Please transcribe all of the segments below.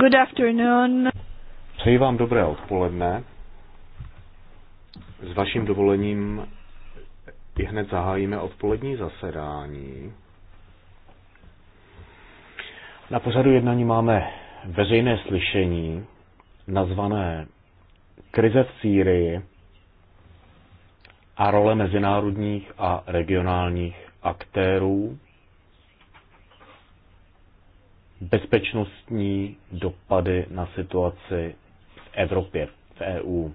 Good afternoon. Přeji vám dobré odpoledne. S vaším dovolením i hned zahájíme odpolední zasedání. Na pořadu jednání máme veřejné slyšení nazvané Krize v Sýrii a role mezinárodních a regionálních aktérů bezpečnostní dopady na situaci v Evropě, v EU.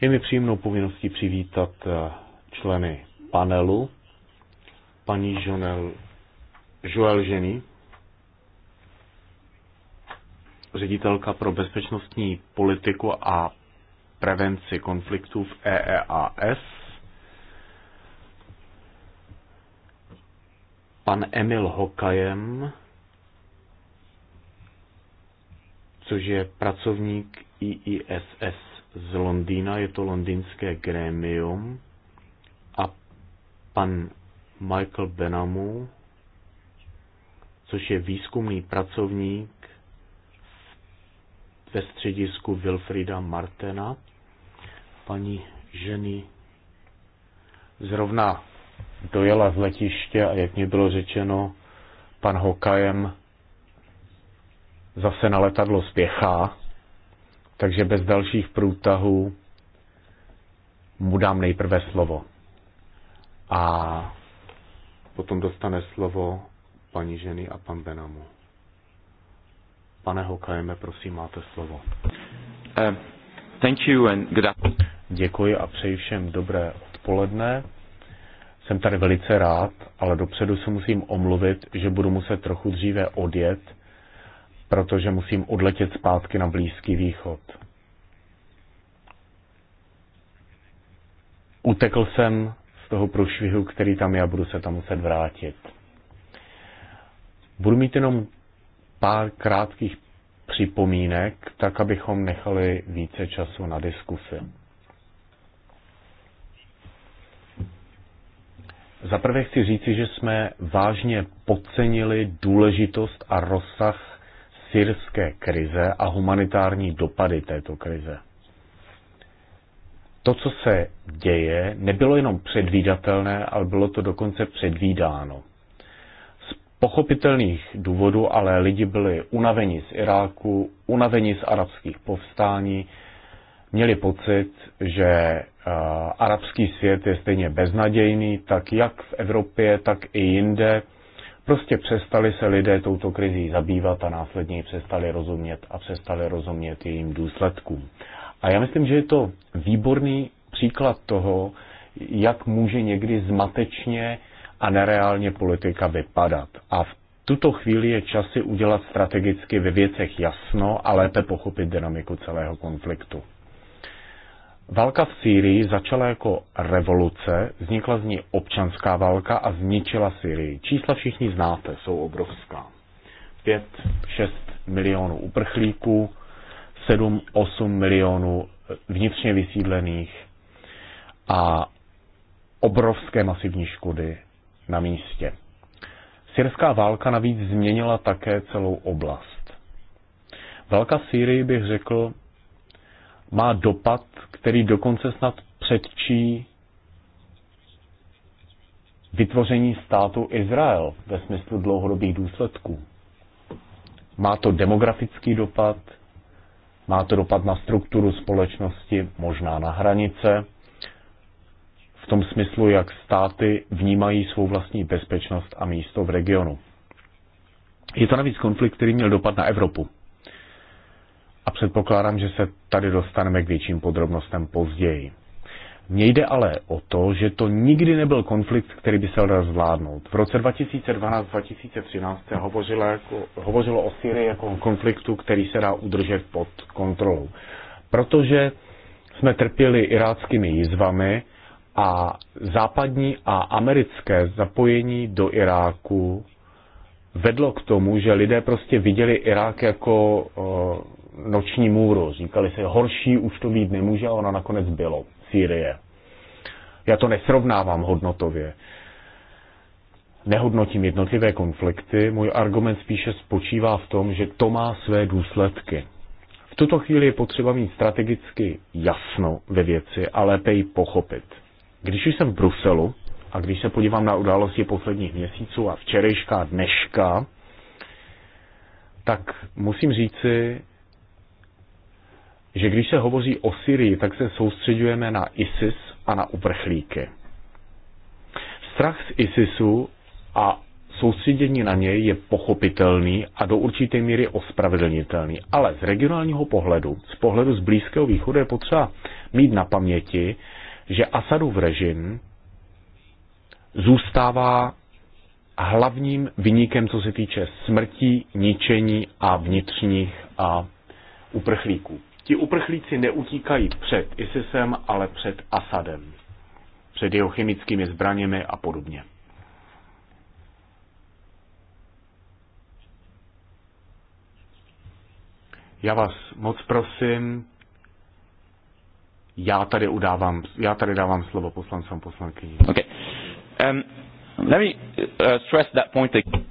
Je mi příjemnou povinností přivítat eh, členy panelu, paní Jonel Joel Ženy, ředitelka pro bezpečnostní politiku a prevenci konfliktů v EEAS, pan Emil Hokajem, což je pracovník IISS z Londýna, je to londýnské grémium, a pan Michael Benamu, což je výzkumný pracovník ve středisku Wilfrida Martena, paní ženy zrovna dojela z letiště a jak mi bylo řečeno, pan Hokajem zase na letadlo spěchá, takže bez dalších průtahů mu dám nejprve slovo. A potom dostane slovo paní ženy a pan Benamu. Pane Hokajeme, prosím, máte slovo. Uh, thank you and good afternoon. Děkuji a přeji všem dobré odpoledne. Jsem tady velice rád, ale dopředu se musím omluvit, že budu muset trochu dříve odjet, protože musím odletět zpátky na Blízký východ. Utekl jsem z toho prošvihu, který tam je a budu se tam muset vrátit. Budu mít jenom pár krátkých připomínek, tak abychom nechali více času na diskusi. Za prvé chci říci, že jsme vážně podcenili důležitost a rozsah syrské krize a humanitární dopady této krize. To, co se děje, nebylo jenom předvídatelné, ale bylo to dokonce předvídáno. Z pochopitelných důvodů ale lidi byli unaveni z Iráku, unaveni z arabských povstání, měli pocit, že eh, arabský svět je stejně beznadějný, tak jak v Evropě, tak i jinde. Prostě přestali se lidé touto krizí zabývat a následně ji přestali rozumět a přestali rozumět jejím důsledkům. A já myslím, že je to výborný příklad toho, jak může někdy zmatečně a nereálně politika vypadat. A v tuto chvíli je čas si udělat strategicky ve věcech jasno a lépe pochopit dynamiku celého konfliktu. Válka v Sýrii začala jako revoluce, vznikla z ní občanská válka a zničila Sýrii. Čísla všichni znáte, jsou obrovská. 5-6 milionů uprchlíků, 7-8 milionů vnitřně vysídlených a obrovské masivní škody na místě. Syrská válka navíc změnila také celou oblast. Válka v Sýrii, bych řekl, má dopad, který dokonce snad předčí vytvoření státu Izrael ve smyslu dlouhodobých důsledků. Má to demografický dopad, má to dopad na strukturu společnosti, možná na hranice, v tom smyslu, jak státy vnímají svou vlastní bezpečnost a místo v regionu. Je to navíc konflikt, který měl dopad na Evropu a předpokládám, že se tady dostaneme k větším podrobnostem později. Mně jde ale o to, že to nikdy nebyl konflikt, který by se dal zvládnout. V roce 2012-2013 se hovořilo, jako, hovořilo o Syrii jako o konfliktu, který se dá udržet pod kontrolou. Protože jsme trpěli iráckými jizvami a západní a americké zapojení do Iráku vedlo k tomu, že lidé prostě viděli Irák jako eh, noční můru. Říkali se, horší už to být nemůže ale ona nakonec bylo. Sýrie. Já to nesrovnávám hodnotově. Nehodnotím jednotlivé konflikty, můj argument spíše spočívá v tom, že to má své důsledky. V tuto chvíli je potřeba mít strategicky jasno ve věci a lépe ji pochopit. Když už jsem v Bruselu a když se podívám na události posledních měsíců a včerejška a dneška, tak musím říci, že když se hovoří o Syrii, tak se soustředujeme na ISIS a na uprchlíky. Strach z ISISu a soustředění na něj je pochopitelný a do určité míry ospravedlnitelný. Ale z regionálního pohledu, z pohledu z Blízkého východu je potřeba mít na paměti, že Asadův režim zůstává hlavním vyníkem, co se týče smrtí, ničení a vnitřních a uprchlíků ti uprchlíci neutíkají před ISISem, ale před Asadem, před jeho chemickými zbraněmi a podobně. Já vás moc prosím, já tady, udávám, já tady dávám slovo poslancům poslankyni. Okay. Um, let me uh, stress that point again.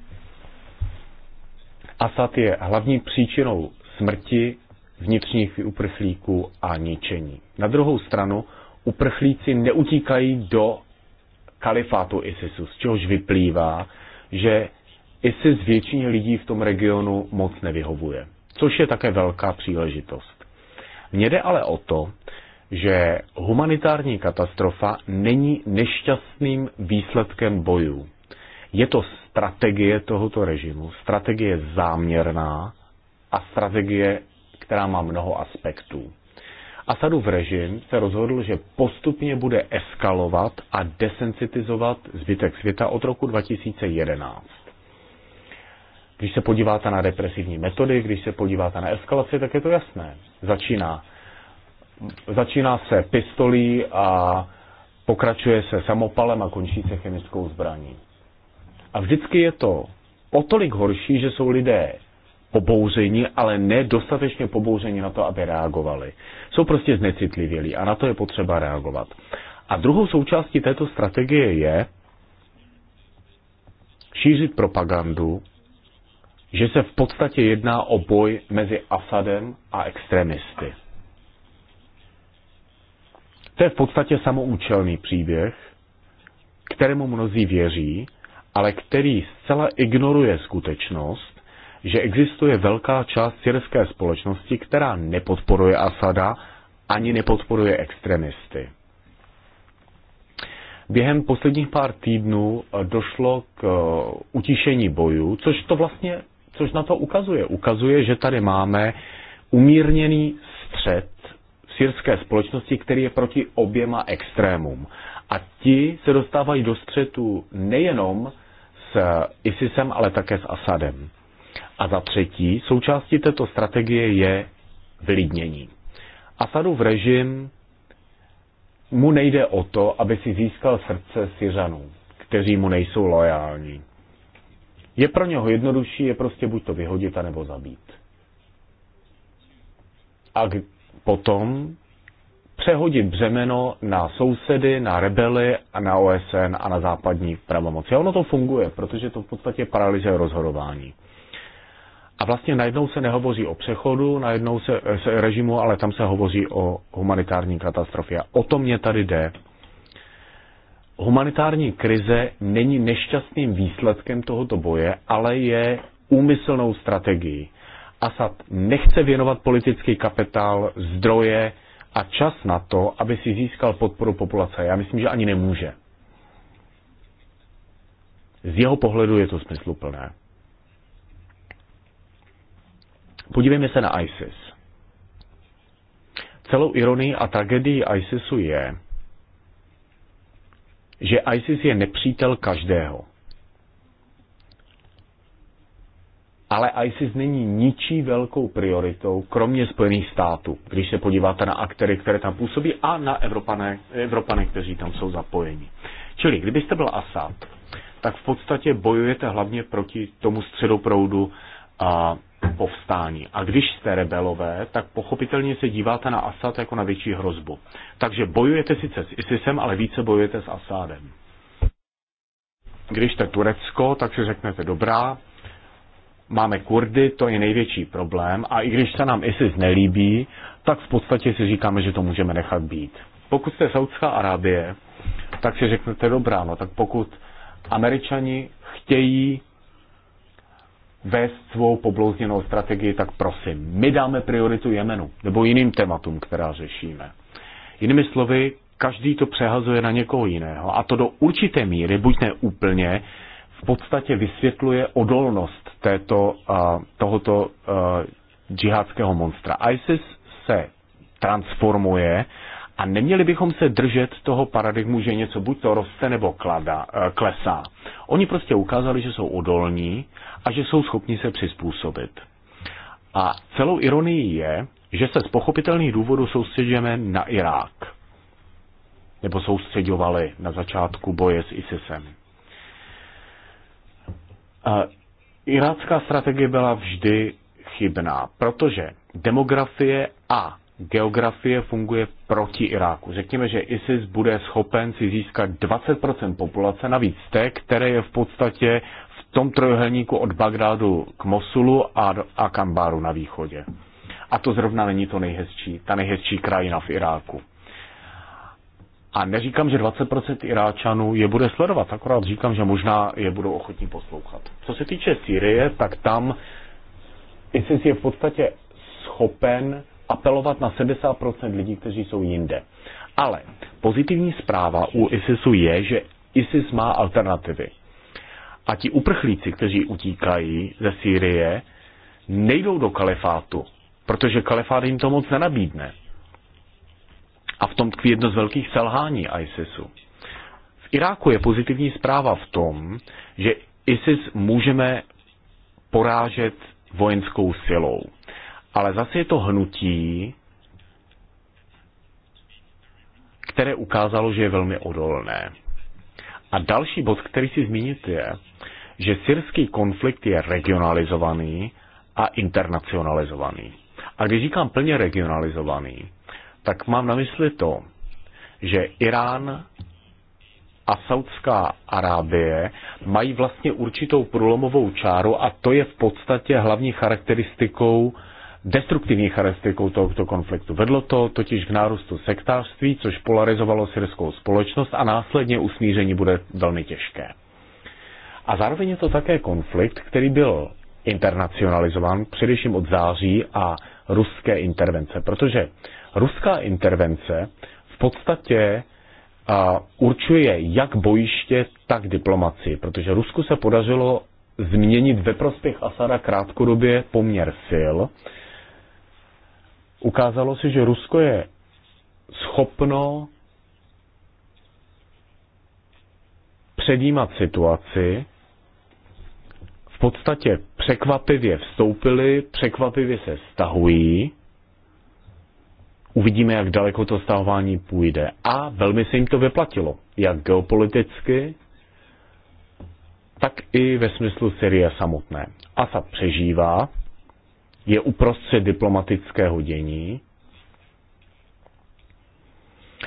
Asad je hlavní příčinou smrti vnitřních uprchlíků a ničení. Na druhou stranu, uprchlíci neutíkají do kalifátu ISISu, z čehož vyplývá, že ISIS většině lidí v tom regionu moc nevyhovuje, což je také velká příležitost. Mně jde ale o to, že humanitární katastrofa není nešťastným výsledkem bojů. Je to strategie tohoto režimu, strategie záměrná a strategie která má mnoho aspektů. Asadův režim se rozhodl, že postupně bude eskalovat a desensitizovat zbytek světa od roku 2011. Když se podíváte na represivní metody, když se podíváte na eskalaci, tak je to jasné. Začíná, začíná se pistolí a pokračuje se samopalem a končí se chemickou zbraní. A vždycky je to o tolik horší, že jsou lidé pobouření, ale nedostatečně pobouření na to, aby reagovali. Jsou prostě znecitlivělí a na to je potřeba reagovat. A druhou součástí této strategie je šířit propagandu, že se v podstatě jedná o boj mezi Asadem a extremisty. To je v podstatě samoučelný příběh, kterému mnozí věří, ale který zcela ignoruje skutečnost, že existuje velká část syrské společnosti, která nepodporuje Asada ani nepodporuje extremisty. Během posledních pár týdnů eh, došlo k eh, utišení bojů, což to vlastně, což na to ukazuje. Ukazuje, že tady máme umírněný střed v syrské společnosti, který je proti oběma extrémům. A ti se dostávají do střetu nejenom s ISISem, ale také s Asadem. A za třetí, součástí této strategie je vylidnění. Asadův režim mu nejde o to, aby si získal srdce Syřanů, kteří mu nejsou loajální. Je pro něho jednodušší je prostě buď to vyhodit, anebo zabít. A potom přehodit břemeno na sousedy, na rebely a na OSN a na západní pravomoci. A ono to funguje, protože to v podstatě paralyzuje rozhodování. A vlastně najednou se nehovoří o přechodu, najednou se, se režimu, ale tam se hovoří o humanitární katastrofě. A o to mě tady jde. Humanitární krize není nešťastným výsledkem tohoto boje, ale je úmyslnou strategií. Asad nechce věnovat politický kapitál, zdroje a čas na to, aby si získal podporu populace. Já myslím, že ani nemůže. Z jeho pohledu je to smysluplné. Podívejme se na ISIS. Celou ironii a tragédií ISISu je, že ISIS je nepřítel každého. Ale ISIS není ničí velkou prioritou, kromě Spojených států, když se podíváte na aktéry, které tam působí, a na Evropané, Evropané kteří tam jsou zapojeni. Čili kdybyste byl Assad, tak v podstatě bojujete hlavně proti tomu středoproudu a povstání. A když jste rebelové, tak pochopitelně se díváte na Asad jako na větší hrozbu. Takže bojujete sice s ISISem, ale více bojujete s Asádem. Když jste Turecko, tak si řeknete dobrá, máme Kurdy, to je největší problém a i když se nám ISIS nelíbí, tak v podstatě si říkáme, že to můžeme nechat být. Pokud jste Saudská Arábie, tak si řeknete dobrá, no tak pokud Američani chtějí vést svou poblouzněnou strategii, tak prosím, my dáme prioritu Jemenu nebo jiným tématům, která řešíme. Jinými slovy, každý to přehazuje na někoho jiného a to do určité míry, buď ne úplně, v podstatě vysvětluje odolnost této, tohoto džihádského monstra. ISIS se transformuje a neměli bychom se držet toho paradigmu, že něco buď to roste nebo klada, eh, klesá. Oni prostě ukázali, že jsou odolní a že jsou schopni se přizpůsobit. A celou ironií je, že se z pochopitelných důvodů soustředíme na Irák. Nebo soustředovali na začátku boje s ISISem. Eh, irácká strategie byla vždy chybná, protože demografie a geografie funguje proti Iráku. Řekněme, že ISIS bude schopen si získat 20% populace, navíc té, které je v podstatě v tom trojuhelníku od Bagdádu k Mosulu a, a Kambáru na východě. A to zrovna není to nejhezčí, ta nejhezčí krajina v Iráku. A neříkám, že 20% Iráčanů je bude sledovat, akorát říkám, že možná je budou ochotní poslouchat. Co se týče Sýrie, tak tam ISIS je v podstatě schopen apelovat na 70% lidí, kteří jsou jinde. Ale pozitivní zpráva u ISISu je, že ISIS má alternativy. A ti uprchlíci, kteří utíkají ze Sýrie, nejdou do kalifátu, protože kalifát jim to moc nenabídne. A v tom tkví jedno z velkých selhání ISISu. V Iráku je pozitivní zpráva v tom, že ISIS můžeme porážet vojenskou silou ale zase je to hnutí, které ukázalo, že je velmi odolné. A další bod, který si zmínit je, že syrský konflikt je regionalizovaný a internacionalizovaný. A když říkám plně regionalizovaný, tak mám na mysli to, že Irán a Saudská Arábie mají vlastně určitou průlomovou čáru a to je v podstatě hlavní charakteristikou destruktivní charakteristikou tohoto konfliktu. Vedlo to totiž k nárůstu sektářství, což polarizovalo syrskou společnost a následně usmíření bude velmi těžké. A zároveň je to také konflikt, který byl internacionalizován především od září a ruské intervence, protože ruská intervence v podstatě a určuje jak bojiště, tak diplomaci, protože Rusku se podařilo změnit ve prospěch Asada krátkodobě poměr sil ukázalo se, že Rusko je schopno předjímat situaci, v podstatě překvapivě vstoupili, překvapivě se stahují, uvidíme, jak daleko to stahování půjde. A velmi se jim to vyplatilo, jak geopoliticky, tak i ve smyslu Syrie samotné. Asad přežívá, je uprostřed diplomatického dění.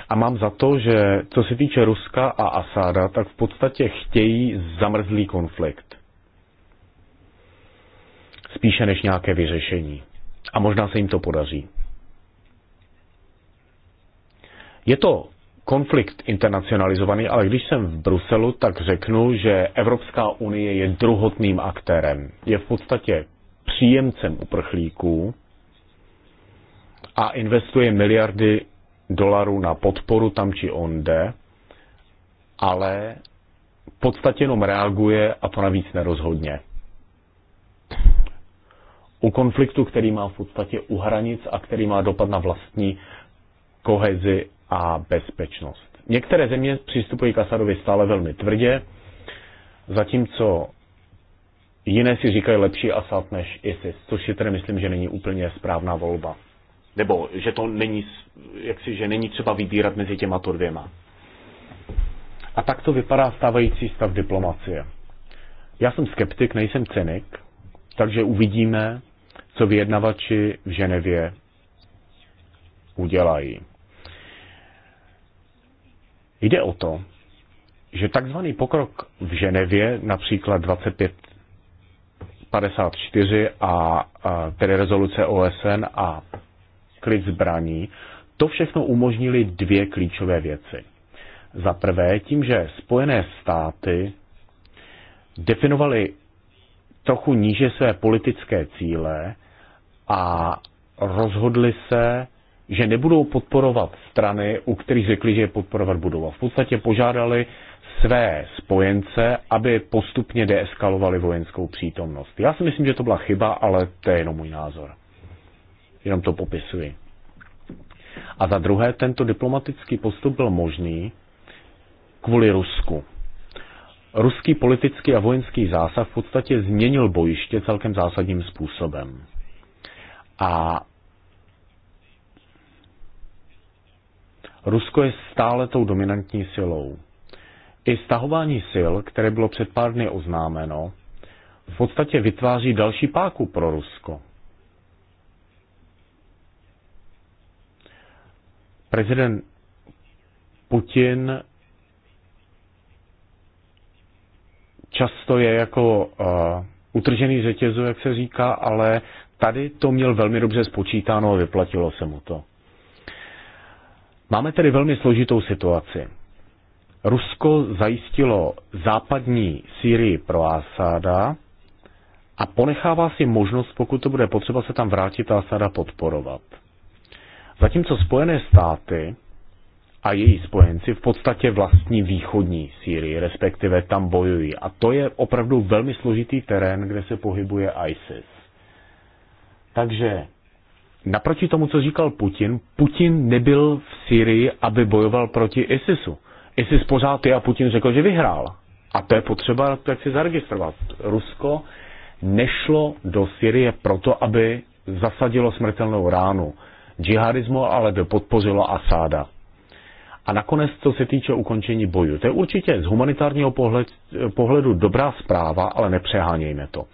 A mám za to, že co se týče Ruska a Asáda, tak v podstatě chtějí zamrzlý konflikt. Spíše než nějaké vyřešení. A možná se jim to podaří. Je to konflikt internacionalizovaný, ale když jsem v Bruselu, tak řeknu, že Evropská unie je druhotným aktérem. Je v podstatě příjemcem uprchlíků a investuje miliardy dolarů na podporu tam či onde, ale v podstatě jenom reaguje a to navíc nerozhodně. U konfliktu, který má v podstatě u hranic a který má dopad na vlastní kohezi a bezpečnost. Některé země přistupují k Asadovi stále velmi tvrdě, zatímco jiné si říkají lepší Asad než ISIS, což si tedy myslím, že není úplně správná volba. Nebo že to není, jaksi, že není třeba vybírat mezi to dvěma. A tak to vypadá stávající stav diplomacie. Já jsem skeptik, nejsem cynik, takže uvidíme, co vyjednavači v Ženevě udělají. Jde o to, že takzvaný pokrok v Ženevě, například 25 54 a, a tedy rezoluce OSN a klid zbraní, to všechno umožnili dvě klíčové věci. Za prvé, tím, že Spojené státy definovaly trochu níže své politické cíle a rozhodli se, že nebudou podporovat strany, u kterých řekli, že je podporovat budou. A v podstatě požádali své spojence, aby postupně deeskalovali vojenskou přítomnost. Já si myslím, že to byla chyba, ale to je jenom můj názor. Jenom to popisuji. A za druhé, tento diplomatický postup byl možný kvůli Rusku. Ruský politický a vojenský zásah v podstatě změnil bojiště celkem zásadním způsobem. A Rusko je stále tou dominantní silou. I stahování sil, které bylo před pár dny oznámeno, v podstatě vytváří další páku pro Rusko. Prezident Putin často je jako uh, utržený řetězu, jak se říká, ale tady to měl velmi dobře spočítáno a vyplatilo se mu to. Máme tedy velmi složitou situaci. Rusko zajistilo západní Sýrii pro Asáda a ponechává si možnost, pokud to bude potřeba, se tam vrátit a Asáda podporovat. Zatímco Spojené státy a její spojenci v podstatě vlastní východní Sýrii, respektive tam bojují. A to je opravdu velmi složitý terén, kde se pohybuje ISIS. Takže naproti tomu, co říkal Putin, Putin nebyl v Syrii, aby bojoval proti ISISu. Jestli pořád ty a Putin řekl, že vyhrál. A to je potřeba tak si zaregistrovat. Rusko nešlo do Syrie proto, aby zasadilo smrtelnou ránu džihadismu, ale by podpořilo Asáda. A nakonec, co se týče ukončení boju, to je určitě z humanitárního pohled, pohledu dobrá zpráva, ale nepřehánějme to.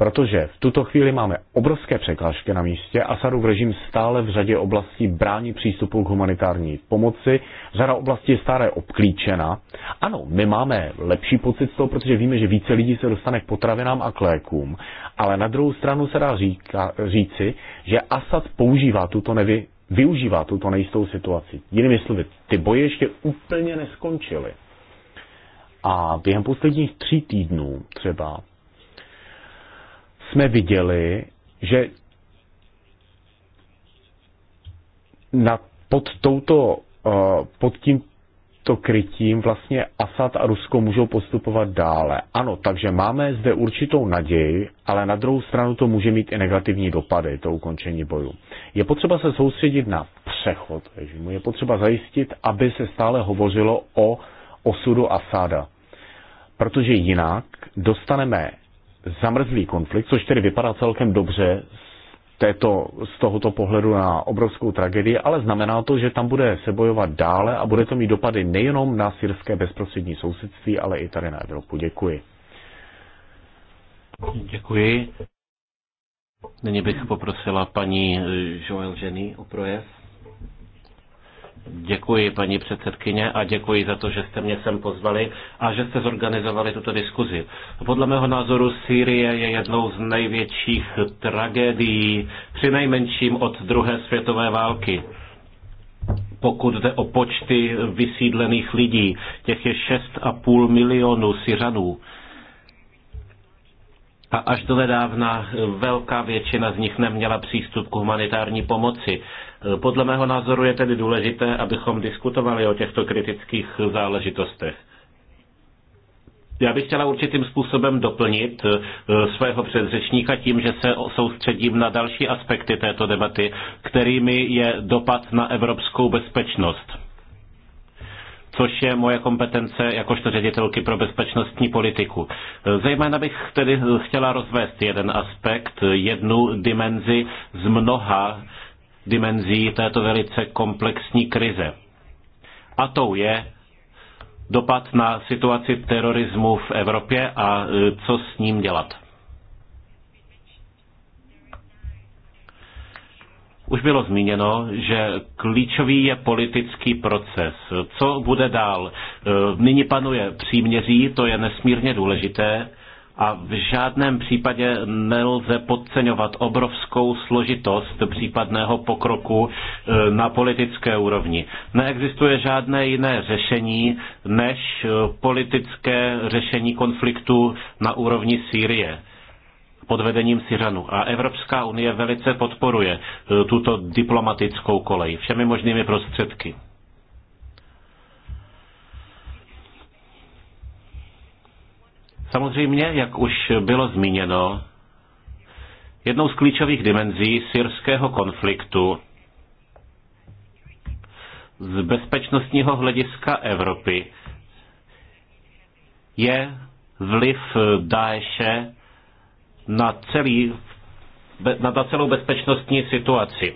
Protože v tuto chvíli máme obrovské překážky na místě. Asadův režim stále v řadě oblastí brání přístupu k humanitární pomoci. Řada oblastí je stále obklíčena. Ano, my máme lepší pocit z toho, protože víme, že více lidí se dostane k potravinám a k lékům. Ale na druhou stranu se dá říka, říci, že Asad používá tuto nevy, využívá tuto nejistou situaci. Jinými slovy, ty boje ještě úplně neskončily. A během posledních tří týdnů třeba jsme viděli, že na, pod, touto, eh, pod tímto krytím vlastně Asad a Rusko můžou postupovat dále. Ano, takže máme zde určitou naději, ale na druhou stranu to může mít i negativní dopady, to ukončení boju. Je potřeba se soustředit na přechod režimu, je potřeba zajistit, aby se stále hovořilo o osudu Asada. Protože jinak dostaneme zamrzlý konflikt, což tedy vypadá celkem dobře z, této, z tohoto pohledu na obrovskou tragédii, ale znamená to, že tam bude se bojovat dále a bude to mít dopady nejenom na syrské bezprostřední sousedství, ale i tady na Evropu. Děkuji. Děkuji. Nyní bych poprosila paní eh, Joel Ženy o projev. Děkuji, paní předsedkyně, a děkuji za to, že jste mě sem pozvali a že jste zorganizovali tuto diskuzi. Podle mého názoru Sýrie je jednou z největších tragédií, při nejmenším od druhé světové války pokud jde o počty vysídlených lidí. Těch je 6,5 milionu Syřanů. A až do nedávna velká většina z nich neměla přístup k humanitární pomoci. Podle mého názoru je tedy důležité, abychom diskutovali o těchto kritických záležitostech. Já bych chtěla určitým způsobem doplnit eh, svého předřečníka tím, že se soustředím na další aspekty této debaty, kterými je dopad na evropskou bezpečnost což je moje kompetence jakožto ředitelky pro bezpečnostní politiku. Eh, zejména bych tedy eh, chtěla rozvést jeden aspekt, jednu dimenzi z mnoha, dimenzí této velice komplexní krize. A tou je dopad na situaci terorismu v Evropě a e, co s ním dělat. Už bylo zmíněno, že klíčový je politický proces. Co bude dál? E, nyní panuje příměří, to je nesmírně důležité, a v žádném případě nelze podceňovat obrovskou složitost případného pokroku e, na politické úrovni. Neexistuje žádné jiné řešení než e, politické řešení konfliktu na úrovni Sýrie pod vedením Syřanu. A Evropská unie velice podporuje e, tuto diplomatickou kolej všemi možnými prostředky. Samozřejmě, jak už bylo zmíněno, jednou z klíčových dimenzí syrského konfliktu z bezpečnostního hlediska Evropy je vliv Daeše na, celý, na celou bezpečnostní situaci.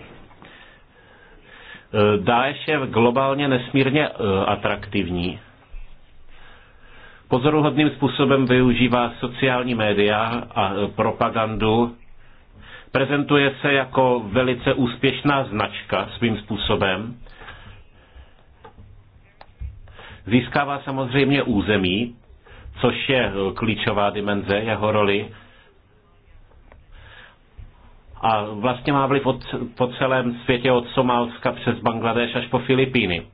Daesh je globálně nesmírně eh, atraktivní pozoruhodným způsobem využívá sociální média a e, propagandu. Prezentuje se jako velice úspěšná značka svým způsobem. Získává samozřejmě území, což je e, klíčová dimenze jeho roli. A vlastně má vliv od, po celém světě od Somálska přes Bangladeš až po Filipíny.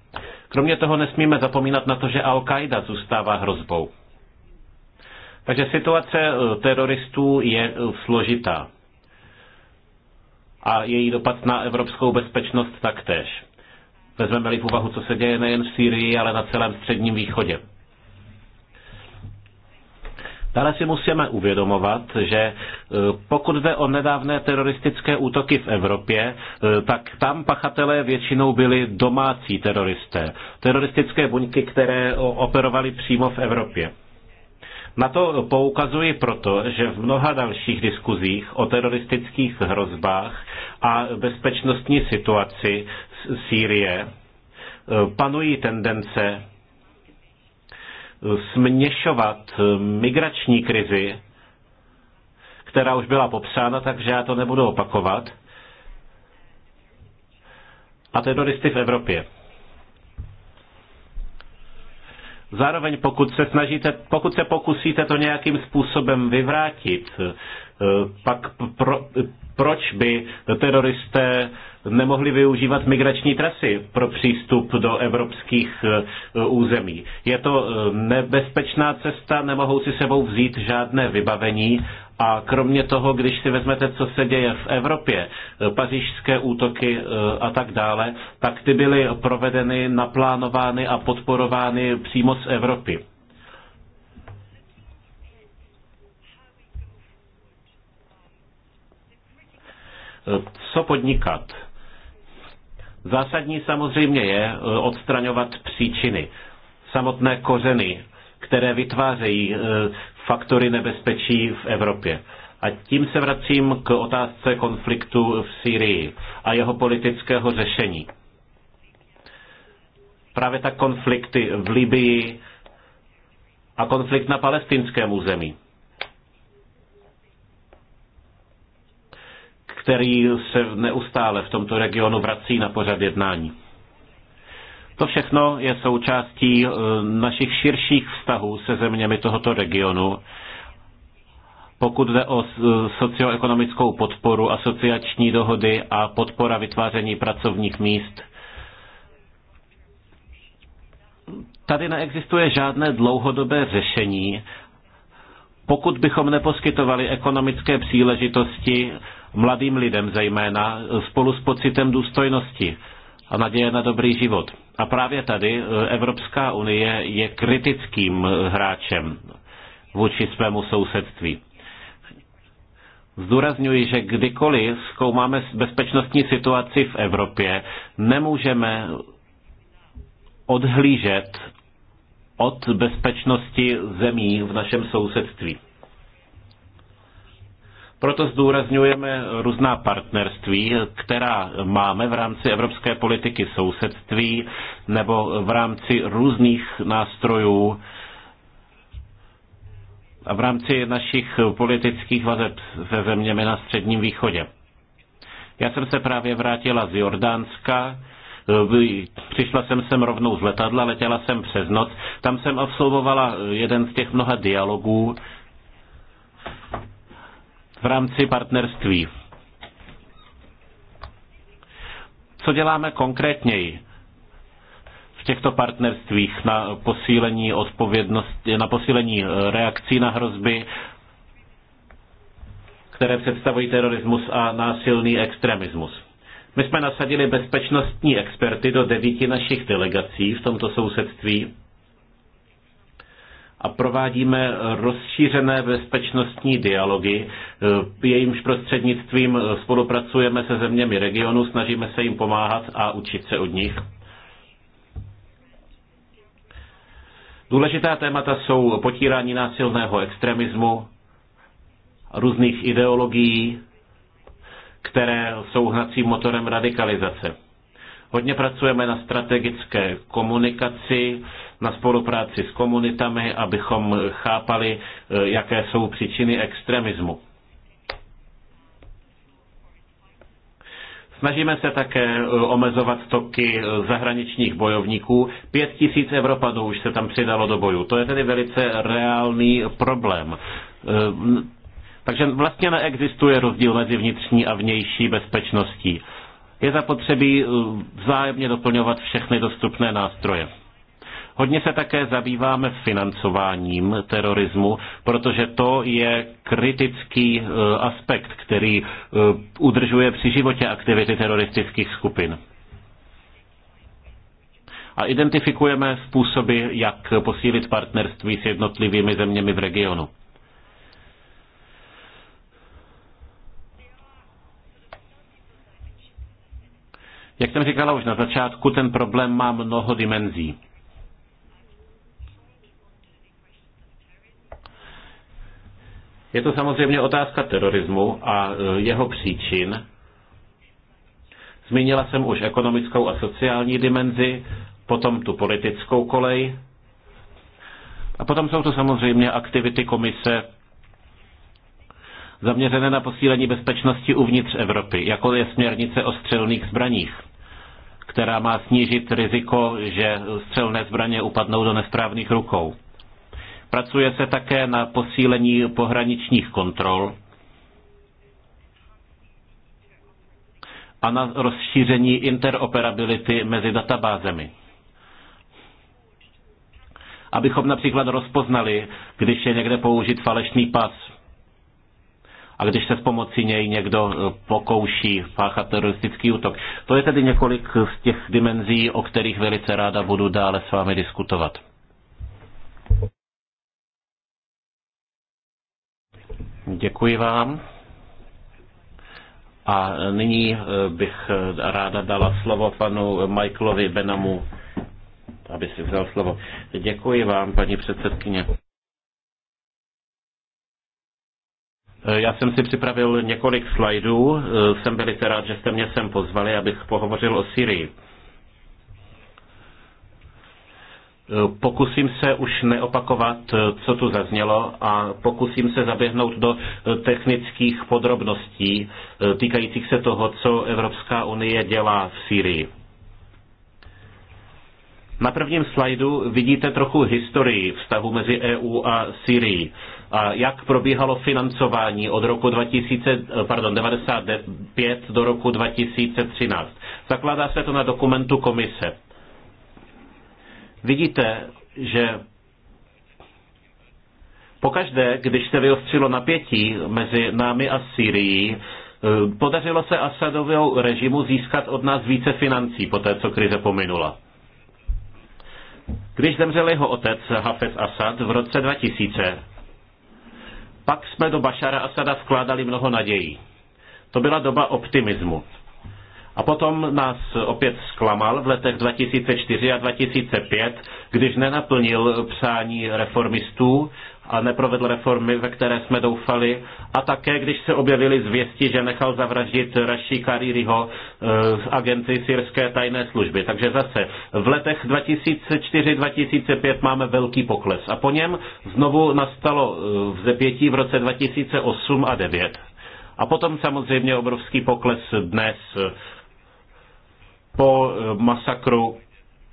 Kromě toho nesmíme zapomínat na to, že Al-Qaida zůstává hrozbou. Takže situace eh, teroristů je eh, složitá. A její dopad na evropskou bezpečnost taktéž. Vezmeme-li v úvahu, co se děje nejen v Sýrii, ale na celém středním východě. Dále si musíme uvědomovat, že e, pokud jde o nedávné teroristické útoky v Evropě, e, tak tam pachatelé většinou byli domácí teroristé. Teroristické buňky, které operovaly přímo v Evropě. Na to poukazuji proto, že v mnoha dalších diskuzích o teroristických hrozbách a bezpečnostní situaci Sýrie e, panují tendence směšovat eh, migrační krizi, která už byla popsána, takže já to nebudu opakovat, a teroristy v Evropě. Zároveň pokud se, snažíte, pokud se pokusíte to nějakým způsobem vyvrátit, eh, pak pro, proč by teroristé nemohli využívat migrační trasy pro přístup do evropských eh, území. Je to eh, nebezpečná cesta, nemohou si sebou vzít žádné vybavení a kromě toho, když si vezmete, co se děje v Evropě, eh, pařížské útoky a tak dále, tak ty byly provedeny, naplánovány a podporovány přímo z Evropy. co podnikat. Zásadní samozřejmě je eh, odstraňovat příčiny, samotné kořeny, které vytvářejí eh, faktory nebezpečí v Evropě. A tím se vracím k otázce konfliktu v Sýrii a jeho politického řešení. Právě tak konflikty v Libii a konflikt na palestinském území. který se neustále v tomto regionu vrací na pořad jednání. To všechno je součástí eh, našich širších vztahů se zeměmi tohoto regionu. Pokud jde o eh, socioekonomickou podporu, asociační dohody a podpora vytváření pracovních míst, tady neexistuje žádné dlouhodobé řešení, pokud bychom neposkytovali ekonomické příležitosti mladým lidem zejména, spolu s pocitem důstojnosti a naděje na dobrý život. A právě tady eh, Evropská unie je kritickým eh, hráčem vůči svému sousedství. Zdůrazňuji, že kdykoliv zkoumáme bezpečnostní situaci v Evropě, nemůžeme odhlížet od bezpečnosti zemí v našem sousedství. Proto zdůrazňujeme různá partnerství, která máme v rámci evropské politiky sousedství nebo v rámci různých nástrojů a v rámci našich politických vazeb se zeměmi na Středním východě. Já jsem se právě vrátila z Jordánska, Přišla jsem sem rovnou z letadla, letěla jsem přes noc. Tam jsem absolvovala jeden z těch mnoha dialogů, v rámci partnerství. Co děláme konkrétněji? v těchto partnerstvích na posílení odpovědnosti, na posílení eh, reakcí na hrozby, které představují terorismus a násilný extremismus. My jsme nasadili bezpečnostní experty do devíti našich delegací v tomto sousedství a provádíme rozšířené bezpečnostní dialogy. E, jejímž prostřednictvím spolupracujeme se zeměmi regionu, snažíme se jim pomáhat a učit se od nich. Důležitá témata jsou potírání násilného extremismu, různých ideologií, které jsou hnacím motorem radikalizace. Hodně pracujeme na strategické komunikaci, na spolupráci s komunitami, abychom chápali, e, jaké jsou příčiny extremismu. Snažíme se také e, omezovat toky e, zahraničních bojovníků. Pět tisíc Evropanů už se tam přidalo do boju. To je tedy velice reálný problém. Takže vlastně neexistuje rozdíl mezi vnitřní a vnější bezpečností. Je zapotřebí vzájemně doplňovat všechny dostupné nástroje. Hodně se také zabýváme financováním terorismu, protože to je kritický e, aspekt, který e, udržuje při životě aktivity teroristických skupin. A identifikujeme způsoby, jak posílit partnerství s jednotlivými zeměmi v regionu. Jak jsem říkala už na začátku, ten problém má mnoho dimenzí. Je to samozřejmě otázka terorismu a e, jeho příčin. Zmínila jsem už ekonomickou a sociální dimenzi, potom tu politickou kolej. A potom jsou to samozřejmě aktivity komise zaměřené na posílení bezpečnosti uvnitř Evropy, jako je směrnice o střelných zbraních, která má snížit riziko, že střelné zbraně upadnou do nesprávných rukou. Pracuje se také na posílení pohraničních kontrol a na rozšíření interoperability mezi databázemi abychom například rozpoznali, když je někde použit falešný pas a když se s pomocí něj někdo e, pokouší páchat teroristický útok. To je tedy několik z těch dimenzí, o kterých velice ráda budu dále s vámi diskutovat. Děkuji vám. A nyní eh, bych eh, ráda dala slovo panu Michaelovi Benamu, aby si vzal slovo. Děkuji vám, paní předsedkyně. Eh, já jsem si připravil několik slajdů. Jsem velice rád, že jste mě sem pozvali, abych pohovořil o Syrii. Pokusím se už neopakovat, co tu zaznělo a pokusím se zaběhnout do technických podrobností týkajících se toho, co Evropská unie dělá v Sýrii. Na prvním slajdu vidíte trochu historii vztahu mezi EU a Syrií a jak probíhalo financování od roku 1995 do roku 2013. Zakládá se to na dokumentu komise. Vidíte, že pokaždé, když se vyostřilo napětí mezi námi a Syrií, eh, podařilo se Asadovou režimu získat od nás více financí po té, co krize pominula. Když zemřel jeho otec Hafez Asad v roce 2000, pak jsme do Bašara Asada vkládali mnoho nadějí. To byla doba optimismu. A potom nás opět zklamal v letech 2004 a 2005, když nenaplnil přání reformistů a neprovedl reformy, ve které jsme doufali. A také, když se objevily zvěsti, že nechal zavraždit Raší Kaririho eh, z agenci syrské tajné služby. Takže zase v letech 2004-2005 máme velký pokles. A po něm znovu nastalo eh, zepětí v roce 2008 a 2009. A potom samozřejmě obrovský pokles dnes po eh, masakru,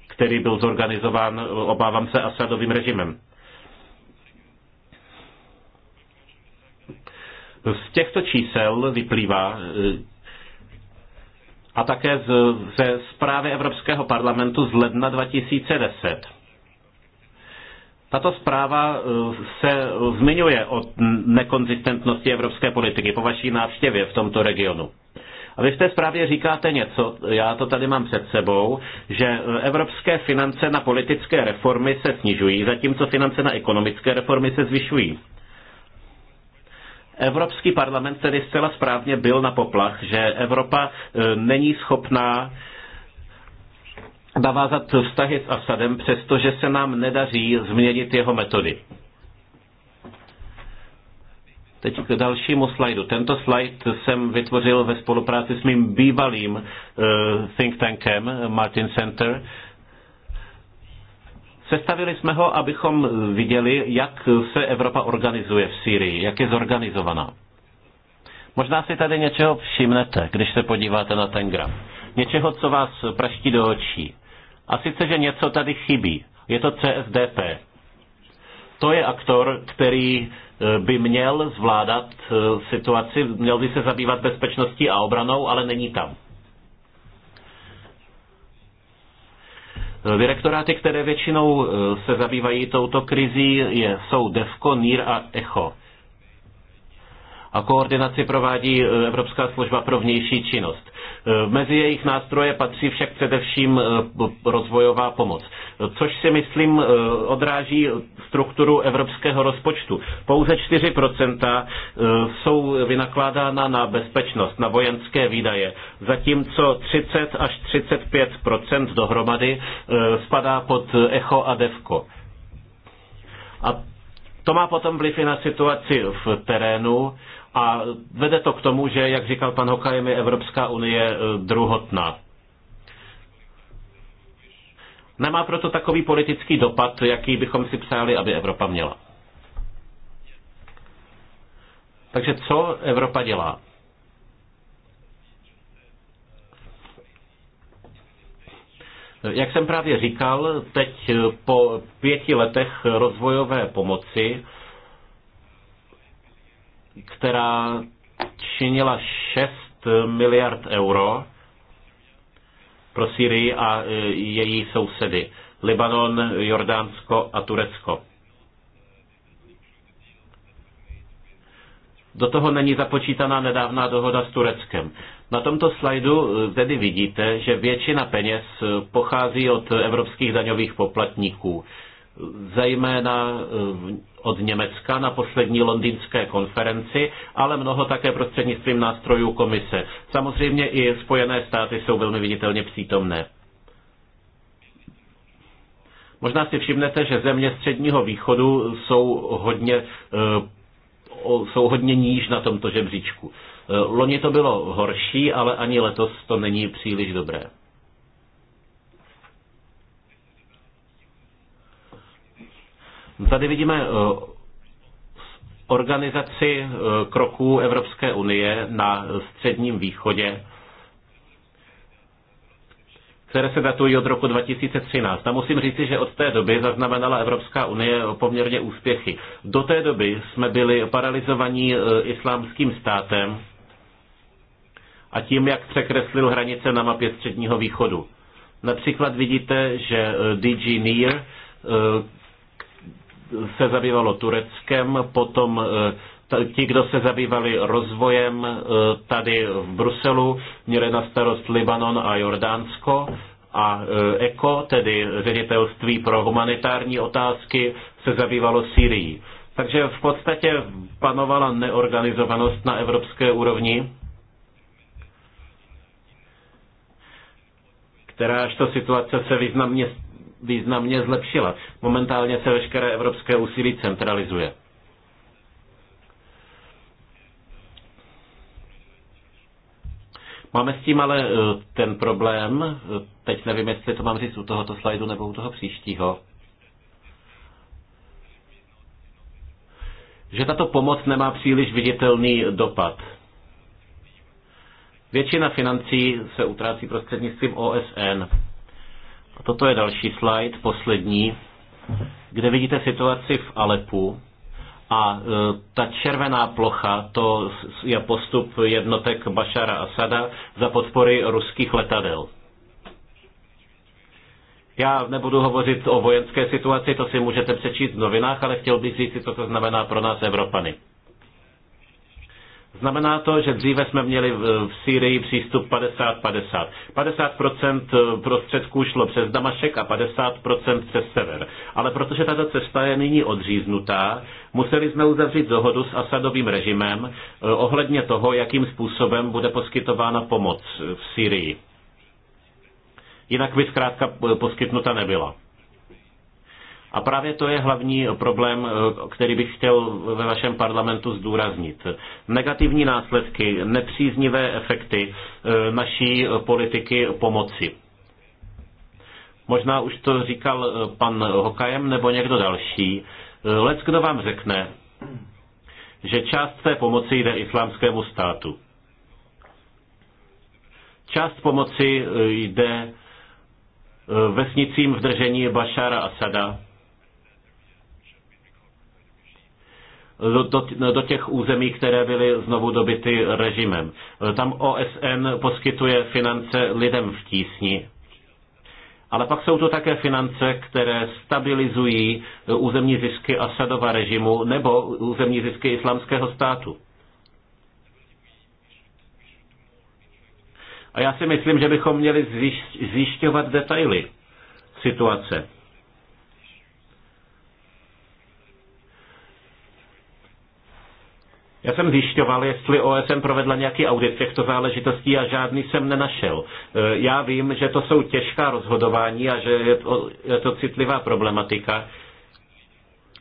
který byl zorganizován, eh, obávám se, Asadovým režimem. Z těchto čísel vyplývá, eh, a také z, ze zprávy Evropského parlamentu z ledna 2010. Tato zpráva se zmiňuje o nekonzistentnosti evropské politiky po vaší návštěvě v tomto regionu. A vy v té zprávě říkáte něco, já to tady mám před sebou, že evropské finance na politické reformy se snižují, zatímco finance na ekonomické reformy se zvyšují. Evropský parlament tedy zcela správně byl na poplach, že Evropa e, není schopná navázat vztahy s Asadem, přestože se nám nedaří změnit jeho metody. Teď k dalšímu slajdu. Tento slajd jsem vytvořil ve spolupráci s mým bývalým uh, think tankem Martin Center. Sestavili jsme ho, abychom viděli, jak se Evropa organizuje v Sýrii, jak je zorganizovaná. Možná si tady něčeho všimnete, když se podíváte na ten graf. Něčeho, co vás praští do očí. A sice, že něco tady chybí. Je to CSDP. To je aktor, který eh, by měl zvládat eh, situaci, měl by se zabývat bezpečností a obranou, ale není tam. Eh, direktoráty, které většinou se zabývají touto krizí, je, jsou DEFCO, NIR a ECHO a koordinaci provádí e, Evropská služba pro vnější činnost. E, mezi jejich nástroje patří však především e, rozvojová pomoc, což si myslím odráží strukturu evropského rozpočtu. Pouze 4% jsou vynakládána na bezpečnost, na vojenské výdaje, zatímco 30 až 35% dohromady spadá pod ECHO a Devko. A to má potom vliv i na situaci v terénu, a vede to k tomu, že, jak říkal pan Hokajem, je Evropská unie e, druhotná. Nemá proto takový politický dopad, jaký bychom si přáli, aby Evropa měla. Takže co Evropa dělá? Jak jsem právě říkal, teď po pěti letech rozvojové pomoci která činila 6 miliard euro pro Syrii a e, její sousedy. Libanon, Jordánsko a Turecko. Do toho není započítaná nedávná dohoda s Tureckem. Na tomto slajdu e, tedy vidíte, že většina peněz pochází od evropských daňových poplatníků zejména eh, od Německa na poslední londýnské konferenci, ale mnoho také prostřednictvím nástrojů komise. Samozřejmě i Spojené státy jsou velmi viditelně přítomné. Možná si všimnete, že země středního východu jsou hodně, eh, jsou hodně níž na tomto žebříčku. Eh, loni to bylo horší, ale ani letos to není příliš dobré. Tady vidíme eh, organizaci eh, kroků Evropské unie na středním východě, které se datují od roku 2013. Tam musím říci, že od té doby zaznamenala Evropská unie poměrně úspěchy. Do té doby jsme byli paralizovaní eh, islámským státem a tím, jak překreslil hranice na mapě středního východu. Například vidíte, že DG NEAR, se zabývalo Tureckem, potom e, ti, kdo se zabývali rozvojem e, tady v Bruselu, měli na starost Libanon a Jordánsko a ECO, tedy ředitelství pro humanitární otázky, se zabývalo Syrií. Takže v podstatě panovala neorganizovanost na evropské úrovni, až to situace se významně významně zlepšila. Momentálně se veškeré evropské úsilí centralizuje. Máme s tím ale eh, ten problém, eh, teď nevím, jestli to mám říct u tohoto slajdu nebo u toho příštího, že tato pomoc nemá příliš viditelný dopad. Většina financí se utrácí prostřednictvím OSN. Toto je další slide, poslední, kde vidíte situaci v Alepu. A e, ta červená plocha, to je postup jednotek Bašara Asada za podpory ruských letadel. Já nebudu hovořit o vojenské situaci, to si můžete přečíst v novinách, ale chtěl bych říct, co to znamená pro nás Evropany. Znamená to, že dříve jsme měli v Sýrii přístup 50-50. 50%, -50. prostředků šlo přes Damašek a 50% přes sever. Ale protože tato cesta je nyní odříznutá, museli jsme uzavřít dohodu s Asadovým režimem eh, ohledně toho, jakým způsobem bude poskytována pomoc eh, v Sýrii. Jinak by zkrátka eh, poskytnuta nebyla. A právě to je hlavní problém, eh, který bych chtěl ve vašem parlamentu zdůraznit. Negativní následky, nepříznivé efekty eh, naší politiky pomoci. Možná už to říkal eh, pan Hokajem nebo někdo další. Lec, kdo vám řekne, že část té pomoci jde islámskému státu. Část pomoci jde vesnicím v držení Bašara Asada, do, do, těch území, které byly znovu dobyty režimem. Tam OSN poskytuje finance lidem v tísni. Ale pak jsou to také finance, které stabilizují územní zisky Asadova režimu nebo územní zisky islamského státu. A já si myslím, že bychom měli zjišťovat detaily situace. Já jsem zjišťoval, jestli OSN provedla nějaký audit těchto záležitostí a žádný jsem nenašel. E, já vím, že to jsou těžká rozhodování a že je to, je to citlivá problematika.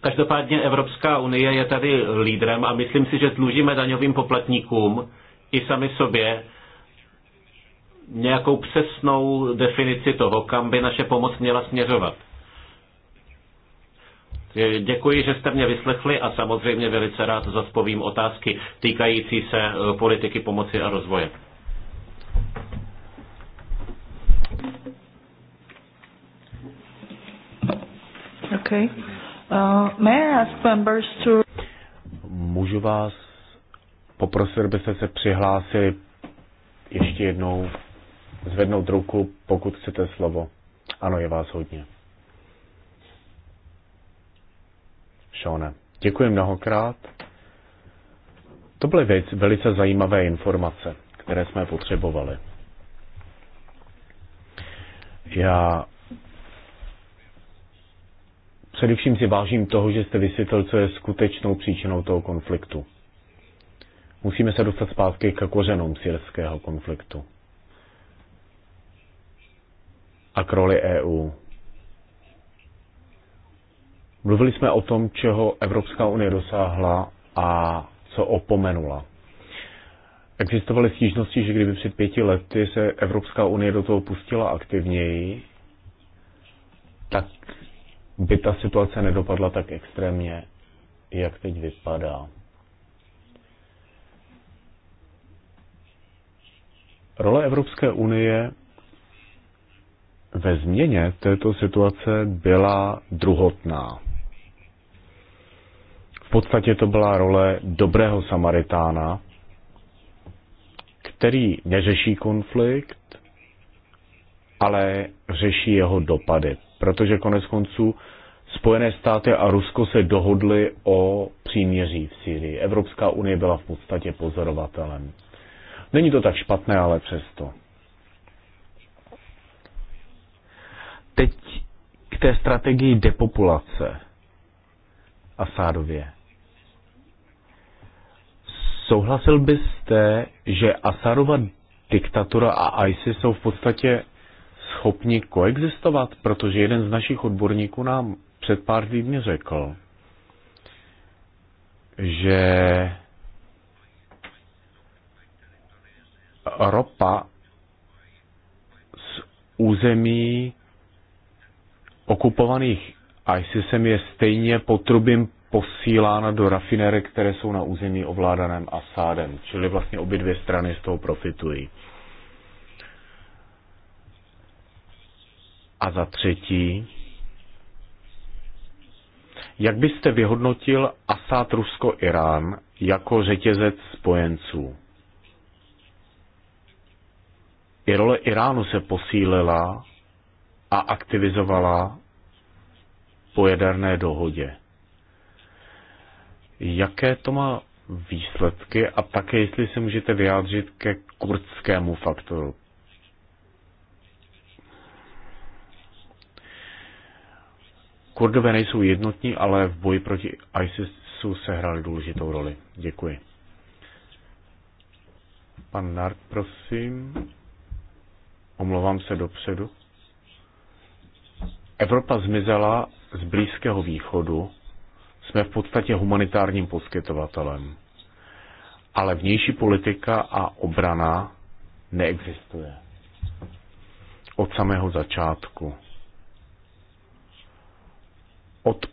Každopádně Evropská unie je tady lídrem a myslím si, že dlužíme daňovým poplatníkům i sami sobě nějakou přesnou definici toho, kam by naše pomoc měla směřovat. Děkuji, že jste mě vyslechli a samozřejmě velice rád zaspovím otázky týkající se eh, politiky pomoci a rozvoje. Okay. Uh, may I ask members to... Můžu vás poprosit, abyste se přihlásili ještě jednou zvednout ruku, pokud chcete slovo. Ano, je vás hodně. Šone. Děkuji mnohokrát. To byly věc, velice zajímavé informace, které jsme potřebovali. Já především si vážím toho, že jste vysvětlil, co je skutečnou příčinou toho konfliktu. Musíme se dostat zpátky k kořenům syrského konfliktu a k roli EU Mluvili jsme o tom, čeho Evropská unie dosáhla a co opomenula. Existovaly stížnosti, že kdyby před pěti lety se Evropská unie do toho pustila aktivněji, tak by ta situace nedopadla tak extrémně, jak teď vypadá. Role Evropské unie ve změně této situace byla druhotná. V podstatě to byla role dobrého samaritána, který neřeší konflikt, ale řeší jeho dopady. Protože konec konců Spojené státy a Rusko se dohodly o příměří v Syrii. Evropská unie byla v podstatě pozorovatelem. Není to tak špatné, ale přesto. Teď k té strategii depopulace Asádově. Souhlasil byste, že Asarova diktatura a ISIS jsou v podstatě schopni koexistovat? Protože jeden z našich odborníků nám před pár týdny řekl, že ropa z území okupovaných ISISem je stejně potrubím posílána do rafinerek, které jsou na území ovládaném Asádem. Čili vlastně obě dvě strany z toho profitují. A za třetí, jak byste vyhodnotil Asád Rusko-Irán jako řetězec spojenců? I role Iránu se posílila a aktivizovala po jaderné dohodě jaké to má výsledky a také jestli se můžete vyjádřit ke kurdskému faktoru. Kurdové nejsou jednotní, ale v boji proti ISISu sehráli důležitou roli. Děkuji. Pan Nark, prosím. Omlouvám se dopředu. Evropa zmizela z Blízkého východu jsme v podstatě humanitárním poskytovatelem. Ale vnější politika a obrana neexistuje. Od samého začátku. Od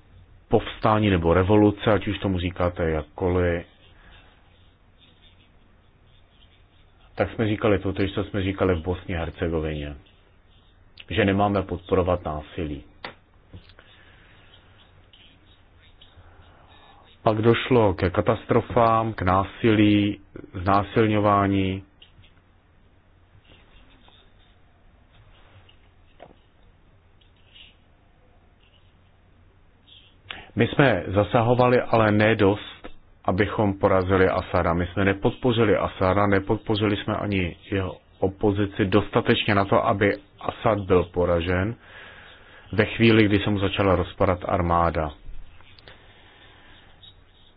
povstání nebo revoluce, ať už tomu říkáte jakkoliv, tak jsme říkali to, co jsme říkali v Bosně a Hercegovině. Že nemáme podporovat násilí. Pak došlo ke katastrofám, k násilí, znásilňování. My jsme zasahovali, ale ne dost, abychom porazili Asara. My jsme nepodpořili Asara, nepodpořili jsme ani jeho opozici dostatečně na to, aby Asad byl poražen ve chvíli, kdy se mu začala rozpadat armáda.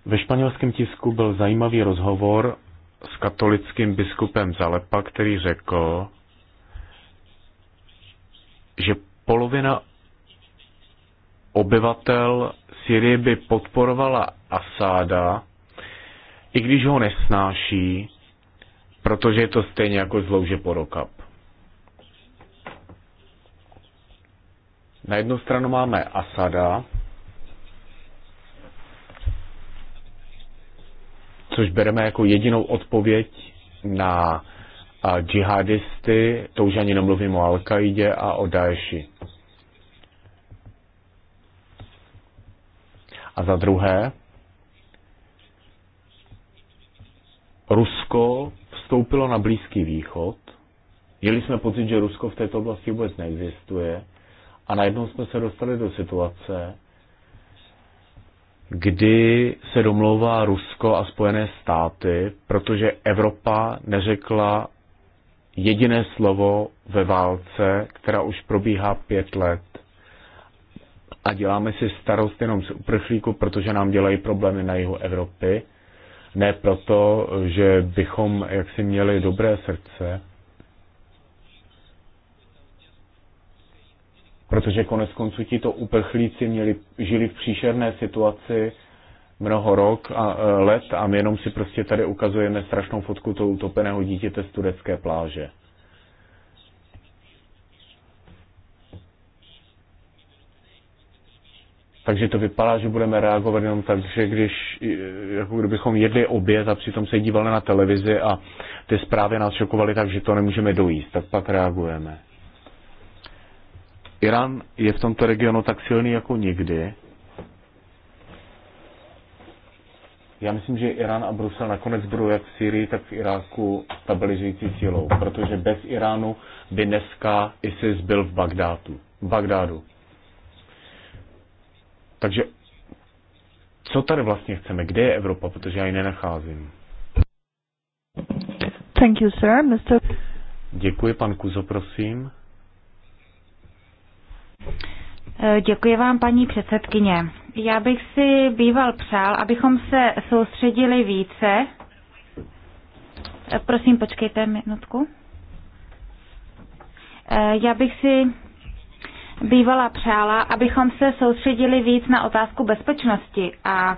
Ve španělském tisku byl zajímavý rozhovor s katolickým biskupem Zalepa, který řekl, že polovina obyvatel Syrie by podporovala Asáda, i když ho nesnáší, protože je to stejně jako zlouže porokap. Na jednu stranu máme Asada, což bereme jako jedinou odpověď na džihadisty, to už ani nemluvím o al qaidě a o Daeši. A za druhé, Rusko vstoupilo na Blízký východ, jeli jsme pocit, že Rusko v této oblasti vůbec neexistuje, a najednou jsme se dostali do situace, kdy se domlouvá Rusko a Spojené státy, protože Evropa neřekla jediné slovo ve válce, která už probíhá pět let. A děláme si starost jenom z uprchlíku, protože nám dělají problémy na jihu Evropy. Ne proto, že bychom jaksi měli dobré srdce, protože konec konců ti to uprchlíci měli, žili v příšerné situaci mnoho rok a e, let a my jenom si prostě tady ukazujeme strašnou fotku toho utopeného dítěte z turecké pláže. Takže to vypadá, že budeme reagovat jenom tak, že když, e, jako kdybychom jedli oběd a přitom se dívali na televizi a ty zprávy nás šokovaly tak, že to nemůžeme dojíst, tak pak reagujeme. Irán je v tomto regionu tak silný jako nikdy. Já myslím, že Irán a Brusel nakonec budou jak v Syrii, tak v Iráku stabilizující silou, protože bez Iránu by dneska ISIS byl v Bagdátu. V Bagdádu. Takže co tady vlastně chceme? Kde je Evropa? Protože já ji nenacházím. Thank you, sir. Mr. Děkuji, pan Kuzo, prosím. Eh, děkuji vám, paní předsedkyně. Já bych si býval přál, abychom se soustředili více. Eh, prosím, počkejte minutku. Eh, já bych si bývala přála, abychom se soustředili víc na otázku bezpečnosti a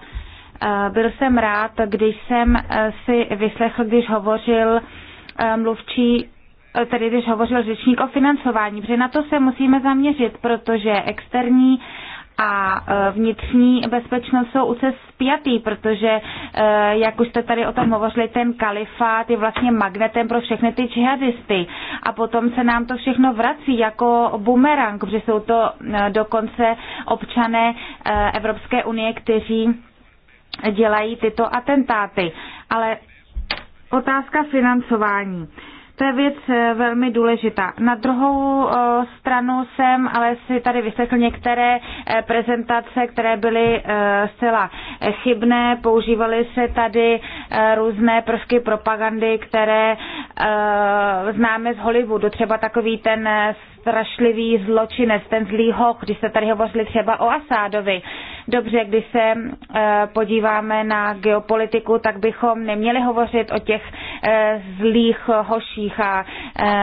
byl jsem rád, když jsem si vyslechl, když hovořil mluvčí Eh, tedy když hovořil řečník o financování, protože na to se musíme zaměřit, protože externí a eh, vnitřní bezpečnost jsou úce spjatý, protože, eh, jak už jste tady o tom hovořili, ten kalifát je vlastně magnetem pro všechny ty džihadisty. A potom se nám to všechno vrací jako bumerang, protože jsou to dokonce občané Evropské unie, kteří dělají tyto atentáty. Ale otázka financování. To je věc eh, velmi důležitá. Na druhou eh, stranu jsem ale si tady vyslechl některé eh, prezentace, které byly zcela chybné. Používaly se tady různé prvky propagandy, které známe z Hollywoodu. Třeba takový ten strašlivý zločinec, ten zlý hoch, když se tady hovořili třeba o Asádovi dobře, když se eh, podíváme na geopolitiku, tak bychom neměli hovořit o těch eh, zlých eh, hoších a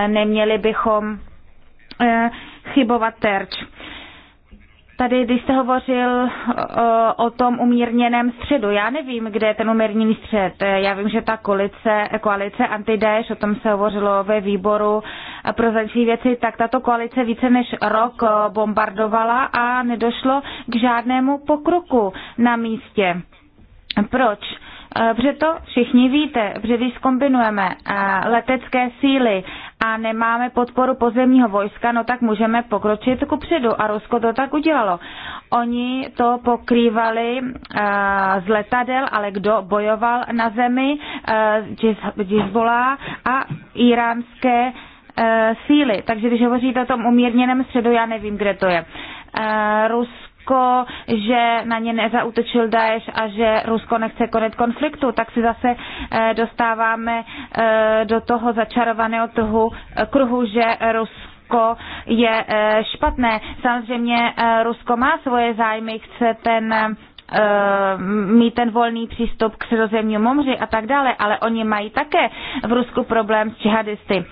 neměli bychom chybovat terč. Tady, když jste hovořil o tom umírněném středu, já nevím, kde je ten umírněný střed. Já vím, že ta koalice, koalice Antideš, o tom se hovořilo ve výboru pro zahraniční věci, tak tato koalice více než rok bombardovala a nedošlo k žádnému pokroku na místě. Proč? E, protože to všichni víte, protože když skombinujeme e, letecké síly a nemáme podporu pozemního vojska, no tak můžeme pokročit ku předu. A Rusko to tak udělalo. Oni to pokrývali uh, z letadel, ale kdo bojoval na zemi, uh, a iránské uh, síly. Takže když hovoříte o tom umírněném středu, já nevím, kde to je. Uh, Rusko Rusko, že na ně nezautočil Daesh a že Rusko nechce konec konfliktu, tak si zase eh, dostáváme eh, do toho začarovaného trhu, eh, kruhu, že Rusko je špatné. Samozřejmě Rusko má svoje zájmy, chce ten mít ten volný přístup k Středozemnímu moři a tak dále, ale oni mají také v Rusku problém s džihadisty.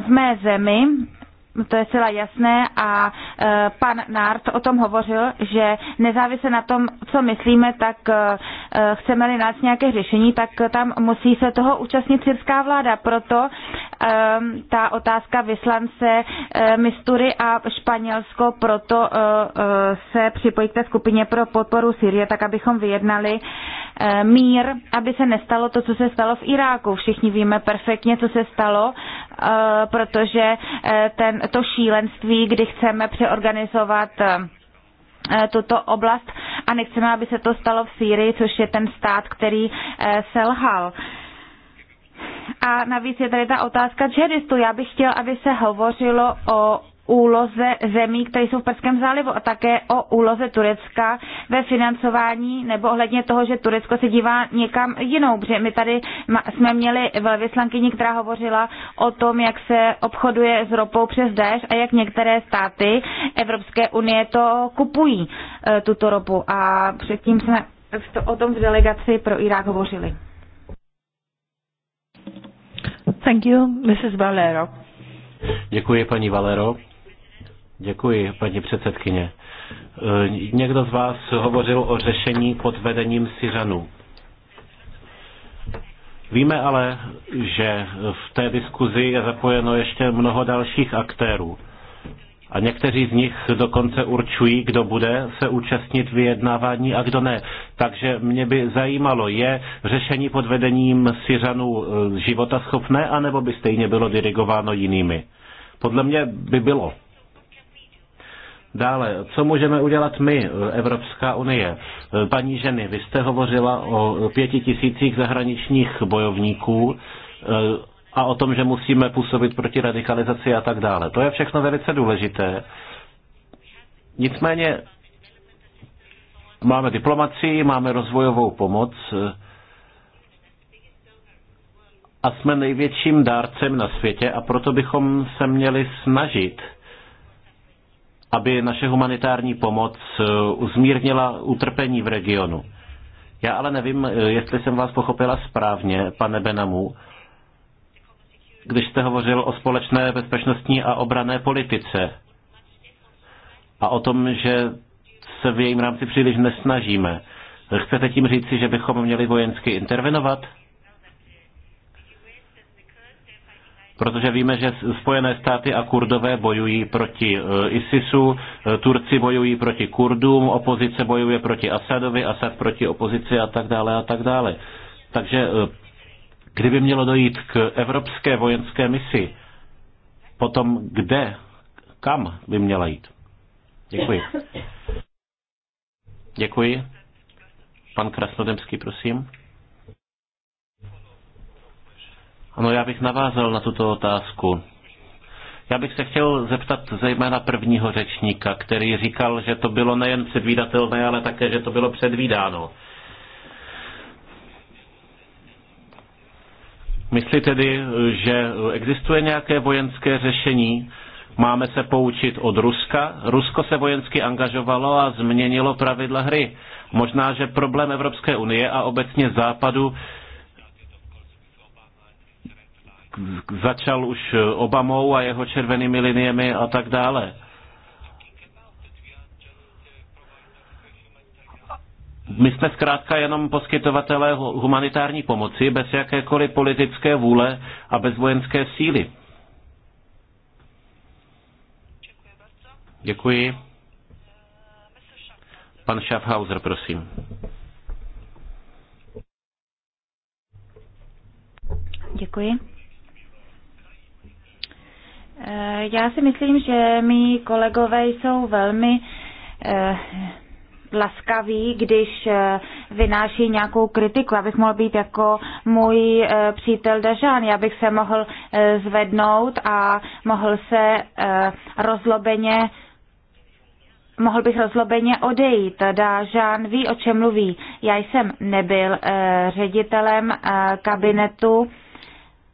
V mé zemi to je celá jasné a e, pan Nárt o tom hovořil, že nezávisle na tom, co myslíme, tak e, e chceme-li nás nějaké řešení, tak tam musí se toho účastnit syrská vláda. Proto e, ta otázka vyslance e, Mistury a Španělsko, proto e, e, se připojí k té skupině pro podporu Syrie, tak abychom vyjednali e, Eh, mír, aby se nestalo to, co se stalo v Iráku. Všichni víme perfektně, co se stalo, eh, protože eh, ten, to šílenství, kdy chceme přeorganizovat tuto oblast a nechceme, aby se to stalo v Sýrii, což je ten stát, který selhal. A navíc je tady ta otázka džihadistů. Já bych chtěl, aby se hovořilo o úloze zemí, které jsou v Perském zálivu a také o úloze Turecka ve financování nebo ohledně toho, že Turecko se dívá někam jinou, protože my tady jsme měli velvyslankyni, která hovořila o tom, jak se obchoduje s ropou přes déšť a jak některé státy Evropské unie to kupují, e, tuto ropu. A předtím jsme o tom v delegaci pro Irák hovořili. Thank you, Mrs. Valero. Děkuji, paní Valero. Děkuji, paní předsedkyně. Eh, někdo z vás hovořil o řešení pod vedením Syřanů. Víme ale, že v té diskuzi je zapojeno ještě mnoho dalších aktérů. A někteří z nich dokonce určují, kdo bude se účastnit vyjednávání a kdo ne. Takže mě by zajímalo, je řešení pod vedením Syřanů eh, životaschopné, anebo by stejně bylo dirigováno jinými? Podle mě by bylo Dále, co můžeme udělat my, Evropská unie? Paní ženy, vy jste hovořila o pěti tisících zahraničních bojovníků eh, a o tom, že musíme působit proti radikalizaci a tak dále. To je všechno velice důležité. Nicméně máme diplomacii, máme rozvojovou pomoc eh, a jsme největším dárcem na světě a proto bychom se měli snažit aby naše humanitární pomoc eh, zmírnila utrpení v regionu. Já ale nevím, eh, jestli jsem vás pochopila správně, pane Benamu, když jste hovořil o společné bezpečnostní a obrané politice a o tom, že se v jejím rámci příliš nesnažíme. Chcete tím říci, že bychom měli vojensky intervenovat? protože víme, že Spojené státy a Kurdové bojují proti eh, ISISu, eh, Turci bojují proti Kurdům, opozice bojuje proti Asadovi, Asad proti opozici a tak dále a tak dále. Takže eh, kdyby mělo dojít k evropské vojenské misi, potom kde, kam by měla jít? Děkuji. Děkuji. Pan Krasnodemský, prosím. Ano, já bych navázal na tuto otázku. Já bych se chtěl zeptat zejména prvního řečníka, který říkal, že to bylo nejen předvídatelné, ale také, že to bylo předvídáno. Myslí tedy, že existuje nějaké vojenské řešení? Máme se poučit od Ruska? Rusko se vojensky angažovalo a změnilo pravidla hry. Možná, že problém Evropské unie a obecně Západu začal už Obamou a jeho červenými liniemi a tak dále. My jsme zkrátka jenom poskytovatelé humanitární pomoci bez jakékoliv politické vůle a bez vojenské síly. Děkuji. Pan Schaffhauser, prosím. Děkuji. Eh, já si myslím, že mý kolegové jsou velmi eh, laskaví, když eh, vynáší nějakou kritiku. Abych mohl být jako můj přítel Dažán. Já bych se mohl zvednout a mohl se rozlobeně mohl bych rozlobeně odejít. Dažán ví, o čem mluví. Já jsem nebyl ředitelem kabinetu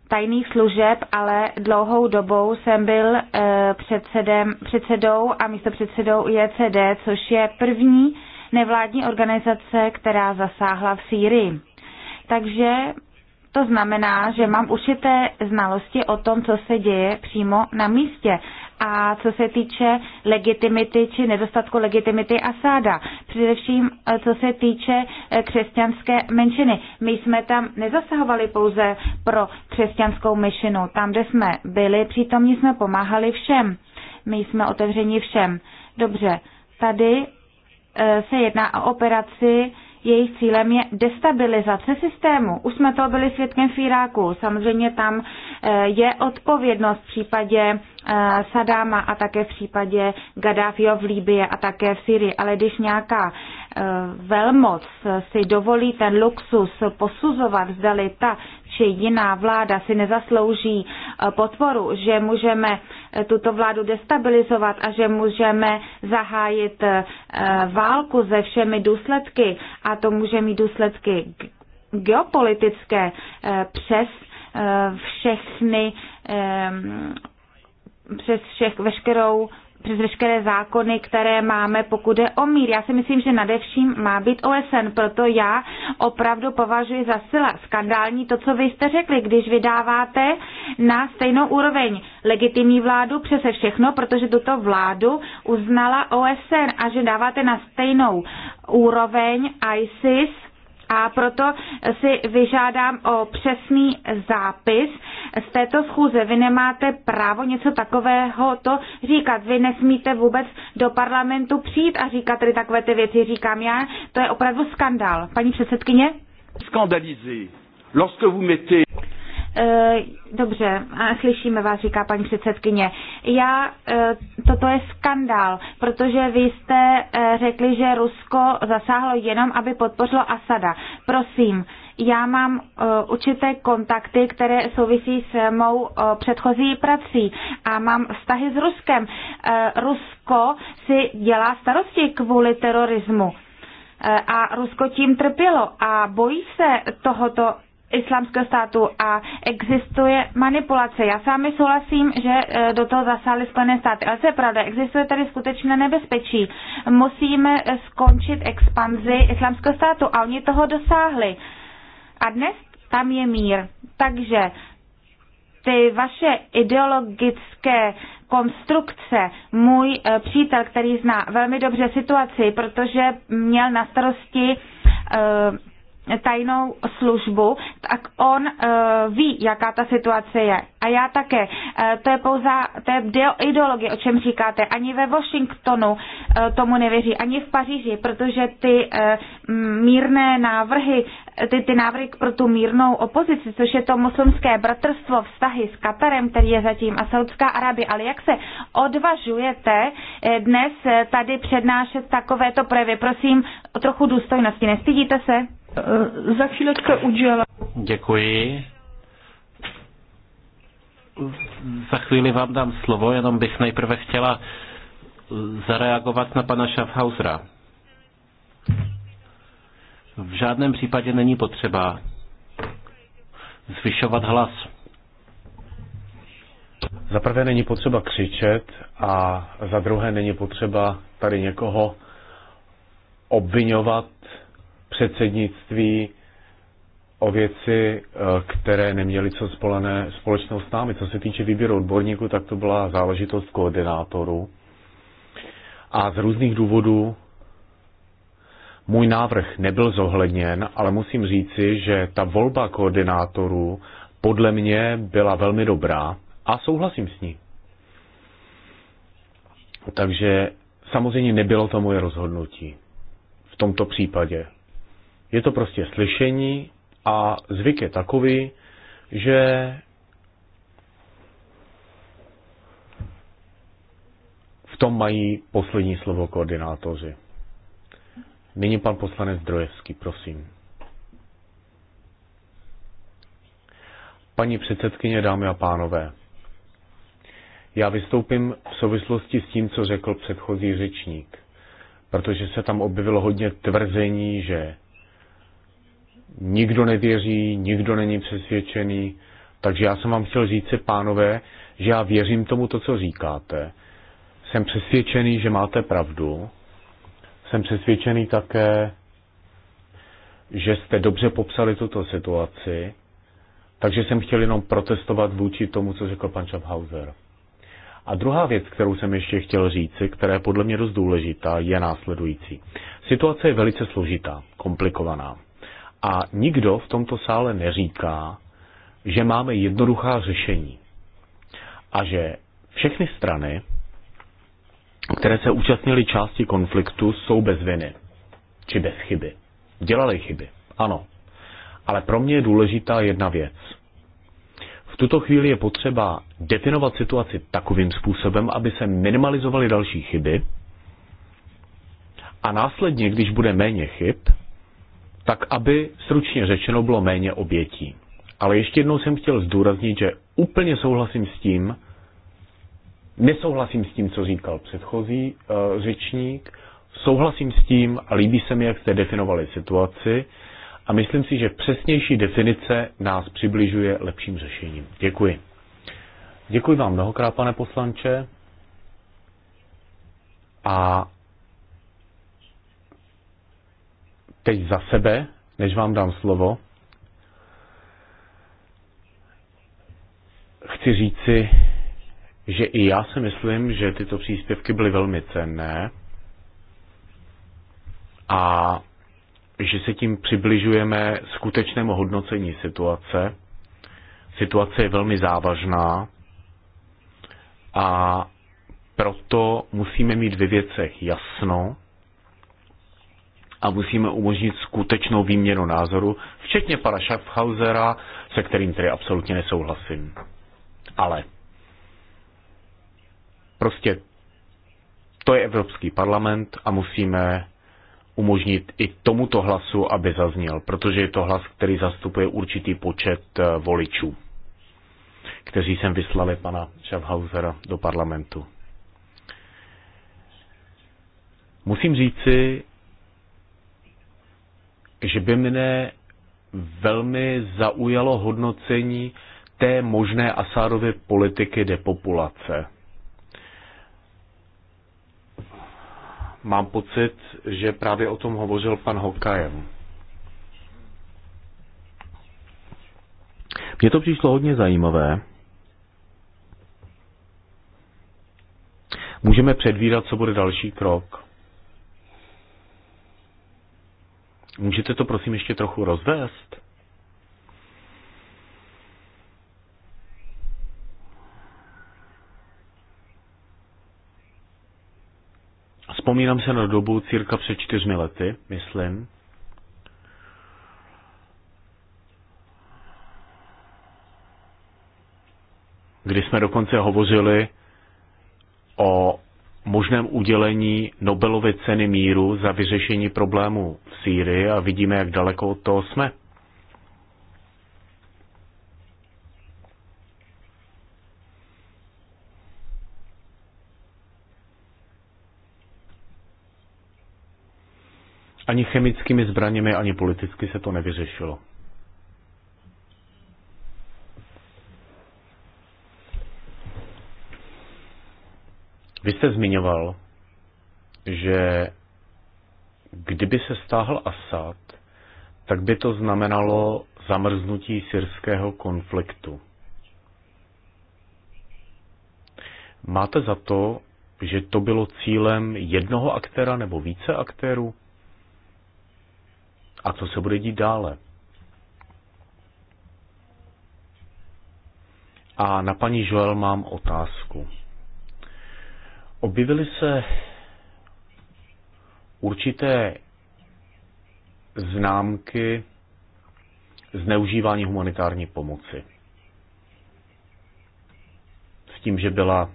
tajných služeb, ale dlouhou dobou jsem byl eh, předsedem, předsedou a místopředsedou IECD, což je první nevládní organizace, která zasáhla v Sýrii. Takže to znamená, že mám určité znalosti o tom, co se děje přímo na místě. A co se týče legitimity či nedostatku legitimity Asáda, především eh, co se týče eh, křesťanské menšiny. My jsme tam nezasahovali pouze pro křesťanskou menšinu. Tam, kde jsme byli, přítomní jsme pomáhali všem. My jsme otevřeni všem. Dobře, tady eh, se jedná o operaci jejich cílem je destabilizace systému. Už jsme toho byli svědkem v Iráku. Samozřejmě tam eh, je odpovědnost v případě eh, Sadáma a také v případě Gaddafiho v Líbě a také v Syrii. Ale když nějaká eh, velmoc si dovolí ten luxus posuzovat, zdali ta či jiná vláda si nezaslouží potvoru, že můžeme Eh, tuto vládu destabilizovat a že můžeme zahájit eh, válku se všemi důsledky a to může mít důsledky geopolitické eh, přes všechny přes všech, veškerou přes veškeré zákony, které máme, pokud je o mír. Já si myslím, že nadevším má být OSN, proto já opravdu považuji za sila skandální to, co vy jste řekli, když vydáváte na stejnou úroveň legitimní vládu přese všechno, protože tuto vládu uznala OSN a že dáváte na stejnou úroveň ISIS a proto si vyžádám o přesný zápis z této schůze. Vy nemáte právo něco takového to říkat. Vy nesmíte vůbec do parlamentu přijít a říkat tady takové ty věci. Říkám já, to je opravdu skandál. Paní předsedkyně? Skandalizé. Lorsque vous mettez... E, dobře, slyšíme vás, říká paní předsedkyně. Já, e, toto je skandál, protože vy jste e, řekli, že Rusko zasáhlo jenom, aby podpořilo Asada. Prosím, já mám určité kontakty, které souvisí s mou předchozí prací a mám vztahy s Ruskem. Rusko si dělá starosti kvůli terorismu a Rusko tím trpělo a bojí se tohoto islámského státu a existuje manipulace. Já s vámi souhlasím, že e, do toho zasáhly Spojené státy, ale to je pravda, existuje tady skutečné nebezpečí. Musíme e, skončit expanzi islámského státu a oni toho dosáhli. A dnes tam je mír. Takže ty vaše ideologické konstrukce, můj e, přítel, který zná velmi dobře situaci, protože měl na starosti tajnou službu, tak on uh, ví, jaká ta situace je. A já také. Uh, to je pouze to je ideologie, o čem říkáte. Ani ve Washingtonu uh, tomu nevěří, ani v Paříži, protože ty uh, mírné návrhy, ty, ty návrhy pro tu mírnou opozici, což je to muslimské bratrstvo, vztahy s Katarem, který je zatím, a Saudská Arabie. Ale jak se odvažujete dnes tady přednášet takovéto projevy? Prosím, trochu důstojnosti. Nestydíte se? Za chvíletka udělám. Děkuji. Za chvíli vám dám slovo, jenom bych nejprve chtěla zareagovat na pana Schaffhausera. V žádném případě není potřeba zvyšovat hlas. Za prvé není potřeba křičet a za druhé není potřeba tady někoho obvinovat předsednictví o věci, eh, které neměly co spolené, společnou s námi. Co se týče výběru odborníků, tak to byla záležitost koordinátorů. A z různých důvodů můj návrh nebyl zohledněn, ale musím říci, že ta volba koordinátorů podle mě byla velmi dobrá a souhlasím s ní. Takže samozřejmě nebylo to moje rozhodnutí v tomto případě. Je to prostě slyšení a zvyk je takový, že v tom mají poslední slovo koordinátoři. Nyní pan poslanec Drojevský, prosím. Paní předsedkyně, dámy a pánové, já vystoupím v souvislosti s tím, co řekl předchozí řečník, protože se tam objevilo hodně tvrzení, že nikdo nevěří, nikdo není přesvědčený. Takže já jsem vám chtěl říct si, pánové, že já věřím tomu, to, co říkáte. Jsem přesvědčený, že máte pravdu. Jsem přesvědčený také, že jste dobře popsali tuto situaci. Takže jsem chtěl jenom protestovat vůči tomu, co řekl pan Schaffhauser. A druhá věc, kterou jsem ještě chtěl říci, která je podle mě dost důležitá, je následující. Situace je velice složitá, komplikovaná. A nikdo v tomto sále neříká, že máme jednoduchá řešení a že všechny strany, které se účastnily části konfliktu, jsou bez viny či bez chyby. Dělali chyby, ano. Ale pro mě je důležitá jedna věc. V tuto chvíli je potřeba definovat situaci takovým způsobem, aby se minimalizovaly další chyby a následně, když bude méně chyb, tak aby stručně řečeno bylo méně obětí. Ale ještě jednou jsem chtěl zdůraznit, že úplně souhlasím s tím, nesouhlasím s tím, co říkal předchozí uh, řečník, souhlasím s tím a líbí se mi, jak jste definovali situaci a myslím si, že přesnější definice nás přibližuje lepším řešením. Děkuji. Děkuji vám mnohokrát, pane poslanče. A teď za sebe, než vám dám slovo, chci říci, že i já si myslím, že tyto příspěvky byly velmi cenné a že se tím přibližujeme skutečnému hodnocení situace. Situace je velmi závažná a proto musíme mít ve věcech jasno a musíme umožnit skutečnou výměnu názoru, včetně pana Schaffhausera, se kterým tedy absolutně nesouhlasím. Ale prostě to je Evropský parlament a musíme umožnit i tomuto hlasu, aby zazněl, protože je to hlas, který zastupuje určitý počet eh, voličů, kteří sem vyslali pana Schaffhausera do parlamentu. Musím říci, že by mne velmi zaujalo hodnocení té možné Asárovy politiky depopulace. Mám pocit, že právě o tom hovořil pan Hokajem. Mně to přišlo hodně zajímavé. Můžeme předvídat, co bude další krok. Můžete to prosím ještě trochu rozvést? Vzpomínám se na dobu círka před čtyřmi lety, myslím. Kdy jsme dokonce hovořili o možném udělení Nobelovy ceny míru za vyřešení problému v Sýrii a vidíme, jak daleko od toho jsme. Ani chemickými zbraněmi, ani politicky se to nevyřešilo. Vy jste zmiňoval, že kdyby se stáhl Assad, tak by to znamenalo zamrznutí syrského konfliktu. Máte za to, že to bylo cílem jednoho aktéra nebo více aktérů? A co se bude dít dále? A na paní Joel mám otázku. Objevily se určité známky zneužívání humanitární pomoci. S tím, že byla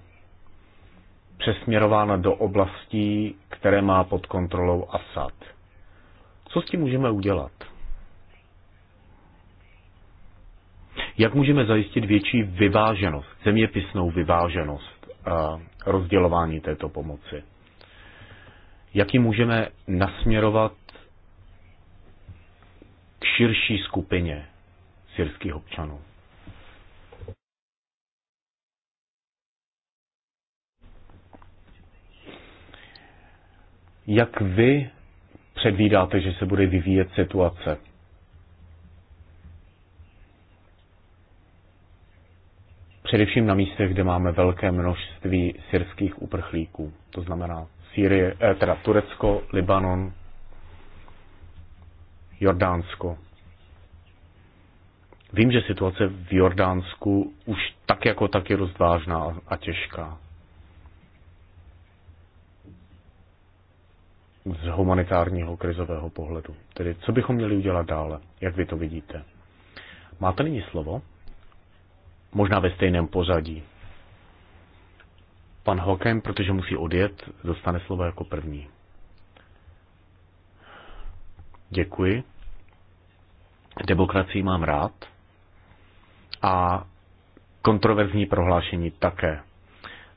přesměrována do oblastí, které má pod kontrolou Assad. Co s tím můžeme udělat? Jak můžeme zajistit větší vyváženost, zeměpisnou vyváženost rozdělování této pomoci. Jak ji můžeme nasměrovat k širší skupině syrských občanů? Jak vy předvídáte, že se bude vyvíjet situace především na místech, kde máme velké množství syrských uprchlíků. To znamená Sýrie, eh, teda Turecko, Libanon, Jordánsko. Vím, že situace v Jordánsku už tak jako tak je dost vážná a těžká. Z humanitárního krizového pohledu. Tedy, co bychom měli udělat dále? Jak vy to vidíte? Máte nyní slovo? Možná ve stejném pořadí. Pan Hokem, protože musí odjet, dostane slovo jako první. Děkuji. Demokracii mám rád. A kontroverzní prohlášení také.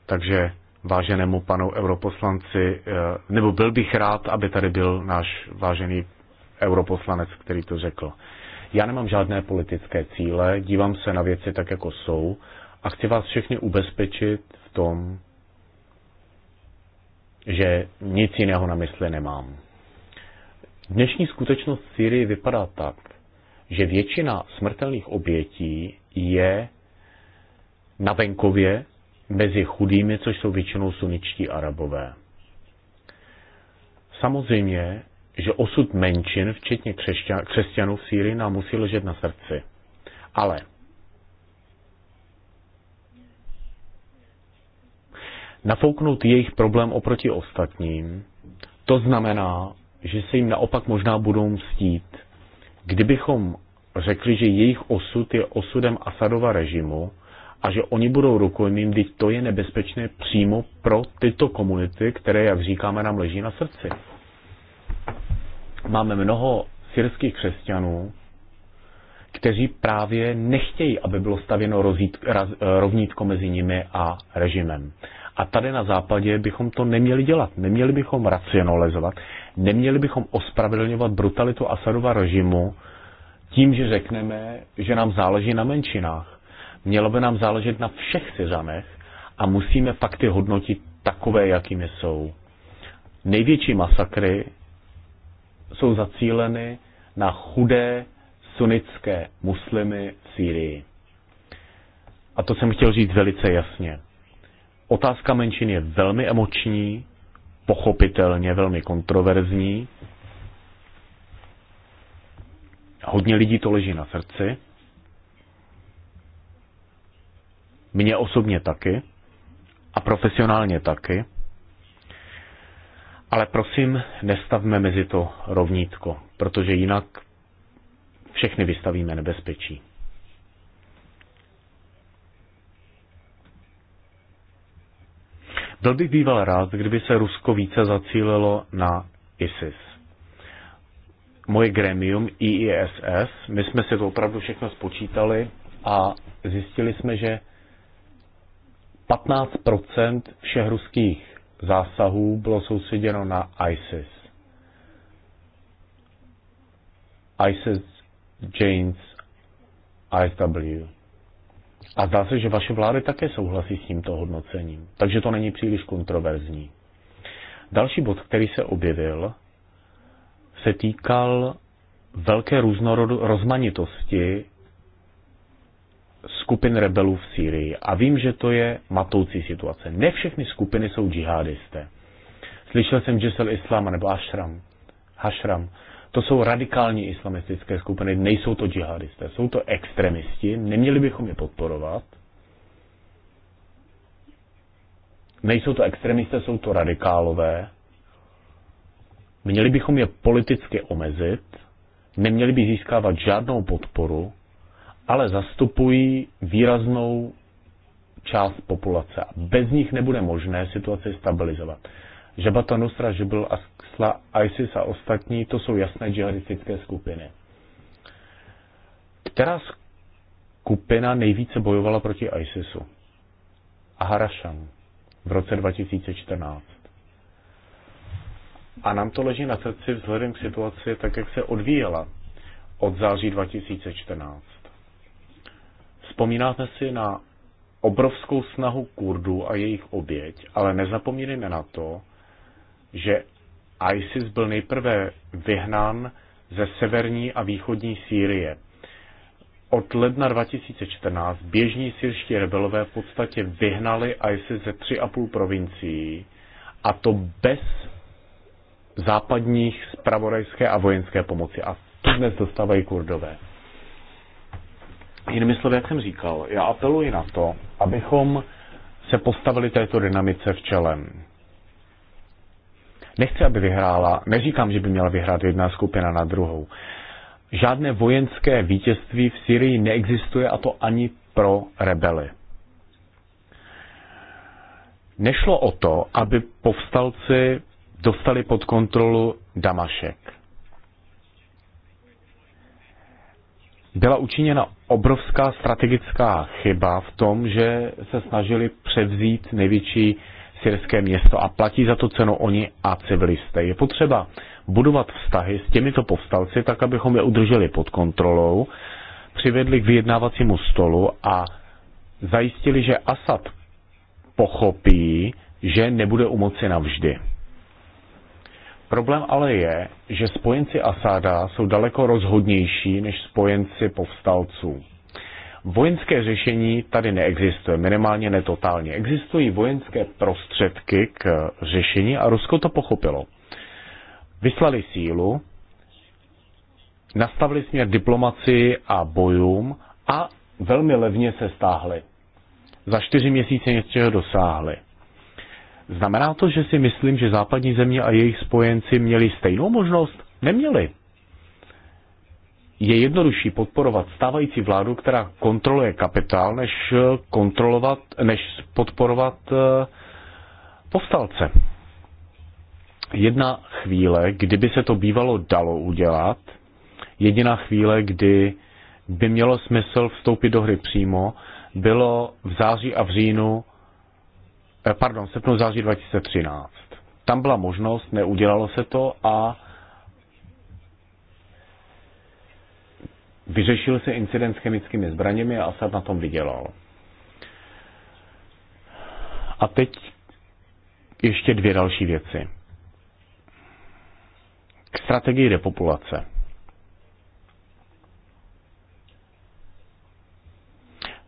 Takže váženému panu europoslanci, eh, nebo byl bych rád, aby tady byl náš vážený europoslanec, který to řekl. Já nemám žádné politické cíle, dívám se na věci tak, jako jsou a chci vás všechny ubezpečit v tom, že nic jiného na mysli nemám. Dnešní skutečnost v Syrii vypadá tak, že většina smrtelných obětí je na venkově mezi chudými, což jsou většinou suničtí arabové. Samozřejmě že osud menšin, včetně křesťanů v Sýrii, nám musí ležet na srdci. Ale nafouknout jejich problém oproti ostatním, to znamená, že se jim naopak možná budou mstít. Kdybychom řekli, že jejich osud je osudem Asadova režimu a že oni budou rukojmím, když to je nebezpečné přímo pro tyto komunity, které, jak říkáme, nám leží na srdci máme mnoho syrských křesťanů, kteří právě nechtějí, aby bylo stavěno rozít, raz, eh, rovnítko mezi nimi a režimem. A tady na západě bychom to neměli dělat. Neměli bychom racionalizovat, neměli bychom ospravedlňovat brutalitu Asadova režimu tím, že řekneme, že nám záleží na menšinách. Mělo by nám záležet na všech Syřanech a musíme fakty hodnotit takové, jakými jsou. Největší masakry jsou zacíleny na chudé sunnické muslimy v Sýrii. A to jsem chtěl říct velice jasně. Otázka menšin je velmi emoční, pochopitelně velmi kontroverzní. Hodně lidí to leží na srdci. Mně osobně taky. A profesionálně taky. Ale prosím, nestavme mezi to rovnítko, protože jinak všechny vystavíme nebezpečí. Byl bych býval rád, kdyby se Rusko více zacílilo na ISIS. Moje gremium IISS, my jsme si to opravdu všechno spočítali a zjistili jsme, že 15% všech ruských zásahů bylo soustředěno na ISIS. ISIS, Janes, ISW. A zdá se, že vaše vlády také souhlasí s tímto hodnocením, takže to není příliš kontroverzní. Další bod, který se objevil, se týkal velké různorodu, rozmanitosti skupin rebelů v Sýrii a vím, že to je matoucí situace. Ne všechny skupiny jsou džihadisté. Slyšel jsem Jisel Islama nebo Ashram. Hashram. To jsou radikální islamistické skupiny, nejsou to džihadisté, jsou to extremisti, neměli bychom je podporovat. Nejsou to extremisté, jsou to radikálové. Měli bychom je politicky omezit, neměli by získávat žádnou podporu, ale zastupují výraznou část populace. Bez nich nebude možné situaci stabilizovat. Žabata Nusra, Žibl, Asla, ISIS a ostatní, to jsou jasné džihadistické skupiny. Která skupina nejvíce bojovala proti ISISu? Aharašan v roce 2014. A nám to leží na srdci vzhledem k situaci, tak jak se odvíjela od září 2014. Vzpomínáte si na obrovskou snahu Kurdů a jejich oběť, ale nezapomínejme na to, že ISIS byl nejprve vyhnán ze severní a východní Sýrie. Od ledna 2014 běžní syrští rebelové v podstatě vyhnali ISIS ze a půl provincií a to bez západních spravodajské a vojenské pomoci. A to dnes dostávají kurdové. Jinými slovy, jak jsem říkal, já apeluji na to, abychom se postavili této dynamice v čelem. Nechci, aby vyhrála, neříkám, že by měla vyhrát jedna skupina na druhou. Žádné vojenské vítězství v Syrii neexistuje a to ani pro rebely. Nešlo o to, aby povstalci dostali pod kontrolu Damašek. byla učiněna obrovská strategická chyba v tom, že se snažili převzít největší syrské město a platí za to cenu oni a civilisté. Je potřeba budovat vztahy s těmito povstalci tak, abychom je udrželi pod kontrolou, přivedli k vyjednávacímu stolu a zajistili, že Asad pochopí, že nebude u moci navždy. Problém ale je, že spojenci Asáda jsou daleko rozhodnější než spojenci povstalců. Vojenské řešení tady neexistuje, minimálně netotálně. Existují vojenské prostředky k řešení a Rusko to pochopilo. Vyslali sílu, nastavili směr diplomacii a bojům a velmi levně se stáhli. Za čtyři měsíce něčeho dosáhli. Znamená to, že si myslím, že západní země a jejich spojenci měli stejnou možnost? Neměli. Je jednodušší podporovat stávající vládu, která kontroluje kapitál, než, eh, kontrolovat, než podporovat eh, povstalce. Jedna chvíle, kdyby se to bývalo dalo udělat, jediná chvíle, kdy by mělo smysl vstoupit do hry přímo, bylo v září a v říjnu Eh, pardon, srpnu září 2013. Tam byla možnost, neudělalo se to a vyřešil se incident s chemickými zbraněmi a Asad na tom vydělal. A teď ještě dvě další věci. K strategii depopulace.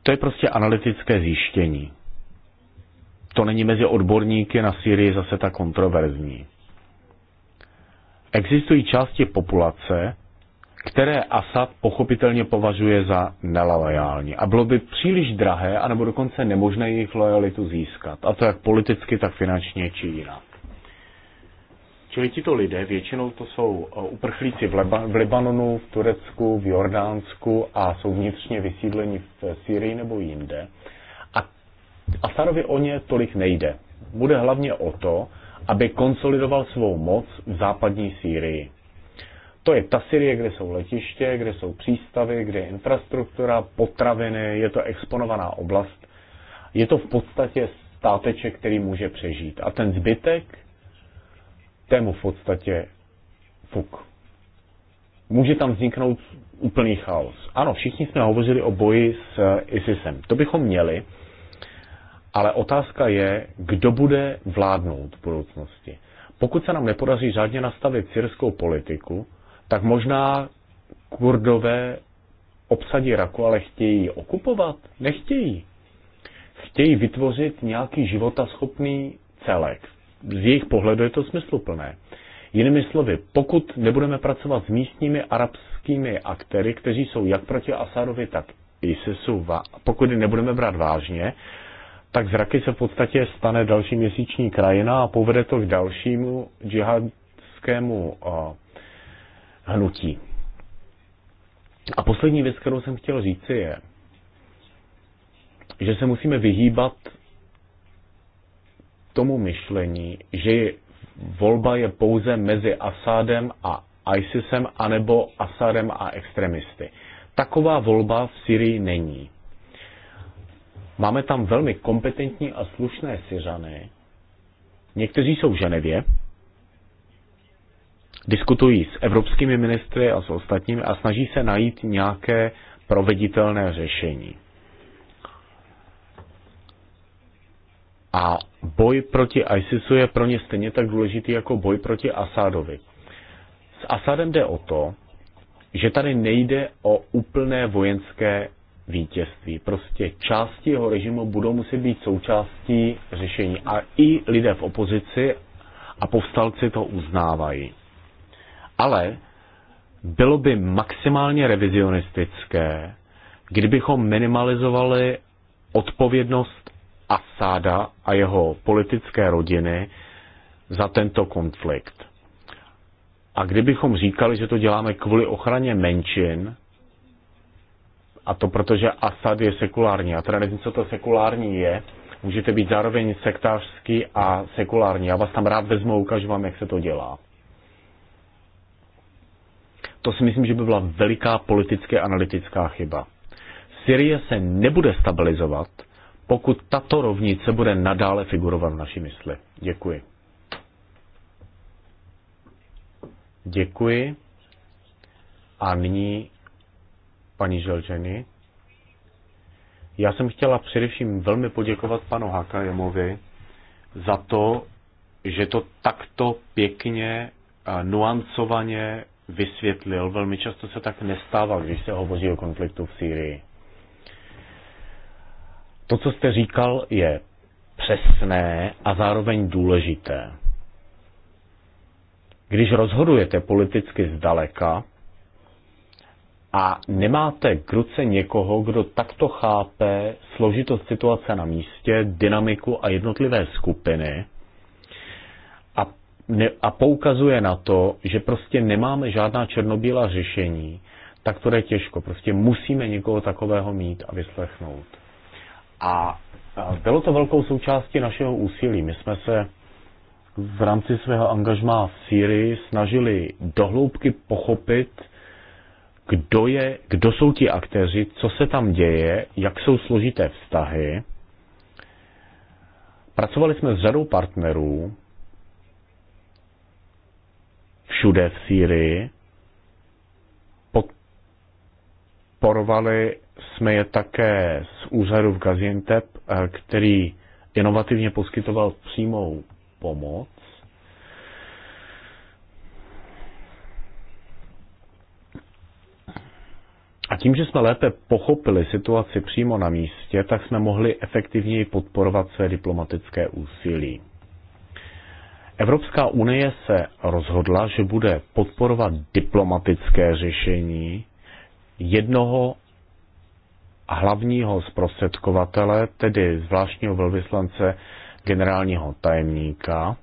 To je prostě analytické zjištění to není mezi odborníky na Syrii zase tak kontroverzní. Existují části populace, které Asad pochopitelně považuje za nelojální a bylo by příliš drahé, anebo dokonce nemožné jejich lojalitu získat, a to jak politicky, tak finančně či jinak. Čili tito lidé, většinou to jsou eh, uprchlíci v, Leba, v Libanonu, v Turecku, v Jordánsku a jsou vnitřně vysídleni v eh, Syrii nebo jinde, Asarovi o ně tolik nejde. Bude hlavně o to, aby konsolidoval svou moc v západní Sýrii. To je ta Syrie, kde jsou letiště, kde jsou přístavy, kde je infrastruktura, potraviny, je to exponovaná oblast. Je to v podstatě státeček, který může přežít. A ten zbytek, tému v podstatě fuk. Může tam vzniknout úplný chaos. Ano, všichni jsme hovořili o boji s ISISem. To bychom měli, ale otázka je, kdo bude vládnout v budoucnosti. Pokud se nám nepodaří řádně nastavit syrskou politiku, tak možná kurdové obsadí Raku, ale chtějí okupovat? Nechtějí. Chtějí vytvořit nějaký životaschopný celek. Z jejich pohledu je to smysluplné. Jinými slovy, pokud nebudeme pracovat s místními arabskými aktéry, kteří jsou jak proti Asadovi, tak ISISu, pokud je nebudeme brát vážně, tak zraky se v podstatě stane další měsíční krajina a povede to k dalšímu džihadskému hnutí. A poslední věc, kterou jsem chtěl říci, je, že se musíme vyhýbat tomu myšlení, že volba je pouze mezi Asádem a ISISem, anebo Asádem a extremisty. Taková volba v Syrii není. Máme tam velmi kompetentní a slušné Syřany. Někteří jsou v Ženevě, diskutují s evropskými ministry a s ostatními a snaží se najít nějaké proveditelné řešení. A boj proti ISISu je pro ně stejně tak důležitý jako boj proti Asádovi. S Asádem jde o to, že tady nejde o úplné vojenské vítězství. Prostě části jeho režimu budou muset být součástí řešení. A i lidé v opozici a povstalci to uznávají. Ale bylo by maximálně revizionistické, kdybychom minimalizovali odpovědnost Asáda a jeho politické rodiny za tento konflikt. A kdybychom říkali, že to děláme kvůli ochraně menšin, a to protože Asad je sekulární. A teda nevím, co to sekulární je. Můžete být zároveň sektářský a sekulární. Já vás tam rád vezmu a ukážu vám, jak se to dělá. To si myslím, že by byla veliká politické analytická chyba. Syrie se nebude stabilizovat, pokud tato rovnice bude nadále figurovat v naší mysli. Děkuji. Děkuji. A nyní paní Želženy. Já jsem chtěla především velmi poděkovat panu Hakajemovi za to, že to takto pěkně, eh, nuancovaně vysvětlil. Velmi často se tak nestává, když se hovoří o konfliktu v Sýrii. To, co jste říkal, je přesné a zároveň důležité. Když rozhodujete politicky zdaleka, a nemáte k ruce někoho, kdo takto chápe složitost situace na místě, dynamiku a jednotlivé skupiny a, ne, a poukazuje na to, že prostě nemáme žádná černobílá řešení, tak to je těžko. Prostě musíme někoho takového mít a vyslechnout. A bylo to velkou součástí našeho úsilí. My jsme se v rámci svého angažmá v Syrii snažili dohloubky pochopit, kdo, je, kdo jsou ti aktéři, co se tam děje, jak jsou složité vztahy. Pracovali jsme s řadou partnerů všude v Sýrii. Podporovali jsme je také z úřadu v Gaziantep, eh, který inovativně poskytoval přímou pomoc. tím, že jsme lépe pochopili situaci přímo na místě, tak jsme mohli efektivněji podporovat své diplomatické úsilí. Evropská unie se rozhodla, že bude podporovat diplomatické řešení jednoho hlavního zprostředkovatele, tedy zvláštního velvyslance generálního tajemníka.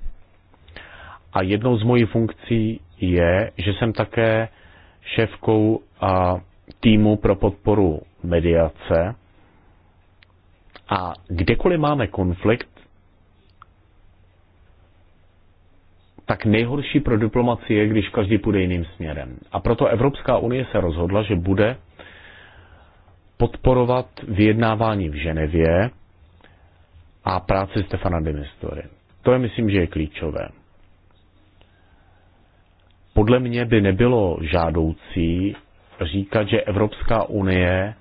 A jednou z mojí funkcí je, že jsem také šéfkou a týmu pro podporu mediace a kdekoliv máme konflikt, tak nejhorší pro diplomaci je, když každý půjde jiným směrem. A proto Evropská unie se rozhodla, že bude podporovat vyjednávání v Ženevě a práci Stefana de Mistory. To je, myslím, že je klíčové. Podle mě by nebylo žádoucí říkat, že Evropská unie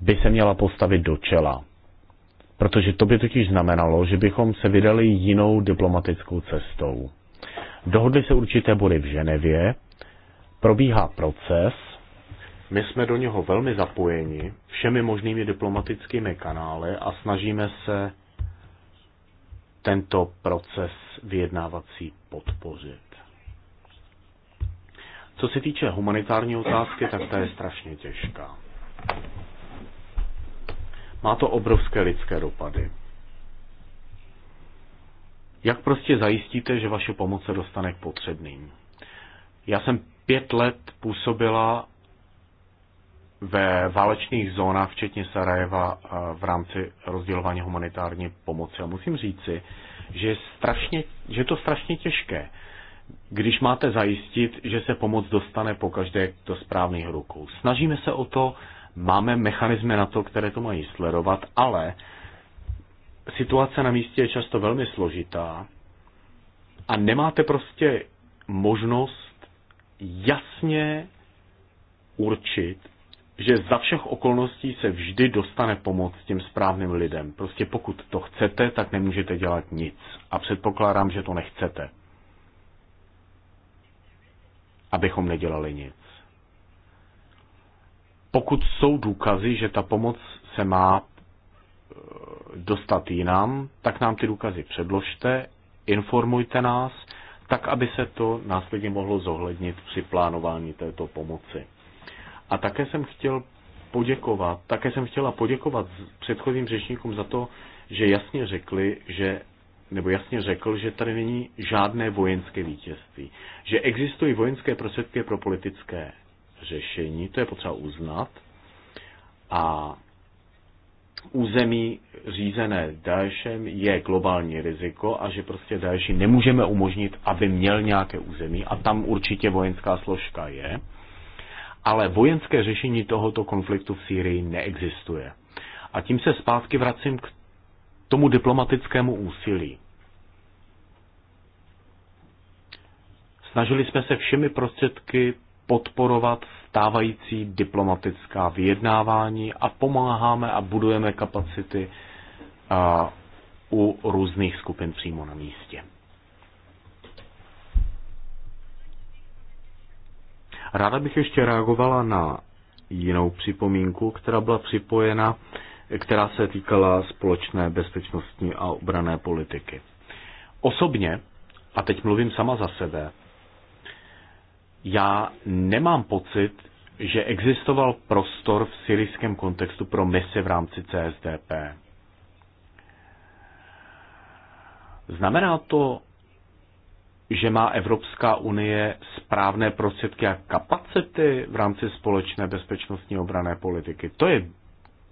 by se měla postavit do čela. Protože to by totiž znamenalo, že bychom se vydali jinou diplomatickou cestou. Dohodli se určité body v Ženevě, probíhá proces, my jsme do něho velmi zapojeni všemi možnými diplomatickými kanály a snažíme se tento proces vyjednávací podpořit. Co se týče humanitární otázky, tak ta je strašně těžká. Má to obrovské lidské dopady. Jak prostě zajistíte, že vaše pomoc se dostane k potřebným? Já jsem pět let působila ve válečných zónách, včetně Sarajeva, v rámci rozdělování humanitární pomoci. A musím říci, že, je strašně, že je to strašně těžké když máte zajistit, že se pomoc dostane po každé do správných rukou. Snažíme se o to, máme mechanismy na to, které to mají sledovat, ale situace na místě je často velmi složitá a nemáte prostě možnost jasně určit, že za všech okolností se vždy dostane pomoc těm správným lidem. Prostě pokud to chcete, tak nemůžete dělat nic. A předpokládám, že to nechcete abychom nedělali nic. Pokud jsou důkazy, že ta pomoc se má eh, dostat jinam, tak nám ty důkazy předložte, informujte nás, tak aby se to následně mohlo zohlednit při plánování této pomoci. A také jsem chtěl poděkovat, také jsem chtěla poděkovat předchozím řečníkům za to, že jasně řekli, že nebo jasně řekl, že tady není žádné vojenské vítězství. Že existují vojenské prostředky pro politické řešení, to je potřeba uznat. A území řízené Daešem je globální riziko a že prostě Daeši nemůžeme umožnit, aby měl nějaké území a tam určitě vojenská složka je. Ale vojenské řešení tohoto konfliktu v Sýrii neexistuje. A tím se zpátky vracím k tomu diplomatickému úsilí. Snažili jsme se všemi prostředky podporovat stávající diplomatická vyjednávání a pomáháme a budujeme kapacity a, u různých skupin přímo na místě. Ráda bych ještě reagovala na jinou připomínku, která byla připojena která se týkala společné bezpečnostní a obrané politiky. Osobně, a teď mluvím sama za sebe, já nemám pocit, že existoval prostor v syrijském kontextu pro misi v rámci CSDP. Znamená to, že má Evropská unie správné prostředky a kapacity v rámci společné bezpečnostní obrané politiky? To je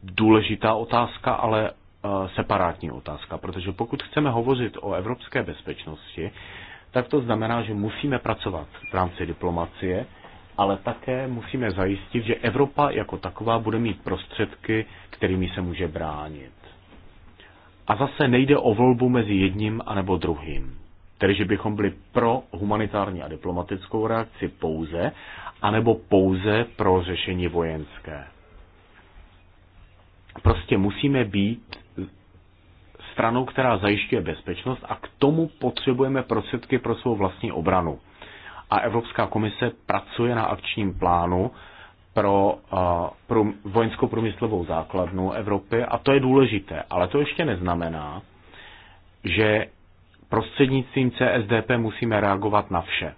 důležitá otázka, ale eh, separátní otázka, protože pokud chceme hovořit o evropské bezpečnosti, tak to znamená, že musíme pracovat v rámci diplomacie, ale také musíme zajistit, že Evropa jako taková bude mít prostředky, kterými se může bránit. A zase nejde o volbu mezi jedním anebo druhým. Tedy, že bychom byli pro humanitární a diplomatickou reakci pouze, anebo pouze pro řešení vojenské. Prostě musíme být stranou, která zajišťuje bezpečnost a k tomu potřebujeme prostředky pro svou vlastní obranu. A Evropská komise pracuje na akčním plánu pro, eh, pro vojenskou průmyslovou základnu Evropy a to je důležité. Ale to ještě neznamená, že prostřednictvím CSDP musíme reagovat na vše.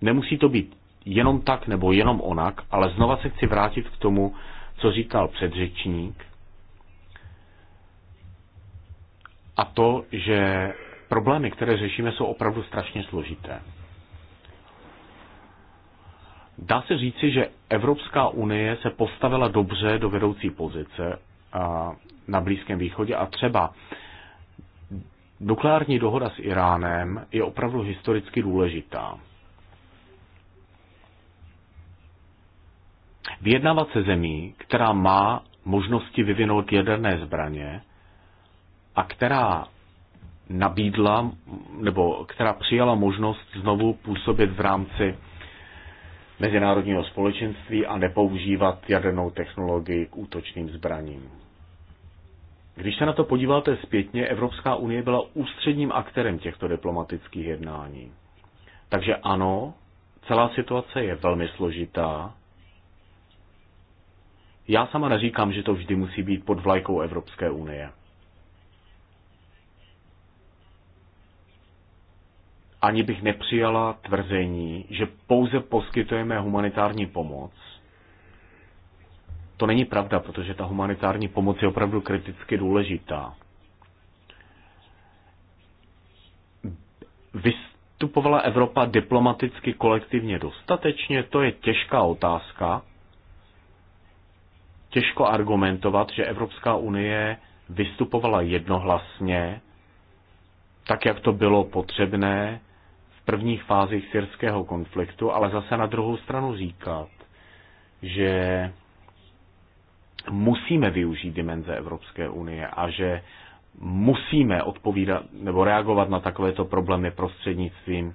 Nemusí to být jenom tak nebo jenom onak, ale znova se chci vrátit k tomu, co říkal předřečník, a to, že problémy, které řešíme, jsou opravdu strašně složité. Dá se říci, že Evropská unie se postavila dobře do vedoucí pozice na Blízkém východě a třeba nukleární dohoda s Iránem je opravdu historicky důležitá. Vyjednávat se zemí, která má možnosti vyvinout jaderné zbraně a která nabídla nebo která přijala možnost znovu působit v rámci mezinárodního společenství a nepoužívat jadernou technologii k útočným zbraním. Když se na to podíváte zpětně, Evropská unie byla ústředním aktérem těchto diplomatických jednání. Takže ano, celá situace je velmi složitá, já sama neříkám, že to vždy musí být pod vlajkou Evropské unie. Ani bych nepřijala tvrzení, že pouze poskytujeme humanitární pomoc. To není pravda, protože ta humanitární pomoc je opravdu kriticky důležitá. Vystupovala Evropa diplomaticky kolektivně dostatečně? To je těžká otázka, těžko argumentovat, že Evropská unie vystupovala jednohlasně, tak jak to bylo potřebné v prvních fázích syrského konfliktu, ale zase na druhou stranu říkat, že musíme využít dimenze Evropské unie a že musíme odpovídat nebo reagovat na takovéto problémy prostřednictvím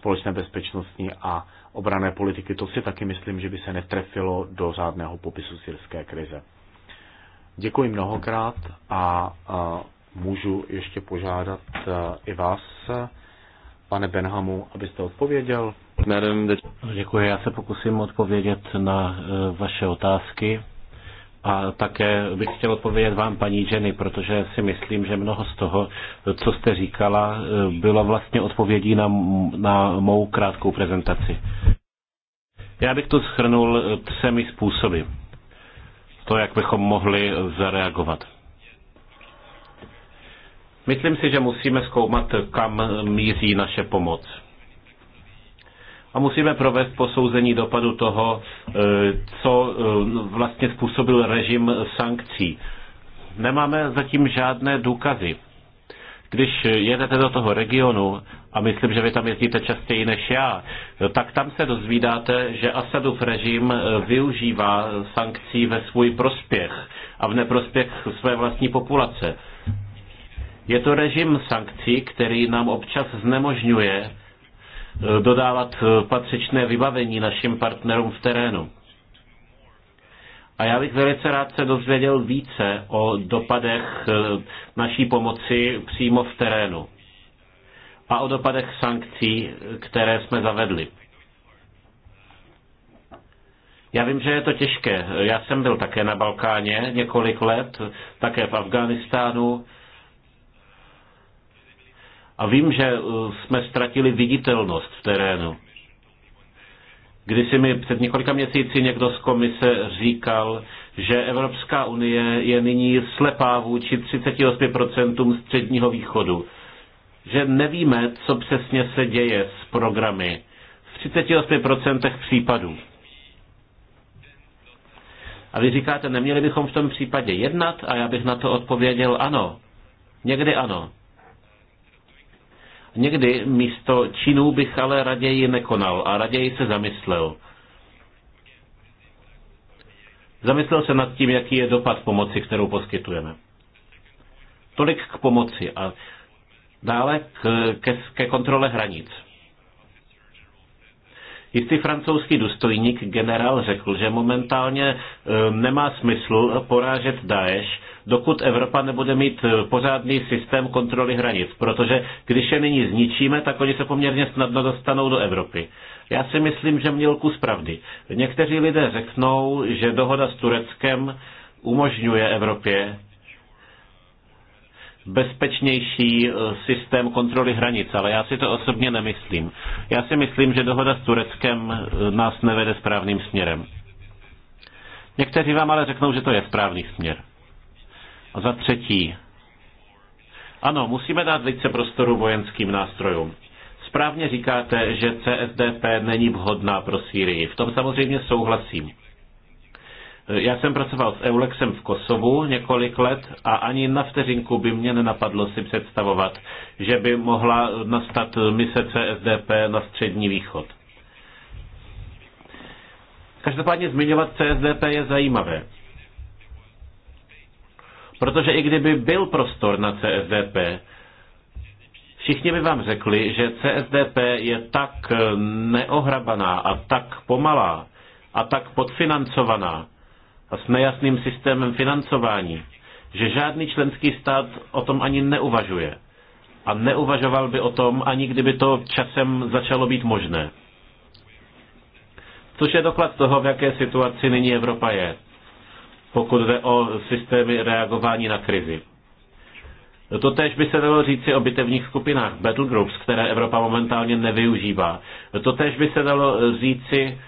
společné bezpečnostní a obrané politiky, to si taky myslím, že by se netrefilo do řádného popisu syrské krize. Děkuji mnohokrát a, a můžu ještě požádat i vás, pane Benhamu, abyste odpověděl. Děkuji, já se pokusím odpovědět na e, vaše otázky. A také bych chtěl odpovědět vám, paní Jenny, protože si myslím, že mnoho z toho, co jste říkala, bylo vlastně odpovědí na, na mou krátkou prezentaci. Já bych to shrnul třemi způsoby. To, jak bychom mohli zareagovat. Myslím si, že musíme zkoumat, kam míří naše pomoc a musíme provést posouzení dopadu toho, e, co e, vlastně způsobil režim sankcí. Nemáme zatím žádné důkazy. Když jedete do toho regionu, a myslím, že vy tam jezdíte častěji než já, tak tam se dozvídáte, že Asadův režim e, využívá sankcí ve svůj prospěch a v neprospěch své vlastní populace. Je to režim sankcí, který nám občas znemožňuje Eh, dodávat eh, patřičné vybavení našim partnerům v terénu. A já bych velice rád se dozvěděl více o dopadech eh, naší pomoci přímo v terénu a o dopadech sankcí, které jsme zavedli. Já vím, že je to těžké. Já jsem byl také na Balkáně několik let, také v Afghánistánu a vím, že uh, jsme ztratili viditelnost v terénu. Když si mi před několika měsíci někdo z komise říkal, že Evropská unie je nyní slepá vůči 38% středního východu, že nevíme, co přesně se děje s programy v 38% případů. A vy říkáte, neměli bychom v tom případě jednat? A já bych na to odpověděl ano. Někdy ano. Někdy místo činů bych ale raději nekonal a raději se zamyslel. Zamyslel se nad tím, jaký je dopad pomoci, kterou poskytujeme. Tolik k pomoci a dále k, ke, ke kontrole hranic. Jistý francouzský důstojník generál řekl, že momentálně e, nemá smysl porážet Daesh, dokud Evropa nebude mít e, pořádný systém kontroly hranic, protože když je nyní zničíme, tak oni se poměrně snadno dostanou do Evropy. Já si myslím, že měl kus pravdy. Někteří lidé řeknou, že dohoda s Tureckem umožňuje Evropě bezpečnější eh, systém kontroly hranic, ale já si to osobně nemyslím. Já si myslím, že dohoda s Tureckem eh, nás nevede správným směrem. Někteří vám ale řeknou, že to je správný směr. A za třetí, ano, musíme dát více prostoru vojenským nástrojům. Správně říkáte, že CSDP není vhodná pro Sýrii. V tom samozřejmě souhlasím. Já jsem pracoval s Eulexem v Kosovu několik let a ani na vteřinku by mě nenapadlo si představovat, že by mohla nastat mise CSDP na střední východ. Každopádně zmiňovat CSDP je zajímavé. Protože i kdyby byl prostor na CSDP, všichni by vám řekli, že CSDP je tak neohrabaná a tak pomalá a tak podfinancovaná, a s nejasným systémem financování, že žádný členský stát o tom ani neuvažuje. A neuvažoval by o tom, ani kdyby to časem začalo být možné. Což je doklad toho, v jaké situaci nyní Evropa je, pokud jde o systémy reagování na krizi. To tež by se dalo říci o bitevních skupinách, battlegroups, které Evropa momentálně nevyužívá. To tež by se dalo říci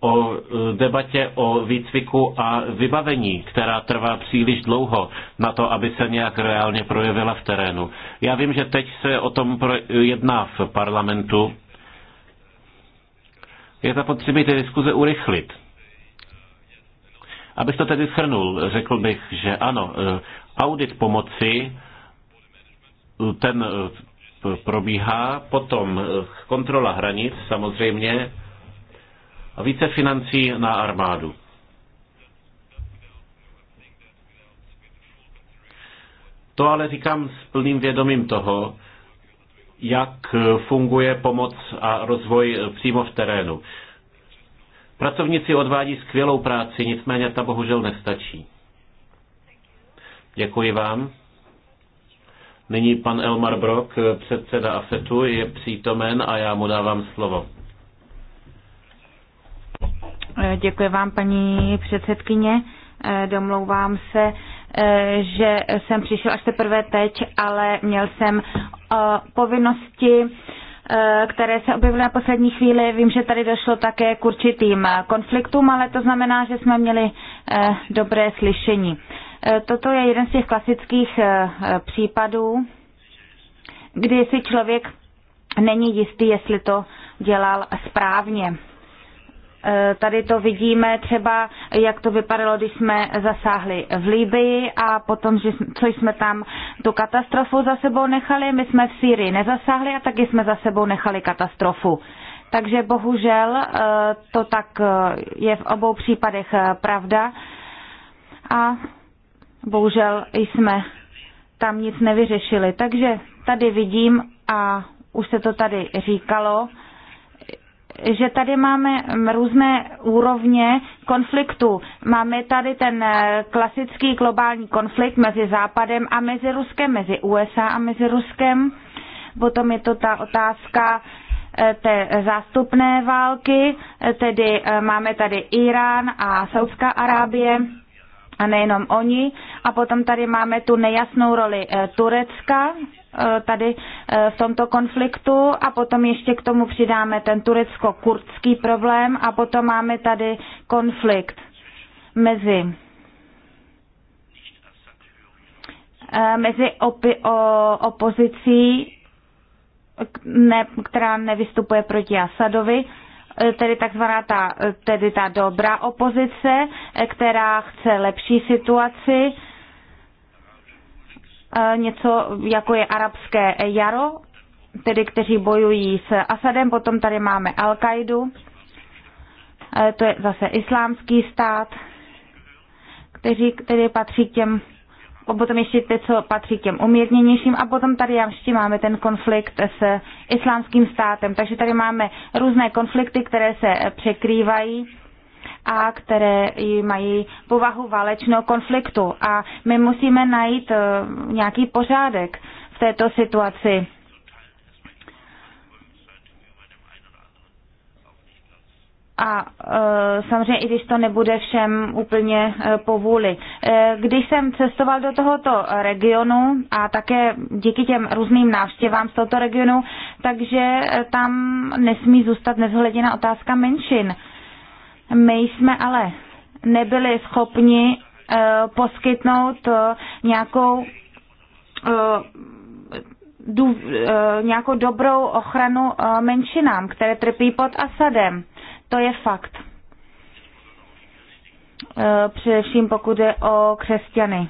o e, debatě o výcviku a vybavení, která trvá příliš dlouho na to, aby se nějak reálně projevila v terénu. Já vím, že teď se o tom jedná v parlamentu. Je zapotřebí ty diskuze urychlit. Abych to tedy shrnul, řekl bych, že ano, e, audit pomoci, ten e, probíhá, potom kontrola hranic samozřejmě, a více financí na armádu. To ale říkám s plným vědomím toho, jak funguje pomoc a rozvoj přímo v terénu. Pracovníci odvádí skvělou práci, nicméně ta bohužel nestačí. Děkuji vám. Nyní pan Elmar Brok, předseda AFETu, je přítomen a já mu dávám slovo. Děkuji vám, paní předsedkyně. Eh, domlouvám se, eh, že jsem přišel až teprve teď, ale měl jsem eh, povinnosti které se objevily na poslední chvíli. Vím, že tady došlo také k určitým konfliktům, ale to znamená, že jsme měli dobré slyšení. Toto je jeden z těch klasických případů, kdy si člověk není jistý, jestli to dělal správně. Tady to vidíme třeba, jak to vypadalo, když jsme zasáhli v Líbyi a potom, že, co jsme tam tu katastrofu za sebou nechali, my jsme v Sýrii nezasáhli a taky jsme za sebou nechali katastrofu. Takže bohužel eh, to tak eh, je v obou případech eh, pravda a bohužel jsme tam nic nevyřešili. Takže tady vidím a už se to tady říkalo, že tady máme různé úrovně konfliktu. Máme tady ten eh, klasický globální konflikt mezi Západem a mezi Ruskem, mezi USA a mezi Ruskem. Potom je to ta otázka eh, té zástupné války, eh, tedy máme tady Irán a Saudská Arábie a nejenom oni. A potom tady máme tu nejasnou roli Turecka, Eh, tady eh, v tomto konfliktu a potom ještě k tomu přidáme ten turecko-kurdský problém a potom máme tady konflikt mezi eh, mezi opi, o, opozicí, ne, která nevystupuje proti Asadovi, tedy takzvaná ta, tedy ta dobrá opozice, která chce lepší situaci E, něco jako je arabské jaro, tedy kteří bojují s Asadem, potom tady máme Al-Kaidu, e, to je zase islámský stát, kteří, který patří k těm, a potom ještě ty, co patří k těm umírněnějším, a potom tady ještě máme ten konflikt s islámským státem. Takže tady máme různé konflikty, které se překrývají a které mají povahu válečného konfliktu. A my musíme najít eh, nějaký pořádek v této situaci. a e, samozřejmě i když to nebude všem úplně e, eh, povůli. E, když jsem cestoval do tohoto regionu a také díky těm různým návštěvám z tohoto regionu, takže e, tam nesmí zůstat nezhleděna otázka menšin. E, my jsme ale nebyli schopni uh, poskytnout uh, nějakou uh, dů, uh, nějakou dobrou ochranu uh, menšinám, které trpí pod Asadem. To je fakt. Uh, Především pokud je o křesťany.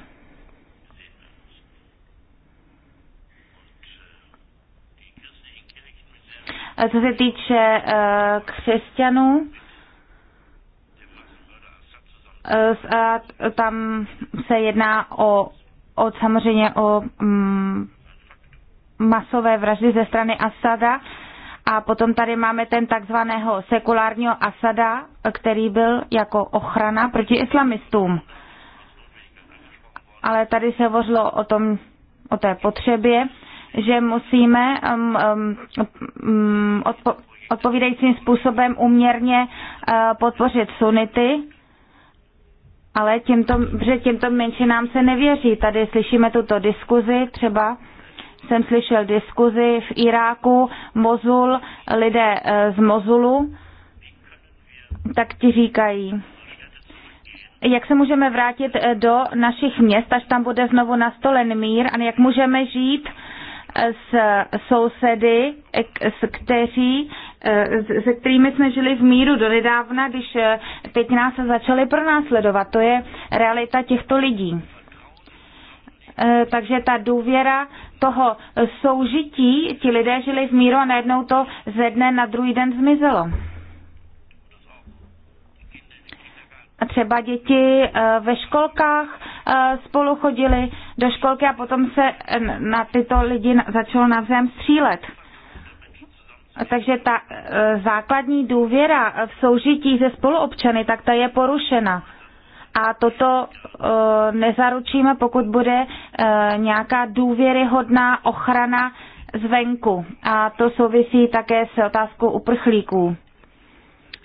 Co se týče uh, křesťanů, tam se jedná o, o samozřejmě o mm, masové vraždy ze strany Asada. A potom tady máme ten takzvaného sekulárního Asada, který byl jako ochrana proti islamistům. Ale tady se hovořilo o tom, o té potřebě, že musíme um, um, odpo, odpovídajícím způsobem uměrně uh, podpořit sunity ale těmto, že těmto menšinám se nevěří. Tady slyšíme tuto diskuzi, třeba jsem slyšel diskuzi v Iráku, Mozul, lidé eh, z Mozulu, tak ti říkají, jak se můžeme vrátit eh, do našich měst, až tam bude znovu nastolen mír a jak můžeme žít eh, s sousedy, kteří Eh, se kterými jsme žili v míru do nedávna, když eh, teď nás začali pronásledovat. To je realita těchto lidí. Eh, takže ta důvěra toho soužití, ti lidé žili v míru a najednou to ze dne na druhý den zmizelo. A třeba děti ve školkách spolu chodili do školky a potom se na tyto lidi začalo navzájem střílet. Takže ta e, základní důvěra v soužití se spoluobčany, tak ta je porušena. A toto e, nezaručíme, pokud bude e, nějaká důvěryhodná ochrana zvenku. A to souvisí také s otázkou uprchlíků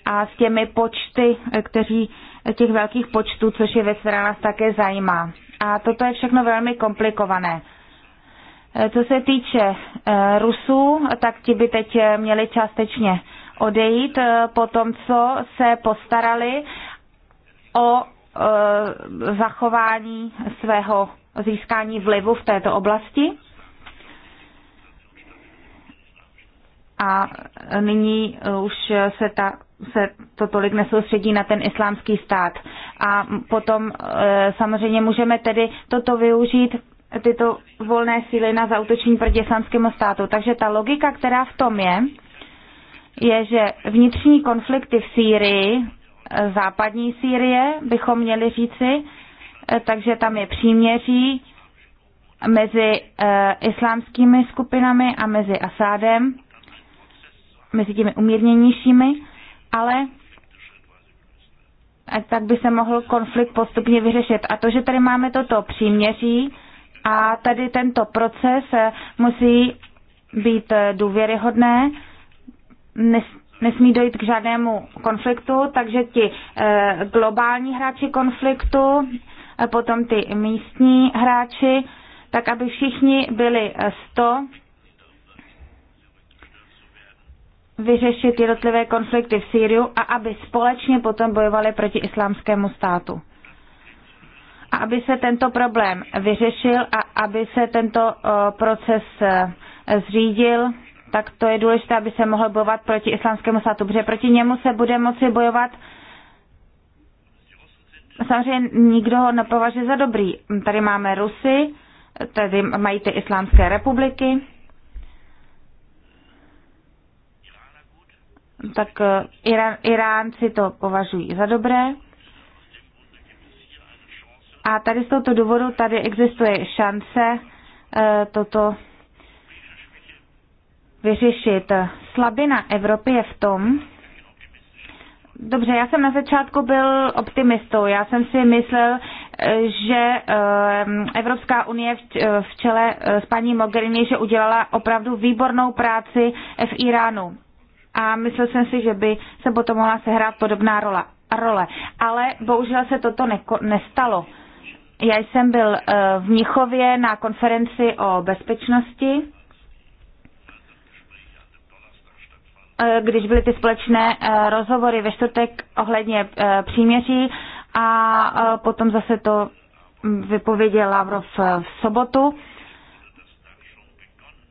a s těmi počty, kteří těch velkých počtů, což je věc, která nás také zajímá. A toto je všechno velmi komplikované. Eh, co se týče eh, Rusů, tak ti by teď eh, měli částečně odejít po tom, co se postarali o zachování svého získání vlivu v této oblasti. A nyní už se, ta, se to tolik nesoustředí na ten islámský stát. A potom samozřejmě můžeme tedy toto využít tyto volné síly na zautočení proti islamskému státu. Takže ta logika, která v tom je, je, že vnitřní konflikty v Sýrii, západní Sýrie, bychom měli říci, eh, takže tam je příměří mezi eh, islámskými skupinami a mezi Asádem, mezi těmi umírněnějšími, ale eh, tak by se mohl konflikt postupně vyřešit. A to, že tady máme toto příměří, a tady tento proces eh, musí být eh, důvěryhodné, nesmí dojít k žádnému konfliktu, takže ti eh, globální hráči konfliktu, potom ty místní hráči, tak aby všichni byli 100 vyřešit jednotlivé konflikty v Sýriu a aby společně potom bojovali proti islámskému státu aby se tento problém vyřešil a aby se tento eh, proces eh, zřídil, tak to je důležité, aby se mohl bojovat proti islámskému státu, protože proti němu se bude moci bojovat Samozřejmě nikdo ho nepovažuje za dobrý. Tady máme Rusy, tady mají ty islámské republiky. Tak eh, Irán, Iránci to považují za dobré. A tady z tohoto důvodu tady existuje šance eh, toto vyřešit. Slabina Evropy je v tom, Dobře, já jsem na začátku byl optimistou. Já jsem si myslel, eh, že eh, Evropská unie v čele s paní Mogherini, že udělala opravdu výbornou práci v Iránu. A myslel jsem si, že by se potom mohla sehrát podobná rola. role. Ale bohužel se toto nestalo. Já jsem byl eh, v Mnichově na konferenci o bezpečnosti, eh, když byly ty společné eh, rozhovory ve čtvrtek ohledně příměří a potom zase to vypověděl Lavrov v sobotu.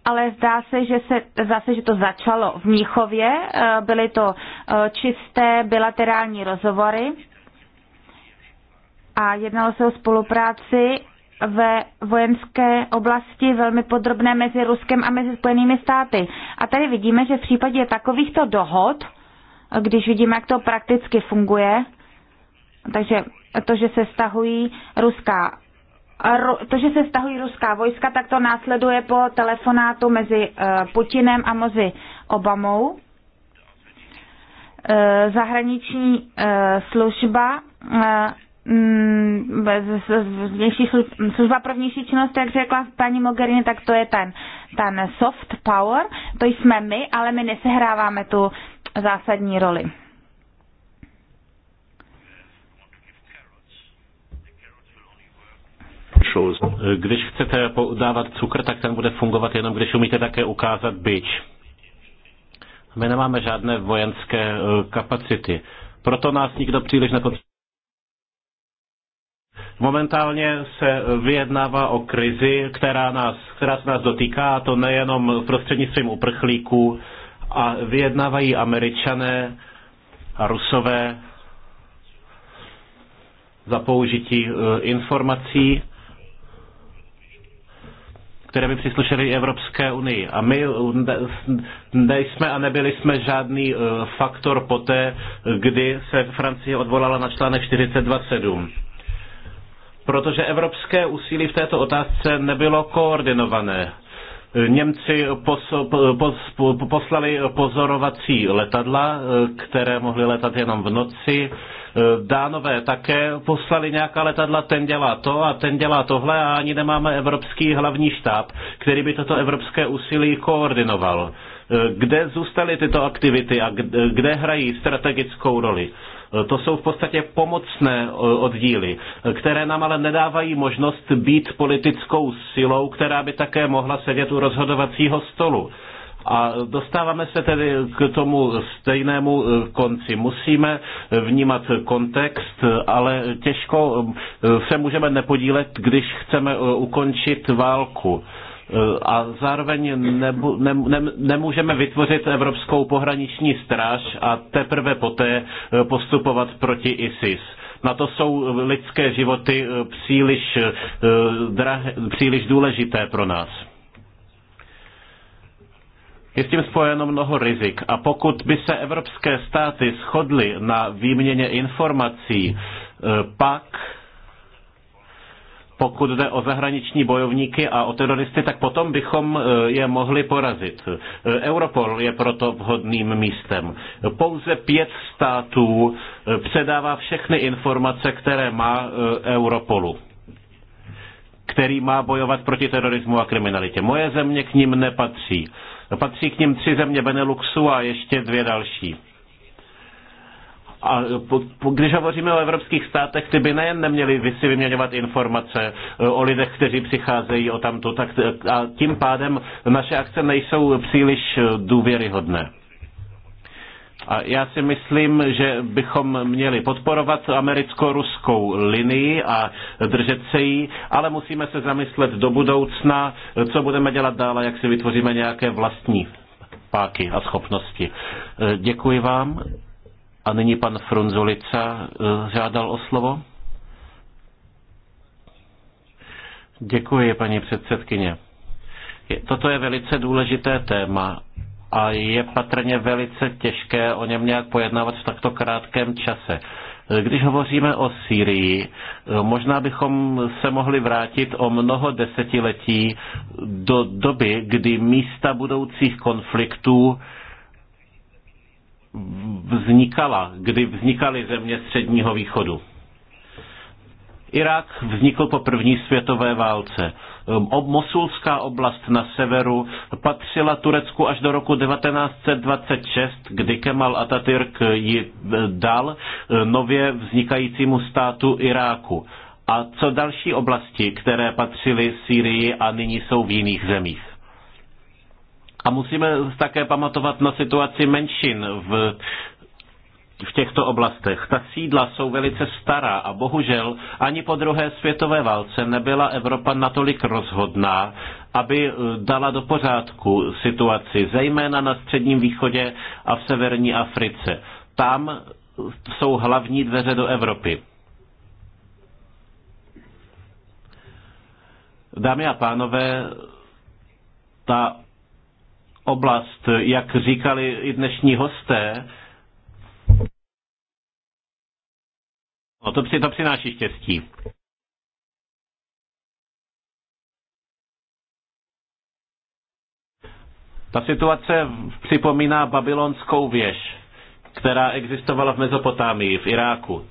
Ale zdá se, že se zase, že to začalo v Mnichově. Byly to čisté bilaterální rozhovory a jednalo se o spolupráci ve vojenské oblasti velmi podrobné mezi Ruskem a mezi Spojenými státy. A tady vidíme, že v případě takovýchto dohod, když vidíme, jak to prakticky funguje, takže to, že se stahují ruská to, že se stahují ruská vojska, tak to následuje po telefonátu mezi eh, Putinem a mezi Obamou. Eh, zahraniční eh, služba Mm, služba pro vnější činnost, jak řekla paní Mogherini, tak to je ten, ten soft power, to jsme my, ale my nesehráváme tu zásadní roli. Když chcete dávat cukr, tak ten bude fungovat jenom, když umíte také ukázat byč. My nemáme žádné vojenské eh, kapacity. Proto nás nikdo příliš nepotřebuje. Momentálně se vyjednává o krizi, která, nás, která se nás dotýká, a to nejenom prostřednictvím uprchlíků, a vyjednávají američané a rusové za použití e, informací, které by příslušely Evropské unii. A my nejsme a nebyli jsme žádný e, faktor poté, kdy se Francie odvolala na článek 42.7 protože evropské úsilí v této otázce nebylo koordinované. Němci poslali pozorovací letadla, které mohly letat jenom v noci. Dánové také poslali nějaká letadla, ten dělá to a ten dělá tohle a ani nemáme evropský hlavní štáb, který by toto evropské úsilí koordinoval. Kde zůstaly tyto aktivity a kde hrají strategickou roli? To jsou v podstatě pomocné e, oddíly, které nám ale nedávají možnost být politickou silou, která by také mohla sedět u rozhodovacího stolu. A dostáváme se tedy k tomu stejnému e, konci. Musíme e, vnímat kontext, ale těžko se můžeme nepodílet, když chceme ukončit válku. Eh, a zároveň nebu, ne, ne, nemůžeme vytvořit Evropskou pohraniční stráž a teprve poté eh, postupovat proti ISIS. Na to jsou lidské životy eh, příliš, drah, příliš důležité pro nás. Je s tím spojeno mnoho rizik a pokud by se evropské státy shodly na výměně informací, pak pokud jde o zahraniční bojovníky a o teroristy, tak potom bychom e, je mohli porazit. E, Europol je proto vhodným místem. Pouze pět států e, předává všechny informace, které má Europolu který má bojovat proti terorismu a kriminalitě. Moje země k ním nepatří. Patří k ním tři země Beneluxu a ještě dvě další. A když hovoříme o evropských státech, ty by nejen neměli si vyměňovat informace e, o lidech, kteří přicházejí o tamto, tak e, a tím pádem naše akce nejsou příliš e, důvěryhodné. A já si myslím, že bychom měli podporovat americko-ruskou linii a držet se jí, ale musíme se zamyslet do budoucna, co budeme dělat dále, jak si vytvoříme nějaké vlastní páky a schopnosti. Děkuji vám. A nyní pan Frunzulica eh, žádal o slovo. Děkuji, paní předsedkyně. Toto je velice důležité téma a je patrně velice těžké o něm nějak pojednávat v takto krátkém čase. Eh, když hovoříme o Sýrii, eh, možná bychom se mohli vrátit o mnoho desetiletí do doby, kdy místa budoucích konfliktů vznikala, kdy vznikaly země Středního východu. Irák vznikl po první světové válce. Ehm, Mosulská oblast na severu patřila Turecku až do roku 1926, kdy Kemal Atatürk ji e, dal e, nově vznikajícímu státu Iráku. A co další oblasti, které patřily Sýrii a nyní jsou v jiných zemích? A musíme také pamatovat na situaci menšin v v těchto oblastech. Ta sídla jsou velice stará a bohužel ani po druhé světové válce nebyla Evropa natolik rozhodná, aby eh, dala do pořádku situaci, zejména na Středním východě a v severní Africe. Tam eh, jsou hlavní dveře do Evropy. Dámy a pánové, ta oblast, jak říkali i dnešní hosté, No to, při, to přináší štěstí. Ta situace připomíná babylonskou věž, která existovala v Mezopotámii, v Iráku.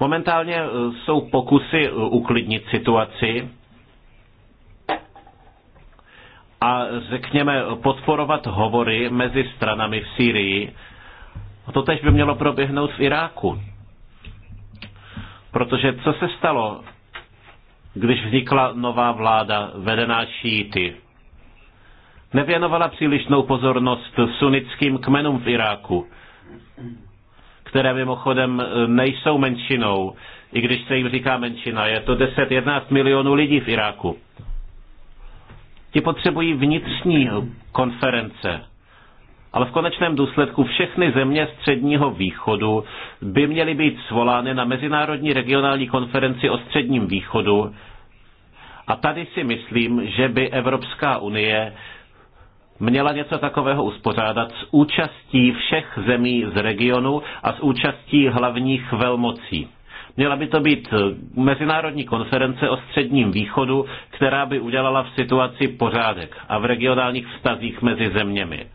Momentálně eh, jsou pokusy eh, uklidnit situaci, a řekněme podporovat hovory mezi stranami v Sýrii. To tež by mělo proběhnout v Iráku. Protože co se stalo, když vznikla nová vláda vedená šíty? Nevěnovala přílišnou pozornost sunnickým kmenům v Iráku, které mimochodem e, nejsou menšinou, i když se jim říká menšina. Je to 10-11 milionů lidí v Iráku. Ti potřebují vnitřní konference. Ale v konečném důsledku všechny země Středního východu by měly být svolány na Mezinárodní regionální konferenci o Středním východu. A tady si myslím, že by Evropská unie měla něco takového uspořádat s účastí všech zemí z regionu a s účastí hlavních velmocí. Měla by to být eh, mezinárodní konference o středním východu, která by udělala v situaci pořádek a v regionálních vztazích mezi zeměmi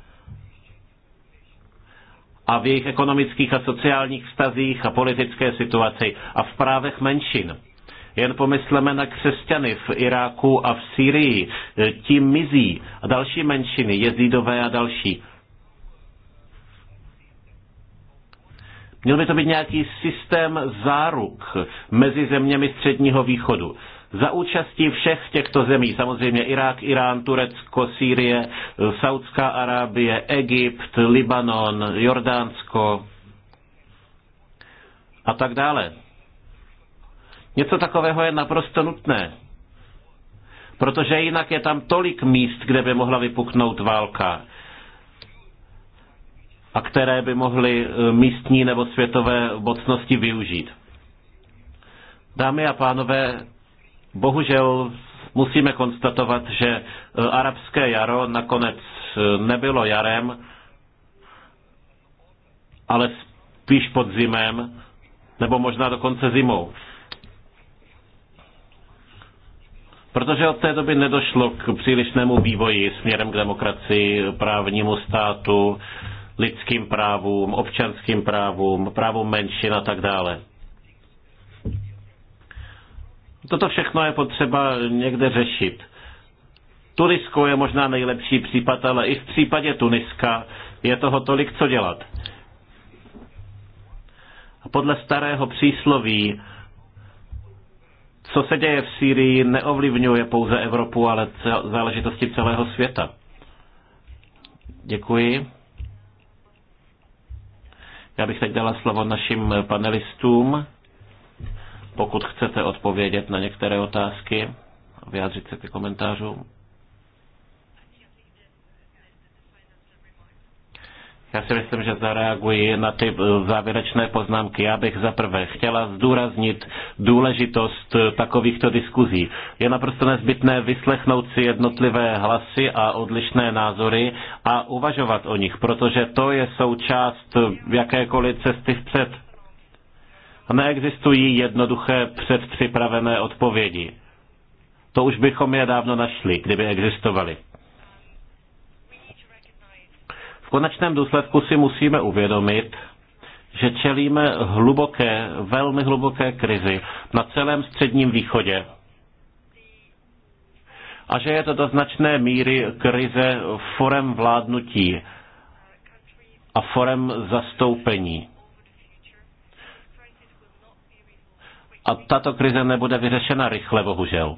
a v jejich ekonomických a sociálních vztazích a politické situaci a v právech menšin. Jen pomysleme na křesťany v Iráku a v Sýrii, eh, tím mizí a další menšiny, jezídové a další. Měl by to být nějaký systém záruk mezi zeměmi středního východu. Za účastí všech těchto zemí, samozřejmě Irák, Irán, Turecko, Sýrie, Saudská Arábie, Egypt, Libanon, Jordánsko a tak dále. Něco takového je naprosto nutné, protože jinak je tam tolik míst, kde by mohla vypuknout válka a které by mohly eh, místní nebo světové mocnosti využít. Dámy a pánové, bohužel musíme konstatovat, že eh, arabské jaro nakonec eh, nebylo jarem, ale spíš podzimem, nebo možná dokonce zimou. Protože od té doby nedošlo k přílišnému vývoji směrem k demokracii, právnímu státu, lidským právům, občanským právům, právům menšin a tak dále. Toto všechno je potřeba někde řešit. Tunisko je možná nejlepší případ, ale i v případě Tuniska je toho tolik, co dělat. A podle starého přísloví, co se děje v Sýrii, neovlivňuje pouze Evropu, ale záležitosti celého světa. Děkuji. Já bych teď dala slovo našim panelistům, pokud chcete odpovědět na některé otázky vyjádřit se ke komentářům. Já si myslím, že zareaguji na ty eh, závěrečné poznámky. Já bych zaprvé chtěla zdůraznit důležitost eh, takovýchto diskuzí. Je naprosto nezbytné vyslechnout si jednotlivé hlasy a odlišné názory a uvažovat o nich, protože to je součást eh, jakékoliv cesty vpřed. Neexistují jednoduché předpřipravené odpovědi. To už bychom je dávno našli, kdyby existovaly. V konečném důsledku si musíme uvědomit, že čelíme hluboké, velmi hluboké krizi na celém středním východě. A že je to do značné míry krize forem vládnutí a forem zastoupení. A tato krize nebude vyřešena rychle, bohužel.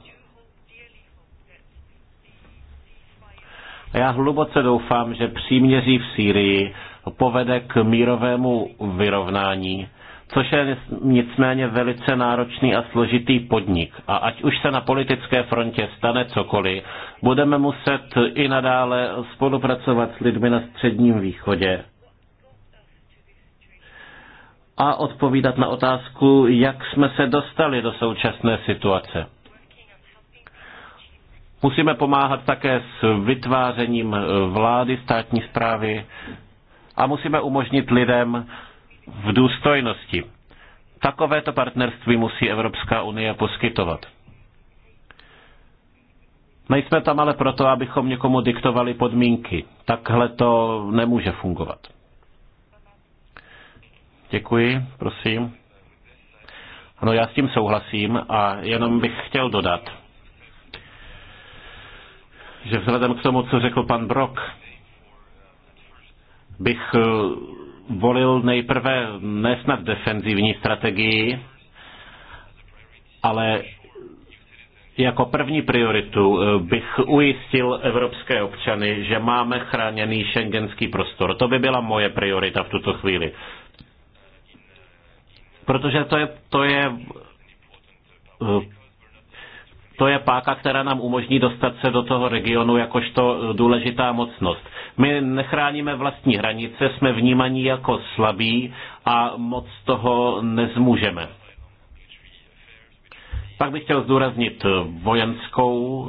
A já hluboce doufám, že příměří v Sýrii povede k mírovému vyrovnání, což je nicméně velice náročný a složitý podnik. A ať už se na politické frontě stane cokoliv, budeme muset i nadále spolupracovat s lidmi na Středním východě a odpovídat na otázku, jak jsme se dostali do současné situace. Musíme pomáhat také s vytvářením eh, vlády, státní zprávy a musíme umožnit lidem v důstojnosti. Takovéto partnerství musí Evropská unie poskytovat. Nejsme tam ale proto, abychom někomu diktovali podmínky. Takhle to nemůže fungovat. Děkuji, prosím. Ano, já s tím souhlasím a jenom bych chtěl dodat, že vzhledem k tomu, co řekl pan Brok, bych eh, volil nejprve nesnad defenzivní strategii, ale jako první prioritu eh, bych ujistil evropské občany, že máme chráněný šengenský prostor. To by byla moje priorita v tuto chvíli. Protože to je, to je eh, to je páka, která nám umožní dostat se do toho regionu jakožto důležitá mocnost. My nechráníme vlastní hranice, jsme vnímaní jako slabí a moc toho nezmůžeme. Pak bych chtěl zdůraznit vojenskou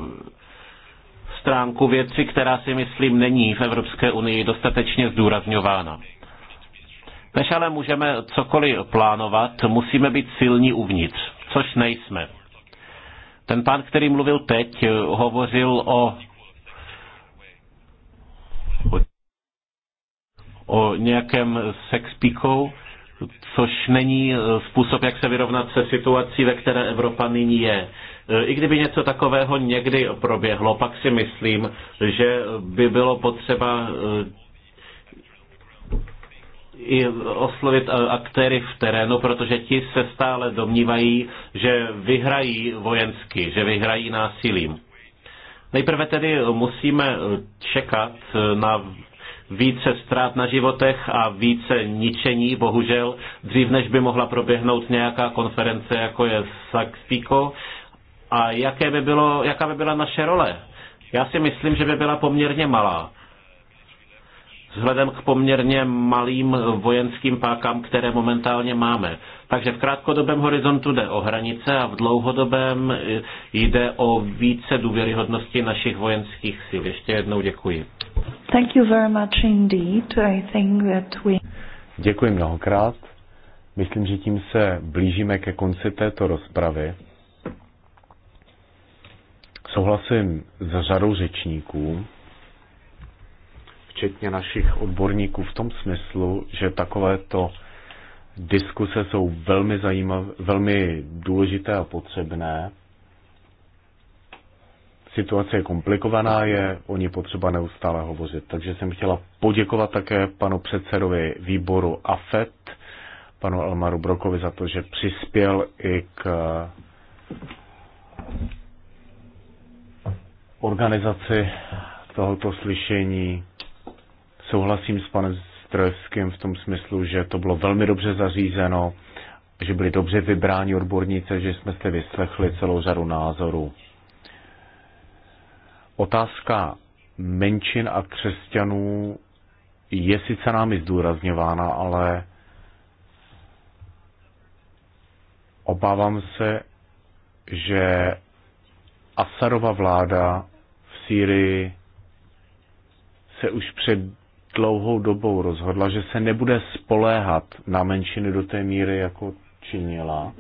stránku věci, která si myslím není v Evropské unii dostatečně zdůrazňována. Než ale můžeme cokoliv plánovat, musíme být silní uvnitř, což nejsme. Ten pán, který mluvil teď, hovořil o o nějakém sexpíkou, což není způsob, jak se vyrovnat se situací, ve které Evropa nyní je. I kdyby něco takového někdy proběhlo, pak si myslím, že by bylo potřeba i oslovit aktéry v terénu, protože ti se stále domnívají, že vyhrají vojensky, že vyhrají násilím. Nejprve tedy musíme čekat na více ztrát na životech a více ničení, bohužel, dřív než by mohla proběhnout nějaká konference, jako je Saxpico. A jaké by bylo, jaká by byla naše role? Já si myslím, že by byla poměrně malá vzhledem k poměrně malým vojenským pákám, které momentálně máme. Takže v krátkodobém horizontu jde o hranice a v dlouhodobém jde o více důvěryhodnosti našich vojenských sil. Ještě jednou děkuji. Thank you very much indeed. I think that we... Děkuji mnohokrát. Myslím, že tím se blížíme ke konci této rozpravy. Souhlasím s řadou řečníků, včetně našich odborníků, v tom smyslu, že takovéto diskuse jsou velmi zajímavé, velmi důležité a potřebné. Situace je komplikovaná, je o ní potřeba neustále hovořit. Takže jsem chtěla poděkovat také panu předsedovi výboru AFET, panu Elmaru Brokovi za to, že přispěl i k organizaci tohoto slyšení Souhlasím s panem Strojevským v tom smyslu, že to bylo velmi dobře zařízeno, že byly dobře vybráni odborníci, že jsme si vyslechli celou řadu názorů. Otázka menšin a křesťanů je sice námi zdůrazňována, ale obávám se, že asarova vláda v Sýrii se už před dlouhou dobou rozhodla, že se nebude spoléhat na menšiny do té míry, jako činila.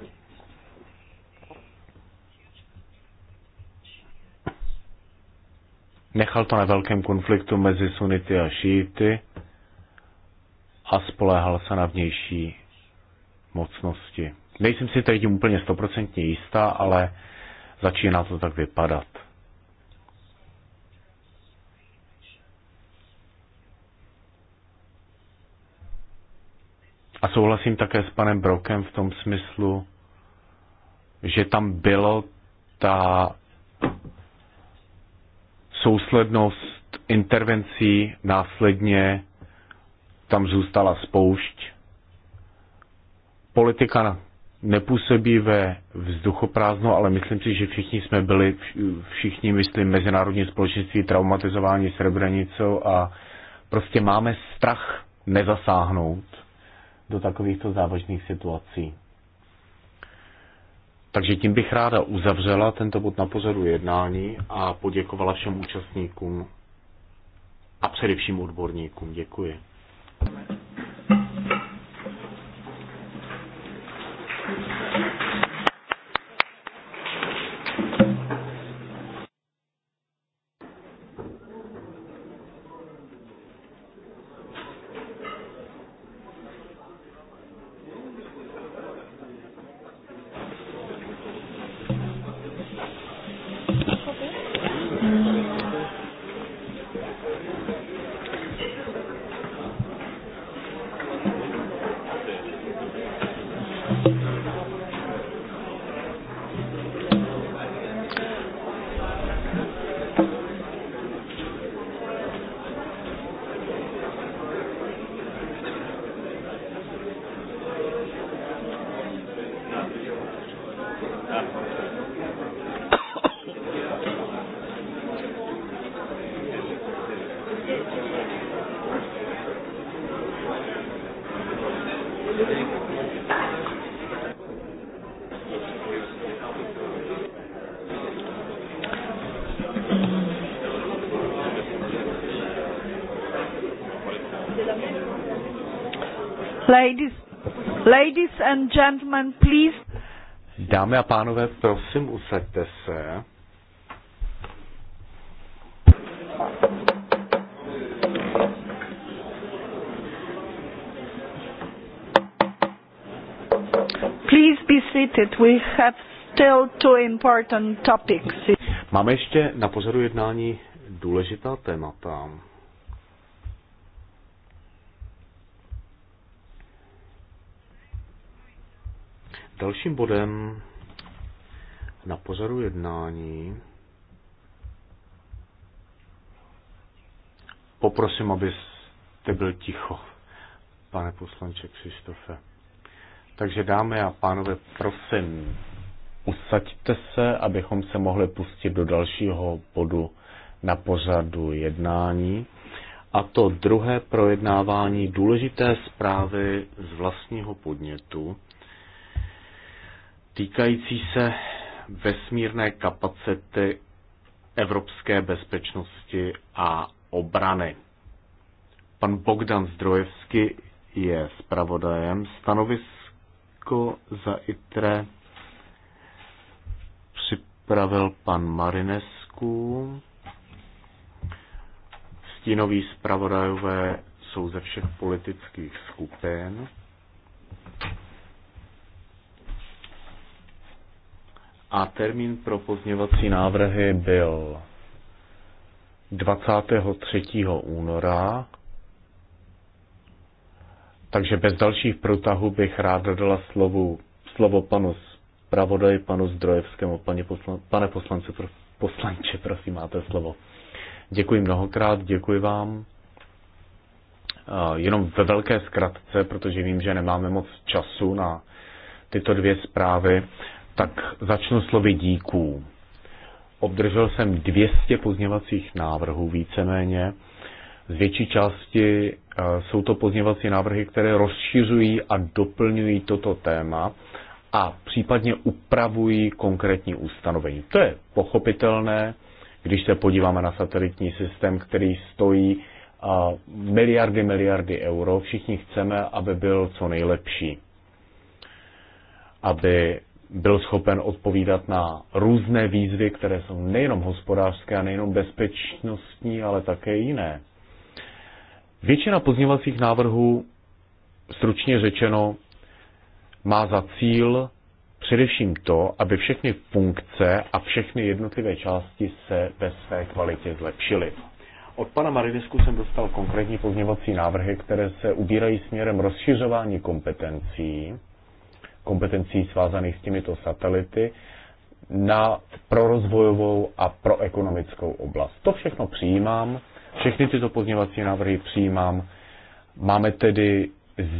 Nechal to na velkém konfliktu mezi sunity a šíty a spoléhal se na vnější mocnosti. Nejsem si teď úplně stoprocentně jistá, ale začíná to tak vypadat. A souhlasím také s panem Brokem v tom smyslu, že tam bylo ta souslednost intervencí, následně tam zůstala spoušť. Politika nepůsobí ve vzduchoprázdno, ale myslím si, že všichni jsme byli, všichni, myslím, mezinárodní společenství traumatizováni Srebrenicou a prostě máme strach nezasáhnout do takovýchto závažných situací. Takže tím bych ráda uzavřela tento bod na pořadu jednání a poděkovala všem účastníkům a především odborníkům. Děkuji. gentlemen, please. Dámy a pánové, prosím, usaďte se. Please be seated. We have still two important topics. Máme ještě na pozoru jednání důležitá témata. Dalším bodem na pozoru jednání poprosím, abyste byl ticho, pane poslanče Kristofe. Takže dámy a pánové, prosím, usaďte se, abychom se mohli pustit do dalšího bodu na pořadu jednání, a to druhé projednávání důležité zprávy z vlastního podnětu týkající se vesmírné kapacity evropské bezpečnosti a obrany. Pan Bogdan Zdrojevsky je zpravodajem. Stanovisko za ITRE připravil pan Marinesku. Stínoví zpravodajové jsou ze všech politických skupin. a termín pro pozměvací návrhy byl 23. února. Takže bez dalších protahů bych rád dodala slovo, slovo panu zpravodaji, panu Zdrojevskému. Paní poslan, pane poslanci, pro, poslanče, prosím, máte slovo. Děkuji mnohokrát, děkuji vám. Jenom ve velké zkratce, protože vím, že nemáme moc času na tyto dvě zprávy tak začnu slovy díků. Obdržel jsem 200 pozněvacích návrhů víceméně. Z větší části eh, jsou to pozněvací návrhy, které rozšiřují a doplňují toto téma a případně upravují konkrétní ustanovení. To je pochopitelné, když se podíváme na satelitní systém, který stojí miliardy, miliardy euro. Všichni chceme, aby byl co nejlepší, aby byl schopen odpovídat na různé výzvy, které jsou nejenom hospodářské a nejenom bezpečnostní, ale také jiné. Většina pozněvacích návrhů, stručně řečeno, má za cíl především to, aby všechny funkce a všechny jednotlivé části se ve své kvalitě zlepšily. Od pana Maridisku jsem dostal konkrétní pozměňovací návrhy, které se ubírají směrem rozšiřování kompetencí kompetencí svázaných s těmito satelity na prorozvojovou a proekonomickou oblast. To všechno přijímám, všechny tyto pozměvací návrhy přijímám. Máme tedy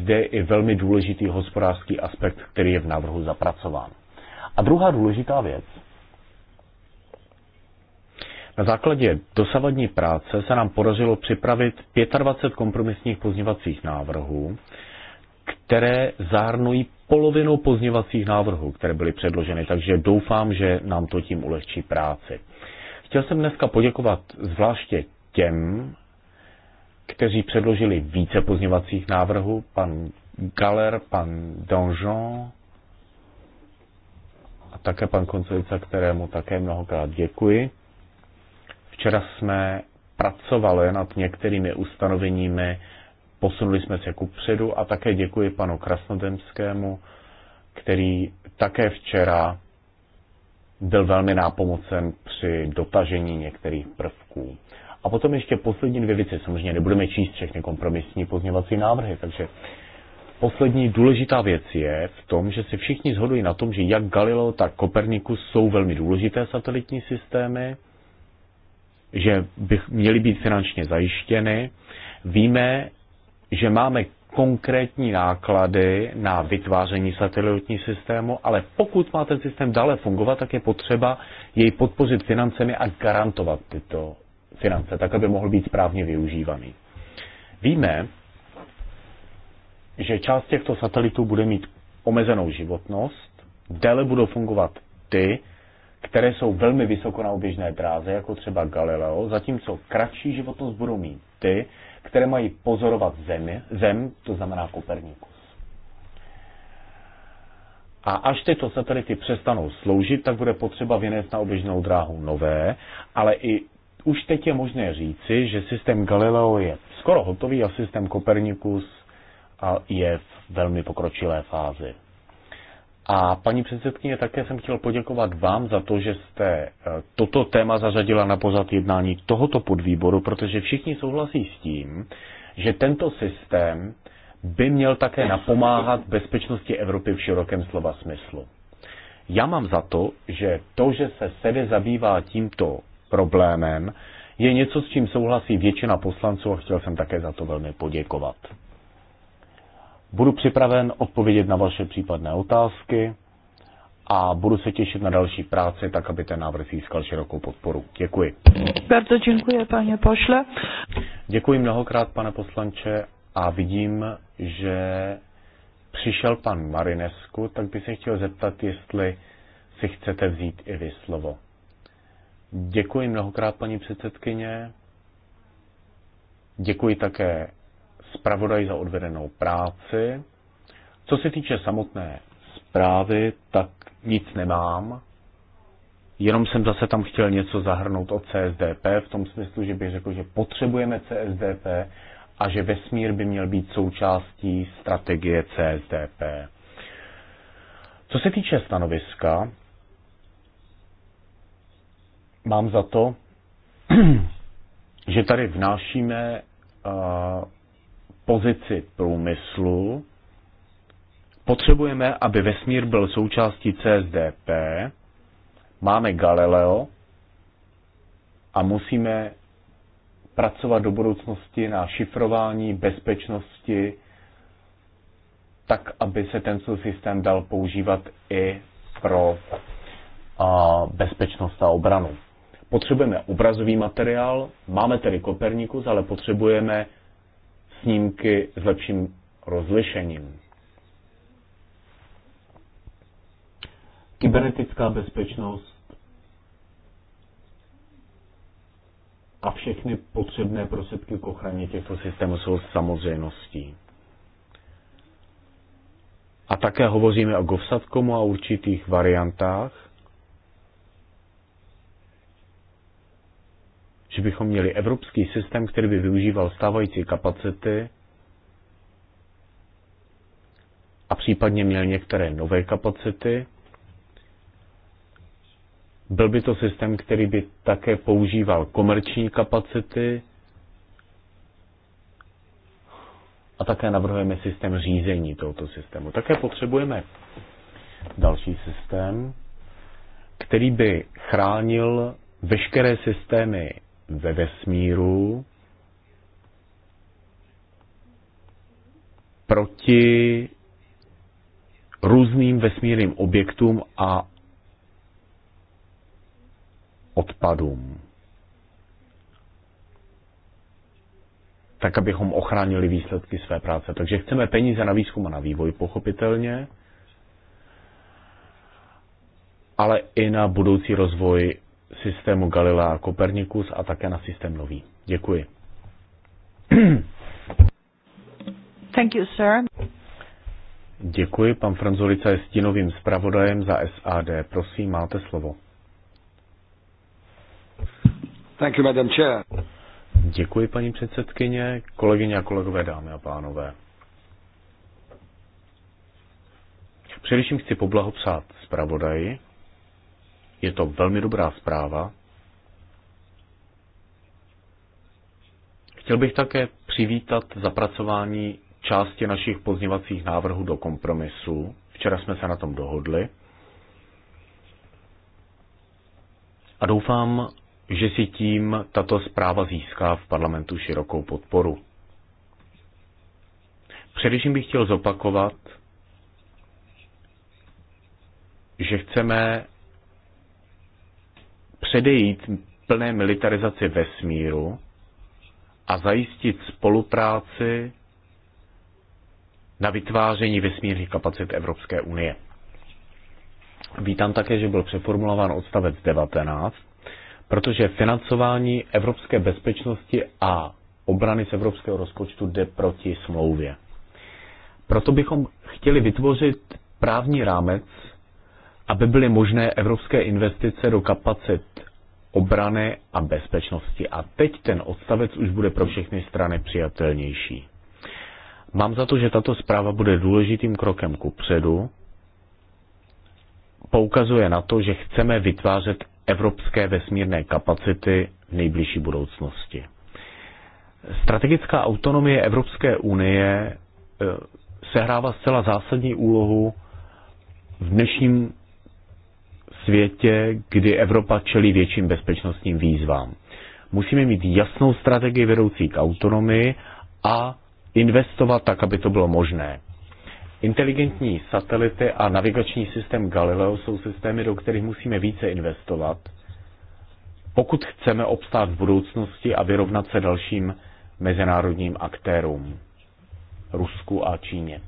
zde i velmi důležitý hospodářský aspekt, který je v návrhu zapracován. A druhá důležitá věc. Na základě dosavadní práce se nám podařilo připravit 25 kompromisních pozněvacích návrhů, které zahrnují polovinu pozněvacích návrhů, které byly předloženy, takže doufám, že nám to tím ulehčí práci. Chtěl jsem dneska poděkovat zvláště těm, kteří předložili více pozněvacích návrhů, pan Galer, pan Donjon a také pan Koncovica, kterému také mnohokrát děkuji. Včera jsme pracovali nad některými ustanoveními Posunuli jsme se ku předu a také děkuji panu Krasnodemskému, který také včera byl velmi nápomocen při dotažení některých prvků. A potom ještě poslední dvě věci. Samozřejmě nebudeme číst všechny kompromisní pozměvací návrhy, takže poslední důležitá věc je v tom, že se všichni zhodují na tom, že jak Galileo, tak Kopernikus jsou velmi důležité satelitní systémy, že by měly být finančně zajištěny. Víme, že máme konkrétní náklady na vytváření satelitní systému, ale pokud má ten systém dále fungovat, tak je potřeba jej podpořit financemi a garantovat tyto finance, tak aby mohl být správně využívaný. Víme, že část těchto satelitů bude mít omezenou životnost, déle budou fungovat ty, které jsou velmi vysoko na oběžné dráze, jako třeba Galileo, zatímco kratší životnost budou mít ty, které mají pozorovat zemi, zem, to znamená Kopernikus. A až tyto satelity přestanou sloužit, tak bude potřeba vynést na oběžnou dráhu nové, ale i už teď je možné říci, že systém Galileo je skoro hotový a systém Kopernikus je v velmi pokročilé fázi. A paní předsedkyně, také jsem chtěl poděkovat vám za to, že jste e, toto téma zařadila na pozad jednání tohoto podvýboru, protože všichni souhlasí s tím, že tento systém by měl také napomáhat bezpečnosti Evropy v širokém slova smyslu. Já mám za to, že to, že se sebe zabývá tímto problémem, je něco, s čím souhlasí většina poslanců a chtěl jsem také za to velmi poděkovat. Budu připraven odpovědět na vaše případné otázky a budu se těšit na další práci, tak aby ten návrh získal širokou podporu. Děkuji. Bardzo děkuji, pane pošle. Děkuji mnohokrát, pane poslanče, a vidím, že přišel pan Marinesku, tak bych se chtěl zeptat, jestli si chcete vzít i vy slovo. Děkuji mnohokrát, paní předsedkyně. Děkuji také zpravodaj za odvedenou práci. Co se týče samotné zprávy, tak nic nemám. Jenom jsem zase tam chtěl něco zahrnout od CSDP v tom smyslu, že bych řekl, že potřebujeme CSDP a že vesmír by měl být součástí strategie CSDP. Co se týče stanoviska, mám za to, že tady vnášíme eh, pozici průmyslu. Potřebujeme, aby vesmír byl součástí CSDP. Máme Galileo a musíme pracovat do budoucnosti na šifrování bezpečnosti, tak, aby se tento systém dal používat i pro a, bezpečnost a obranu. Potřebujeme obrazový materiál, máme tedy Kopernikus, ale potřebujeme snímky s lepším rozlišením. Kybernetická bezpečnost a všechny potřebné prostředky k ochraně těchto systémů jsou samozřejmostí. A také hovoříme o govsatkomu a určitých variantách, že bychom měli evropský systém, který by využíval stávající kapacity a případně měl některé nové kapacity. Byl by to systém, který by také používal komerční kapacity a také navrhujeme systém řízení tohoto systému. Také potřebujeme další systém, který by chránil veškeré systémy ve vesmíru proti různým vesmírným objektům a odpadům. Tak, abychom ochránili výsledky své práce. Takže chceme peníze na výzkum a na vývoj, pochopitelně, ale i na budoucí rozvoj systému Galilea a Kopernikus a také na systém nový. Děkuji. Thank you, sir. Děkuji. Pan Franzolica je stínovým zpravodajem za SAD. Prosím, máte slovo. Thank you, madam chair. Děkuji, paní předsedkyně, kolegyně a kolegové, dámy a pánové. Především chci poblahopřát zpravodaji je to velmi dobrá zpráva. Chtěl bych také přivítat zapracování části našich pozněvacích návrhů do kompromisu. Včera jsme se na tom dohodli. A doufám, že si tím tato zpráva získá v parlamentu širokou podporu. Především bych chtěl zopakovat, že chceme předejít plné militarizaci vesmíru a zajistit spolupráci na vytváření vesmírných kapacit Evropské unie. Vítám také, že byl přeformulován odstavec 19, protože financování evropské bezpečnosti a obrany z evropského rozpočtu jde proti smlouvě. Proto bychom chtěli vytvořit právní rámec aby byly možné evropské investice do kapacit obrany a bezpečnosti. A teď ten odstavec už bude pro všechny strany přijatelnější. Mám za to, že tato zpráva bude důležitým krokem ku předu. Poukazuje na to, že chceme vytvářet evropské vesmírné kapacity v nejbližší budoucnosti. Strategická autonomie Evropské unie eh, sehrává zcela zásadní úlohu v dnešním světě, kdy Evropa čelí větším bezpečnostním výzvám. Musíme mít jasnou strategii vedoucí k autonomii a investovat tak, aby to bylo možné. Inteligentní satelity a navigační systém Galileo jsou systémy, do kterých musíme více investovat, pokud chceme obstát v budoucnosti a vyrovnat se dalším mezinárodním aktérům, Rusku a Číně.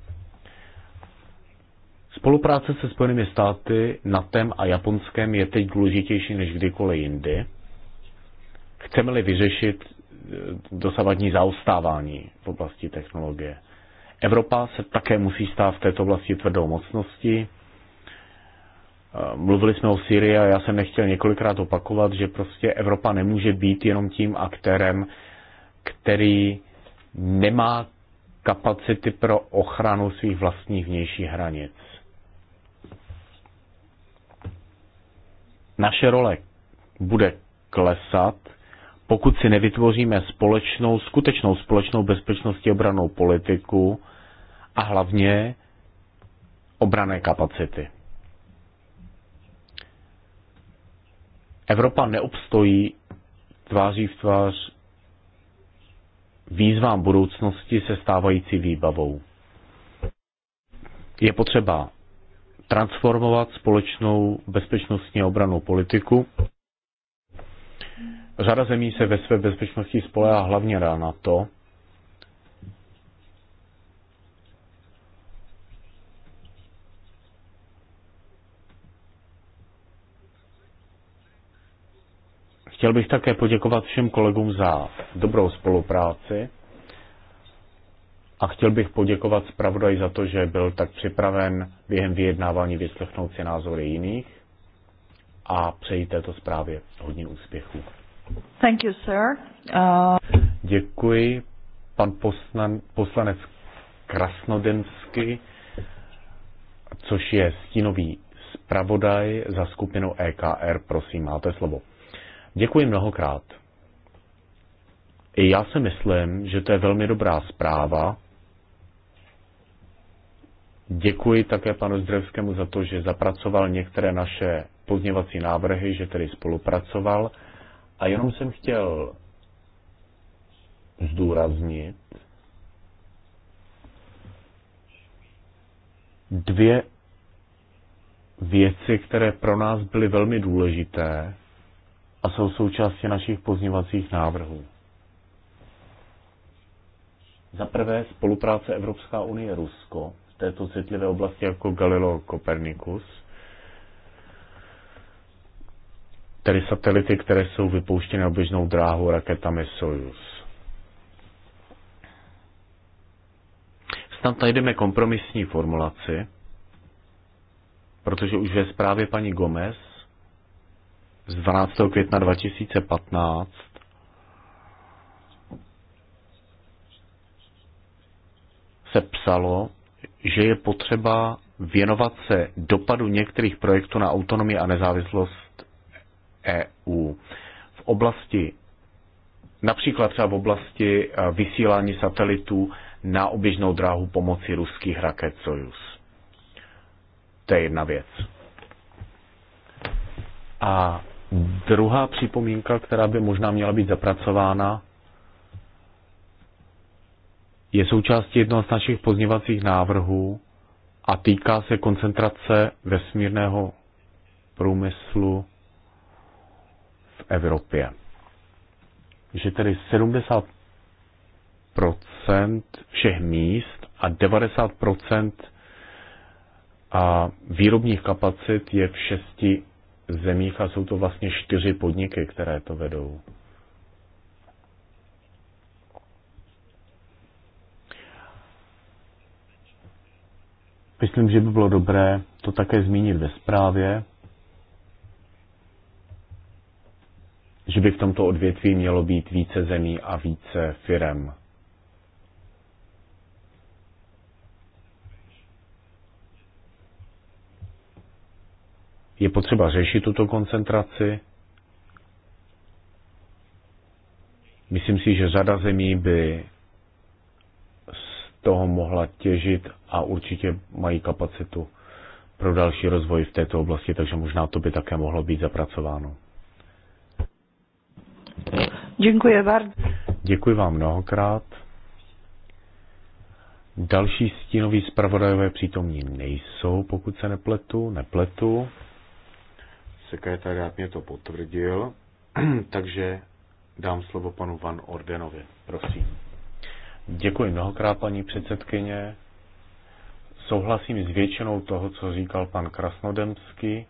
Spolupráce se Spojenými státy, NATEM a Japonskem je teď důležitější než kdykoliv jindy. Chceme-li vyřešit e, dosavadní zaostávání v oblasti technologie. Evropa se také musí stát v této oblasti tvrdou mocností. E, mluvili jsme o Syrii a já jsem nechtěl několikrát opakovat, že prostě Evropa nemůže být jenom tím aktérem, který nemá kapacity pro ochranu svých vlastních vnějších hranic. naše role bude klesat, pokud si nevytvoříme společnou, skutečnou společnou bezpečnostní obranou politiku a hlavně obrané kapacity. Evropa neobstojí tváří v tvář výzvám budoucnosti se stávající výbavou. Je potřeba transformovat společnou bezpečnostní obranou politiku. Řada zemí se ve své bezpečnosti spolehá hlavně na to, Chtěl bych také poděkovat všem kolegům za dobrou spolupráci. A chtěl bych poděkovat zpravodaj za to, že byl tak připraven během vyjednávání vyslechnout si názory jiných a přeji této zprávě hodně úspěchů. Thank you, sir. Uh... Děkuji. Pan poslan, poslanec Krasnodensky, což je stínový zpravodaj za skupinu EKR. Prosím, máte slovo. Děkuji mnohokrát. I já si myslím, že to je velmi dobrá zpráva, Děkuji také panu Zdrevskému za to, že zapracoval některé naše pozněvací návrhy, že tedy spolupracoval. A jenom jsem chtěl zdůraznit dvě věci, které pro nás byly velmi důležité a jsou součástí našich pozněvacích návrhů. Za prvé spolupráce Evropská unie Rusko této citlivé oblasti jako Galileo Copernicus, tedy satelity, které jsou vypouštěny oběžnou dráhou raketami Soyuz. Snad najdeme kompromisní formulaci, protože už ve zprávě paní Gomez z 12. května 2015 se psalo, že je potřeba věnovat se dopadu některých projektů na autonomii a nezávislost EU. V oblasti, například třeba v oblasti eh, vysílání satelitů na oběžnou dráhu pomocí ruských raket Soyuz. To je jedna věc. A druhá připomínka, která by možná měla být zapracována, je součástí jednoho z našich pozněvacích návrhů a týká se koncentrace vesmírného průmyslu v Evropě. Že tedy 70 všech míst a 90 a výrobních kapacit je v šesti zemích a jsou to vlastně čtyři podniky, které to vedou. Myslím, že by bylo dobré to také zmínit ve zprávě, že by v tomto odvětví mělo být více zemí a více firem. Je potřeba řešit tuto koncentraci. Myslím si, že řada zemí by z toho mohla těžit a určitě mají kapacitu pro další rozvoj v této oblasti, takže možná to by také mohlo být zapracováno. Děkuji vám. Děkuji vám mnohokrát. Další stínoví zpravodajové přítomní nejsou, pokud se nepletu, nepletu. Sekretariát mě to potvrdil, takže dám slovo panu Van Ordenovi. Prosím. Děkuji mnohokrát, paní předsedkyně. Souhlasím s většinou toho, co říkal pan Krasnodemský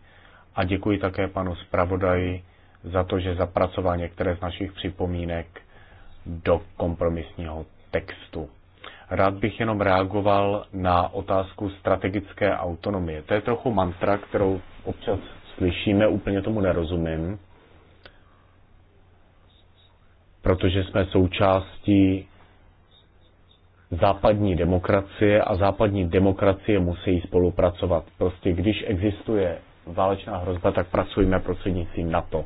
a děkuji také panu zpravodaji za to, že zapracoval některé z našich připomínek do kompromisního textu. Rád bych jenom reagoval na otázku strategické autonomie. To je trochu mantra, kterou občas slyšíme, úplně tomu nerozumím, protože jsme součástí západní demokracie a západní demokracie musí spolupracovat. Prostě když existuje válečná hrozba, tak pracujeme prostřednictvím NATO.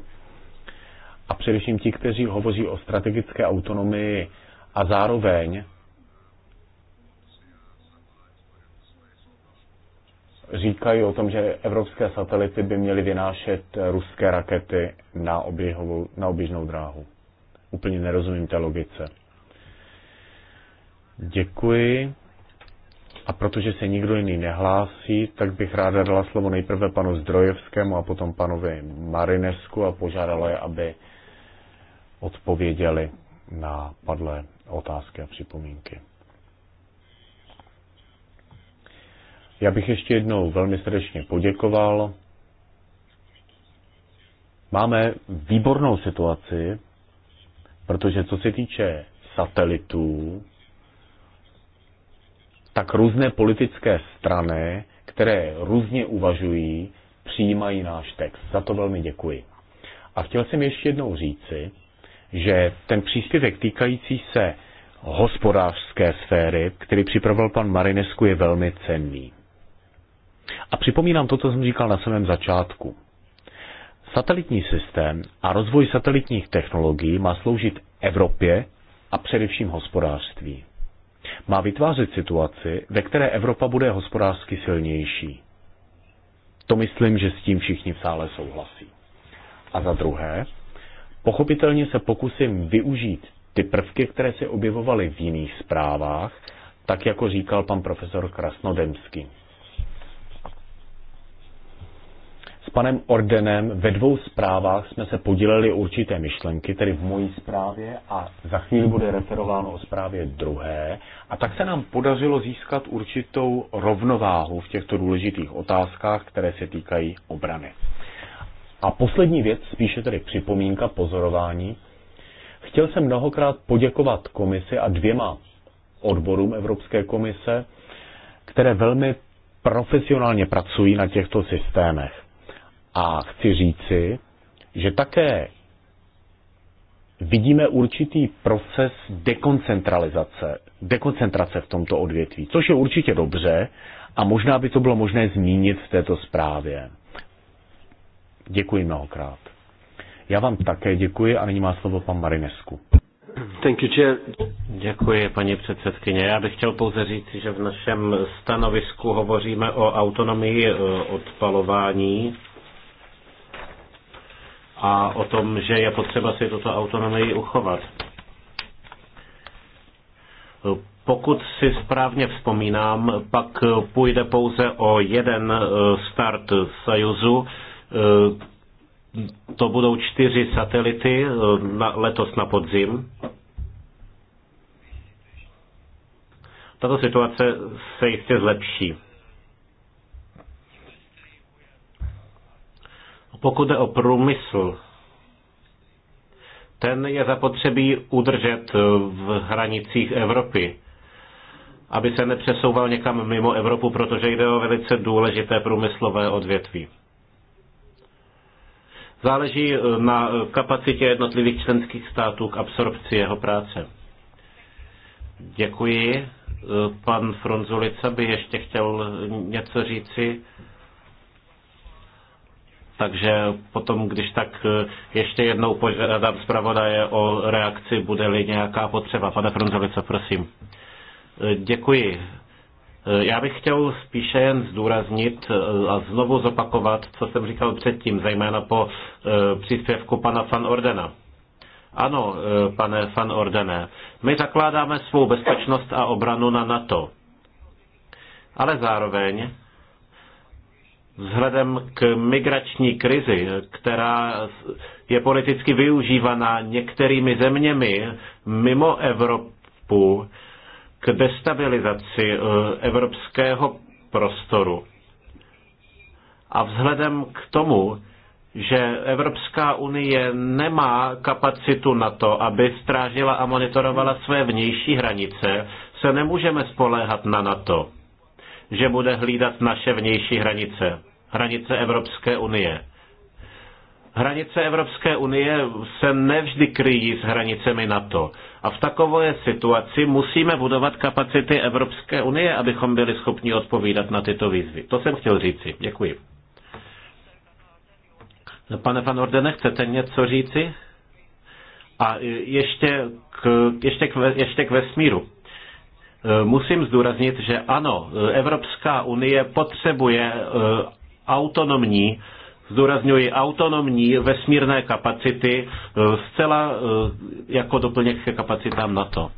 A především ti, kteří hovoří o strategické autonomii a zároveň říkají o tom, že evropské satelity by měly vynášet ruské rakety na, na oběžnou dráhu. Úplně nerozumím té logice. Děkuji. A protože se nikdo jiný nehlásí, tak bych ráda dala slovo nejprve panu Zdrojevskému a potom panovi Marinesku a požádala je, aby odpověděli na padlé otázky a připomínky. Já bych ještě jednou velmi srdečně poděkoval. Máme výbornou situaci, protože co se týče satelitů, tak různé politické strany, které různě uvažují, přijímají náš text. Za to velmi děkuji. A chtěl jsem ještě jednou říci, že ten příspěvek týkající se hospodářské sféry, který připravil pan Marinesku, je velmi cenný. A připomínám to, co jsem říkal na samém začátku. Satelitní systém a rozvoj satelitních technologií má sloužit Evropě a především hospodářství má vytvářet situaci, ve které Evropa bude hospodářsky silnější. To myslím, že s tím všichni v sále souhlasí. A za druhé, pochopitelně se pokusím využít ty prvky, které se objevovaly v jiných zprávách, tak jako říkal pan profesor Krasnodemský. panem Ordenem ve dvou zprávách jsme se podíleli určité myšlenky, tedy v mojí zprávě a za chvíli bude referováno o zprávě druhé. A tak se nám podařilo získat určitou rovnováhu v těchto důležitých otázkách, které se týkají obrany. A poslední věc, spíše tedy připomínka, pozorování. Chtěl jsem mnohokrát poděkovat komisi a dvěma odborům Evropské komise, které velmi profesionálně pracují na těchto systémech. A chci říci, že také vidíme určitý proces dekoncentralizace, dekoncentrace v tomto odvětví, což je určitě dobře a možná by to bylo možné zmínit v této zprávě. Děkuji mnohokrát. Já vám také děkuji a nyní má slovo pan Marinesku. Thank you, chair. Děkuji, paní předsedkyně. Já bych chtěl pouze říct, že v našem stanovisku hovoříme o autonomii eh, odpalování a o tom, že je potřeba si toto autonomii uchovat. Pokud si správně vzpomínám, pak půjde pouze o jeden eh, start Sajuzu. Eh, to budou čtyři satelity eh, na, letos na podzim. Tato situace se jistě zlepší. Pokud jde o průmysl, ten je zapotřebí udržet v hranicích Evropy, aby se nepřesouval někam mimo Evropu, protože jde o velice důležité průmyslové odvětví. Záleží na kapacitě jednotlivých členských států k absorpci jeho práce. Děkuji. Pan Fronzulica by ještě chtěl něco říci. Takže potom, když tak e, ještě jednou požádám zpravodaje o reakci, bude-li nějaká potřeba. Pane Frunzelice, prosím. E, děkuji. E, já bych chtěl spíše jen zdůraznit a znovu zopakovat, co jsem říkal předtím, zejména po příspěvku pana Van Ordena. Ano, pane Van Ordene, my zakládáme svou bezpečnost a obranu na NATO. Ale zároveň vzhledem k migrační krizi, která je politicky využívaná některými zeměmi mimo Evropu k destabilizaci eh, evropského prostoru. A vzhledem k tomu, že Evropská unie nemá kapacitu na to, aby strážila a monitorovala své vnější hranice, se nemůžeme spoléhat na NATO že bude hlídat naše vnější hranice, hranice Evropské unie. Hranice Evropské unie se nevždy kryjí s hranicemi NATO. A v takové situaci musíme budovat kapacity Evropské unie, abychom byli schopni odpovídat na tyto výzvy. To jsem chtěl říci. Děkuji. Pane Van Ordene, chcete něco říci? A ještě k, ještě, k, ještě k vesmíru. Eh, musím zdůraznit, že ano, eh, Evropská unie potřebuje eh, autonomní zdůrazňuji, autonomní vesmírné kapacity zcela jako doplněk ke kapacitám NATO.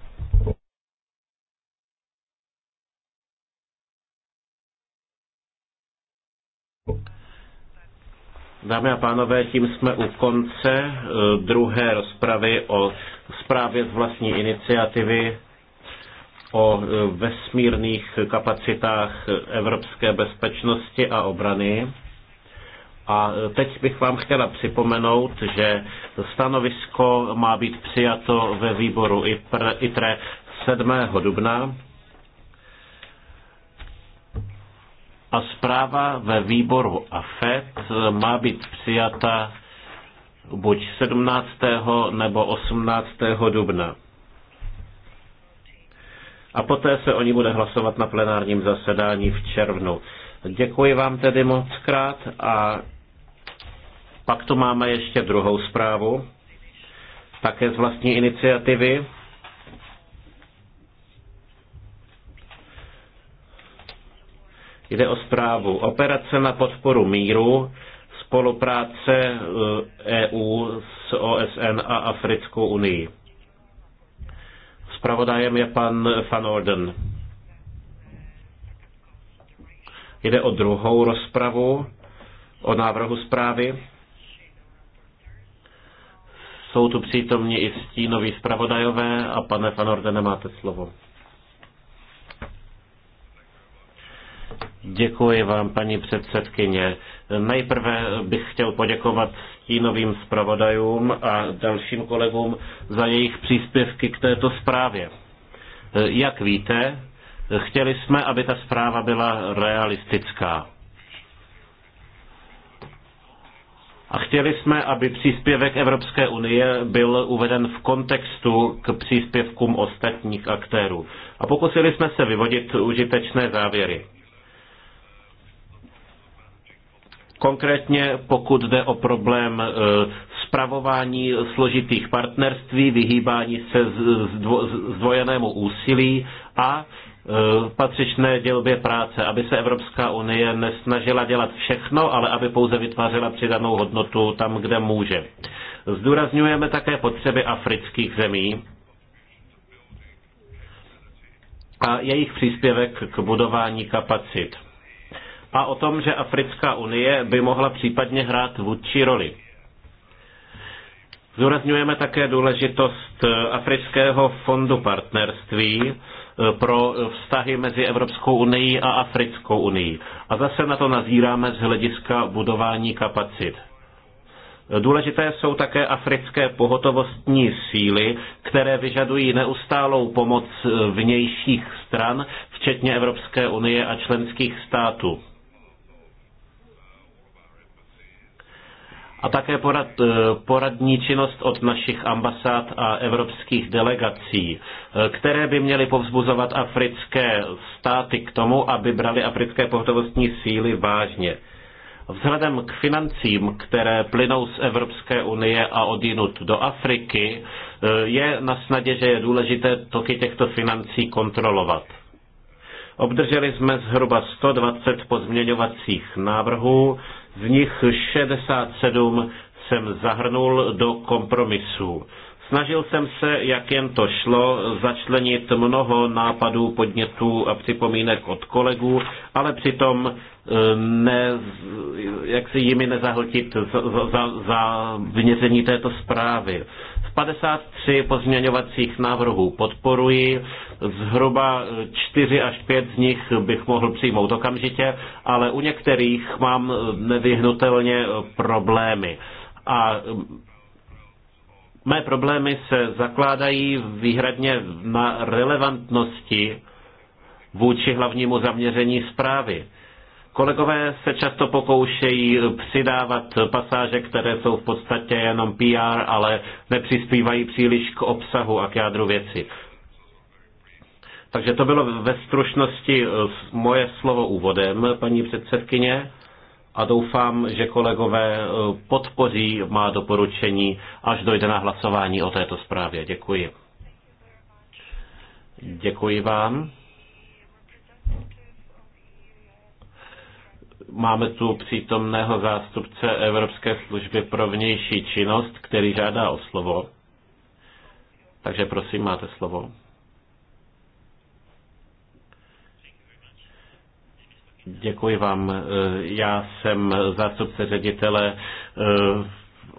Dámy a pánové, tím jsme u konce druhé rozpravy o zprávě z vlastní iniciativy o e, vesmírných kapacitách evropské bezpečnosti a obrany. A e, teď bych vám chtěla připomenout, že stanovisko má být přijato ve výboru ITRE 7. dubna a zpráva ve výboru AFET e, má být přijata buď 17. nebo 18. dubna a poté se o ní bude hlasovat na plenárním zasedání v červnu. Děkuji vám tedy moc krát a pak tu máme ještě druhou zprávu, také z vlastní iniciativy. Jde o zprávu Operace na podporu míru, spolupráce EU eh, e s OSN a Africkou unii. Spravodajem je pan Van Orden. Jde o druhou rozpravu o návrhu zprávy. Jsou tu přítomni i stínoví zpravodajové a pane Van Ordene, máte slovo. Děkuji vám, paní předsedkyně. Nejprve bych chtěl poděkovat stínovým zpravodajům a dalším kolegům za jejich příspěvky k této zprávě. Jak víte, chtěli jsme, aby ta zpráva byla realistická. A chtěli jsme, aby příspěvek Evropské unie byl uveden v kontextu k příspěvkům ostatních aktérů. A pokusili jsme se vyvodit užitečné závěry. Konkrétně pokud jde o problém e, spravování složitých partnerství, vyhýbání se zdvojenému úsilí a e, patřičné dělbě práce, aby se Evropská unie nesnažila dělat všechno, ale aby pouze vytvářela přidanou hodnotu tam, kde může. Zdůrazňujeme také potřeby afrických zemí a jejich příspěvek k budování kapacit a o tom, že Africká unie by mohla případně hrát vůdčí roli. Zúrazňujeme také důležitost eh, Afrického fondu partnerství eh, pro vztahy mezi Evropskou unii a Africkou unii. A zase na to nazíráme z hlediska budování kapacit. Důležité jsou také africké pohotovostní síly, které vyžadují neustálou pomoc eh, vnějších stran, včetně Evropské unie a členských států. a také porad, eh, poradní činnost od našich ambasád a evropských delegací, eh, které by měly povzbuzovat africké státy k tomu, aby brali africké pohotovostní síly vážně. Vzhledem k financím, které plynou z Evropské unie a odinut do Afriky, eh, je na snadě, že je důležité toky těchto financí kontrolovat. Obdrželi jsme zhruba 120 pozměňovacích návrhů z nich 67 jsem zahrnul do kompromisu. Snažil jsem se, jak jen to šlo, začlenit mnoho nápadů, podnětů a připomínek od kolegů, ale přitom eh, ne, jak si jimi nezahltit za, za, za vynězení této zprávy. 53 pozměňovacích návrhů podporuji, zhruba 4 až 5 z nich bych mohl přijmout okamžitě, ale u některých mám nevyhnutelně problémy. A mm, mé problémy se zakládají výhradně na relevantnosti vůči hlavnímu zaměření zprávy Kolegové se často pokoušejí přidávat pasáže, které jsou v podstatě jenom PR, ale nepřispívají příliš k obsahu a k jádru věci. Takže to bylo ve stručnosti eh, moje slovo úvodem, paní předsedkyně, a doufám, že kolegové eh, podpoří má doporučení, až dojde na hlasování o této zprávě. Děkuji. Děkuji vám. Máme tu přítomného zástupce Evropské služby pro vnější činnost, který žádá o slovo. Takže prosím, máte slovo. Děkuji vám. Já jsem zástupce ředitele eh,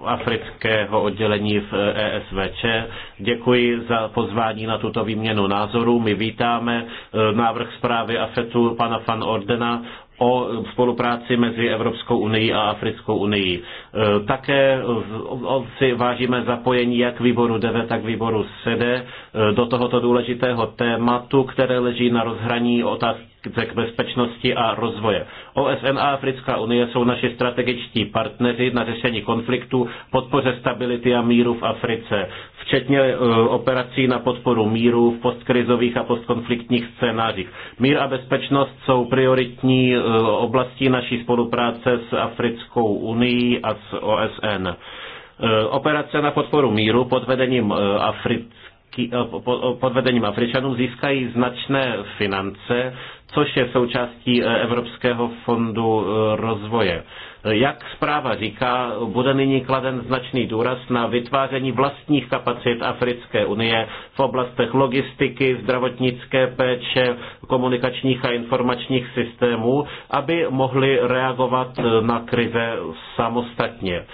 afrického oddělení v ESVČ. Děkuji za pozvání na tuto výměnu názorů. My vítáme eh, návrh zprávy AFETu pana Van Ordena o spolupráci mezi Evropskou unii a Africkou unii. E, také si vážíme zapojení jak výboru 9, tak výboru 7 e, do tohoto důležitého tématu, které leží na rozhraní otázky k bezpečnosti a rozvoje. OSN a Africká unie jsou naši strategičtí partneři na řešení konfliktu, podpoře stability a míru v Africe, včetně e, operací na podporu míru v postkrizových a postkonfliktních scénářích. Mír a bezpečnost jsou prioritní e, oblastí naší spolupráce s Africkou unii a s OSN. E, operace na podporu míru pod vedením Africké africký, eh, pod vedením Afričanů získají značné finance, což je součástí eh, Evropského fondu eh, rozvoje. Jak zpráva říká, bude nyní kladen značný důraz na vytváření vlastních kapacit Africké unie v oblastech logistiky, zdravotnické péče, komunikačních a informačních systémů, aby mohli reagovat na krize samostatně.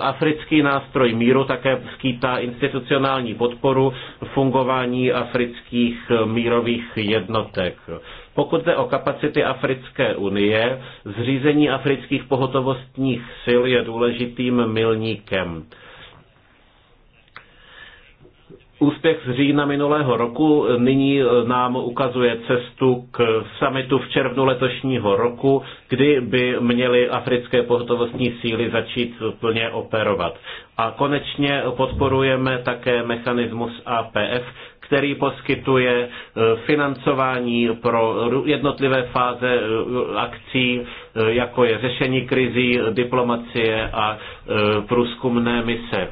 Africký nástroj míru také skýtá institucionální podporu fungování afrických mírových jednotek. Pokud jde o kapacity Africké unie, zřízení afrických pohotovostních sil je důležitým milníkem. Úspěch z října minulého roku nyní nám ukazuje cestu k samitu v červnu letošního roku, kdy by měly africké pohotovostní síly začít plně operovat. A konečně podporujeme také mechanismus APF, který poskytuje eh, financování pro jednotlivé fáze eh, akcí, eh, jako je řešení krizí, diplomacie a průzkumné mise.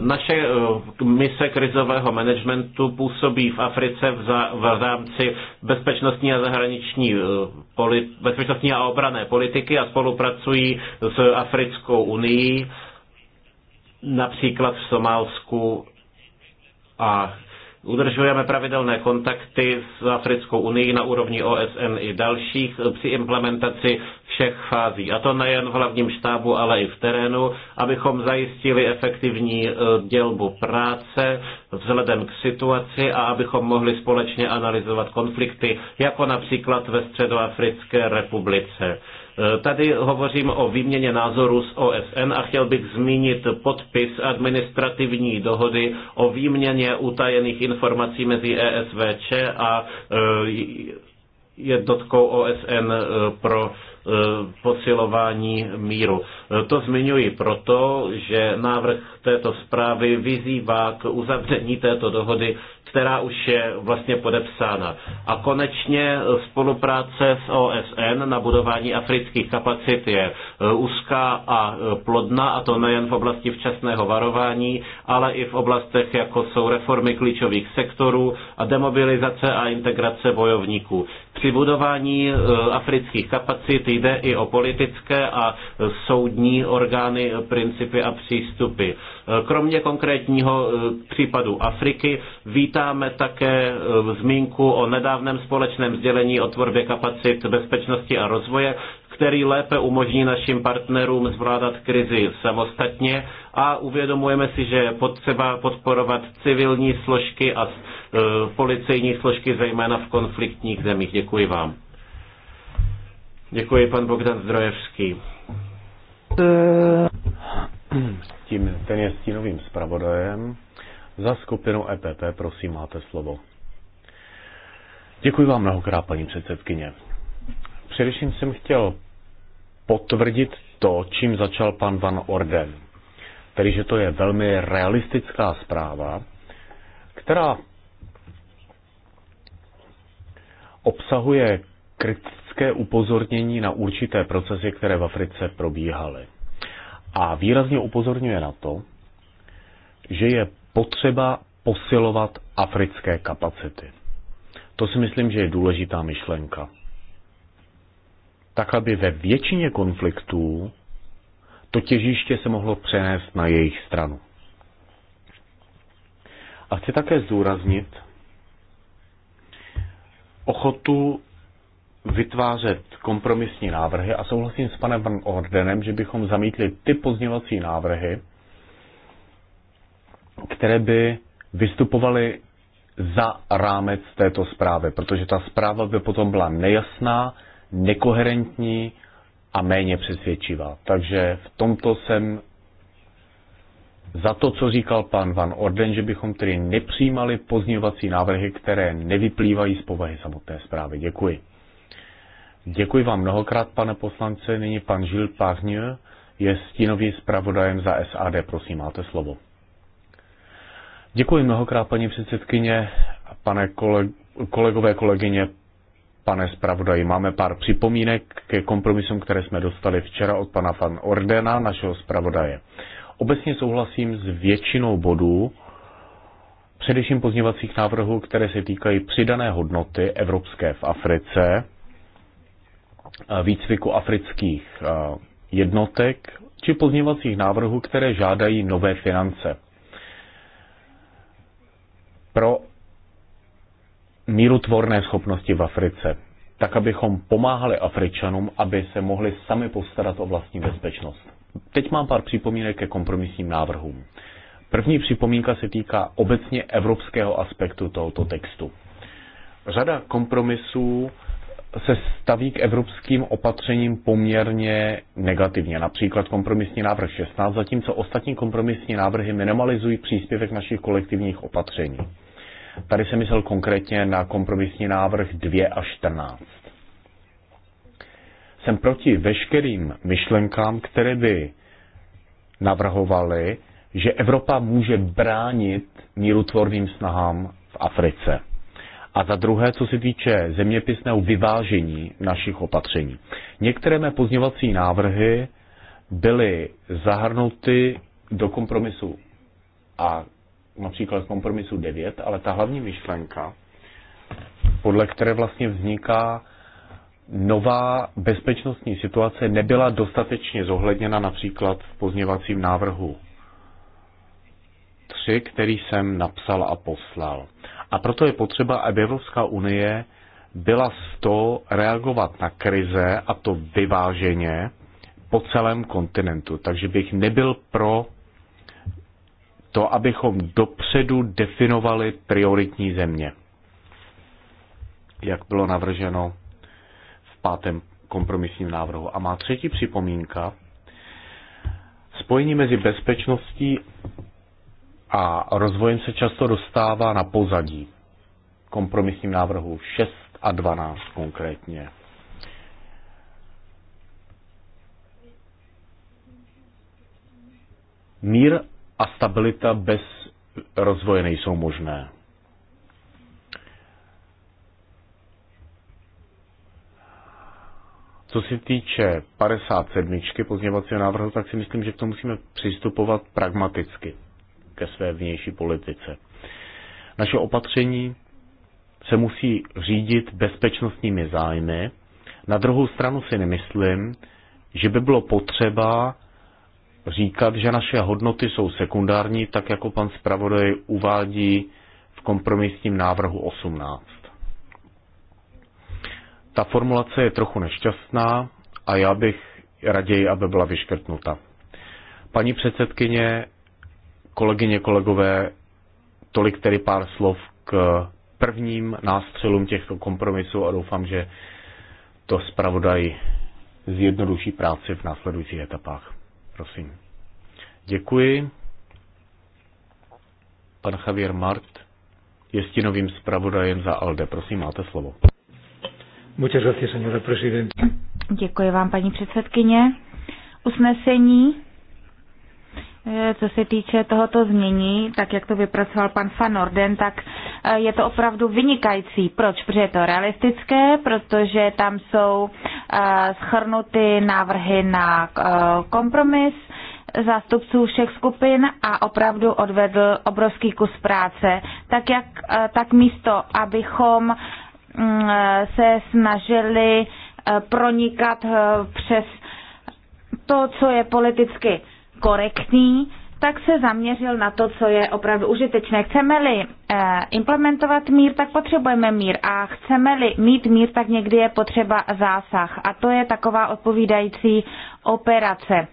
Naše mise krizového managementu působí v Africe v, za, v rámci bezpečnostní a zahraniční polit, bezpečnostní a obrané politiky a spolupracují s Africkou unii, například v Somálsku a Udržujeme pravidelné kontakty s Africkou unii na úrovni OSN i dalších při implementaci všech fází. A to nejen v hlavním štábu, ale i v terénu, abychom zajistili efektivní e, dělbu práce vzhledem k situaci a abychom mohli společně analyzovat konflikty, jako například ve Středoafrické republice. Eh, tady hovořím o výměně názorů s OSN a chtěl bych zmínit podpis administrativní dohody o výměně utajených informací mezi ESVČ a eh, jednotkou OSN eh, pro posilování míru. To zmiňuji proto, že návrh této zprávy vyzývá k uzavření této dohody která už je vlastně podepsána. A konečně spolupráce s OSN na budování afrických kapacit je e, úzká a e, plodná, a to nejen v oblasti včasného varování, ale i v oblastech, jako jsou reformy klíčových sektorů a demobilizace a integrace bojovníků. Při budování e, afrických kapacit jde i o politické a soudní orgány, e, principy a přístupy. E, kromě konkrétního případu Afriky vítáme také zmínku o nedávném společném sdělení o tvorbě kapacit bezpečnosti a rozvoje, který lépe umožní našim partnerům zvládat krizi samostatně a uvědomujeme si, že je potřeba podporovat civilní složky a Eh, policejní složky, zejména v konfliktních zemích. Děkuji vám. Děkuji, pan Bogdan Zdrojevský. Tím, ten je stínovým zpravodajem. Za skupinu EPP, prosím, máte slovo. Děkuji vám mnohokrát, paní předsedkyně. Především jsem chtěl potvrdit to, čím začal pan Van Orden. Tedy, že to je velmi realistická zpráva, která obsahuje kritické upozornění na určité procesy, které v Africe probíhaly. A výrazně upozorňuje na to, že je potřeba posilovat africké kapacity. To si myslím, že je důležitá myšlenka. Tak, aby ve většině konfliktů to těžiště se mohlo přenést na jejich stranu. A chci také zdůraznit, ochotu vytvářet kompromisní návrhy a souhlasím s panem Van Ordenem, že bychom zamítli ty pozměňovací návrhy, které by vystupovaly za rámec této zprávy, protože ta zpráva by potom byla nejasná, nekoherentní a méně přesvědčivá. Takže v tomto jsem za to, co říkal pan Van Orden, že bychom tedy nepřijímali pozměňovací návrhy, které nevyplývají z povahy samotné zprávy. Děkuji. Děkuji vám mnohokrát, pane poslance. Nyní pan Žil Parnier je stínovým zpravodajem za SAD. Prosím, máte slovo. Děkuji mnohokrát, paní předsedkyně, pane koleg- kolegové, kolegyně, pane zpravodaji. Máme pár připomínek ke kompromisům, které jsme dostali včera od pana Van Ordena, našeho zpravodaje. Obecně souhlasím s většinou bodů, především pozněvacích návrhů, které se týkají přidané hodnoty evropské v Africe, výcviku afrických eh, jednotek či pozněvacích návrhů, které žádají nové finance. Pro mírutvorné schopnosti v Africe, tak abychom pomáhali Afričanům, aby se mohli sami postarat o vlastní bezpečnost. Teď mám pár připomínek ke kompromisním návrhům. První připomínka se týká obecně evropského aspektu tohoto textu. Řada kompromisů se staví k evropským opatřením poměrně negativně. Například kompromisní návrh 16, zatímco ostatní kompromisní návrhy minimalizují příspěvek našich kolektivních opatření. Tady jsem myslel konkrétně na kompromisní návrh 2 a 14 jsem proti veškerým myšlenkám, které by navrhovaly, že Evropa může bránit mírutvorným snahám v Africe. A za druhé, co se týče zeměpisného vyvážení našich opatření. Některé mé pozněvací návrhy byly zahrnuty do kompromisu a například kompromisu 9, ale ta hlavní myšlenka, podle které vlastně vzniká nová bezpečnostní situace nebyla dostatečně zohledněna například v pozněvacím návrhu 3, který jsem napsal a poslal. A proto je potřeba, aby Evropská unie byla z to reagovat na krize a to vyváženě po celém kontinentu. Takže bych nebyl pro to, abychom dopředu definovali prioritní země, jak bylo navrženo pátém kompromisním návrhu. A má třetí připomínka, spojení mezi bezpečností a rozvojem se často dostává na pozadí kompromisním návrhu 6 a 12 konkrétně. Mír a stabilita bez rozvoje nejsou možné. Co se týče 57. pozněvacího návrhu, tak si myslím, že k tomu musíme přistupovat pragmaticky ke své vnější politice. Naše opatření se musí řídit bezpečnostními zájmy. Na druhou stranu si nemyslím, že by bylo potřeba říkat, že naše hodnoty jsou sekundární, tak jako pan zpravodaj uvádí v kompromisním návrhu 18. Ta formulace je trochu nešťastná a já bych raději, aby byla vyškrtnuta. Paní předsedkyně, kolegyně, kolegové, tolik tedy pár slov k prvním nástřelům těchto kompromisů a doufám, že to zpravodaj zjednoduší práci v následujících etapách. Prosím. Děkuji. Pan Javier Mart je stínovým zpravodajem za ALDE. Prosím, máte slovo. Muchas gracias, señora presidenta. Děkuji vám, paní předsedkyně. Usnesení, eh, co se týče tohoto změní, tak jak to vypracoval pan Van Norden, tak eh, je to opravdu vynikající. Proč? Protože je to realistické, protože tam jsou eh, schrnuty návrhy na kompromis, zástupců všech skupin a opravdu odvedl obrovský kus práce. Tak, jak, tak místo, abychom Mm, eh, se snažili eh, pronikat eh, přes to, co je politicky korektní, tak se zaměřil na to, co je opravdu užitečné. Chceme-li implementovat mír, tak potřebujeme mír a chceme-li mít mír, tak někdy je potřeba zásah a to je taková odpovídající operace.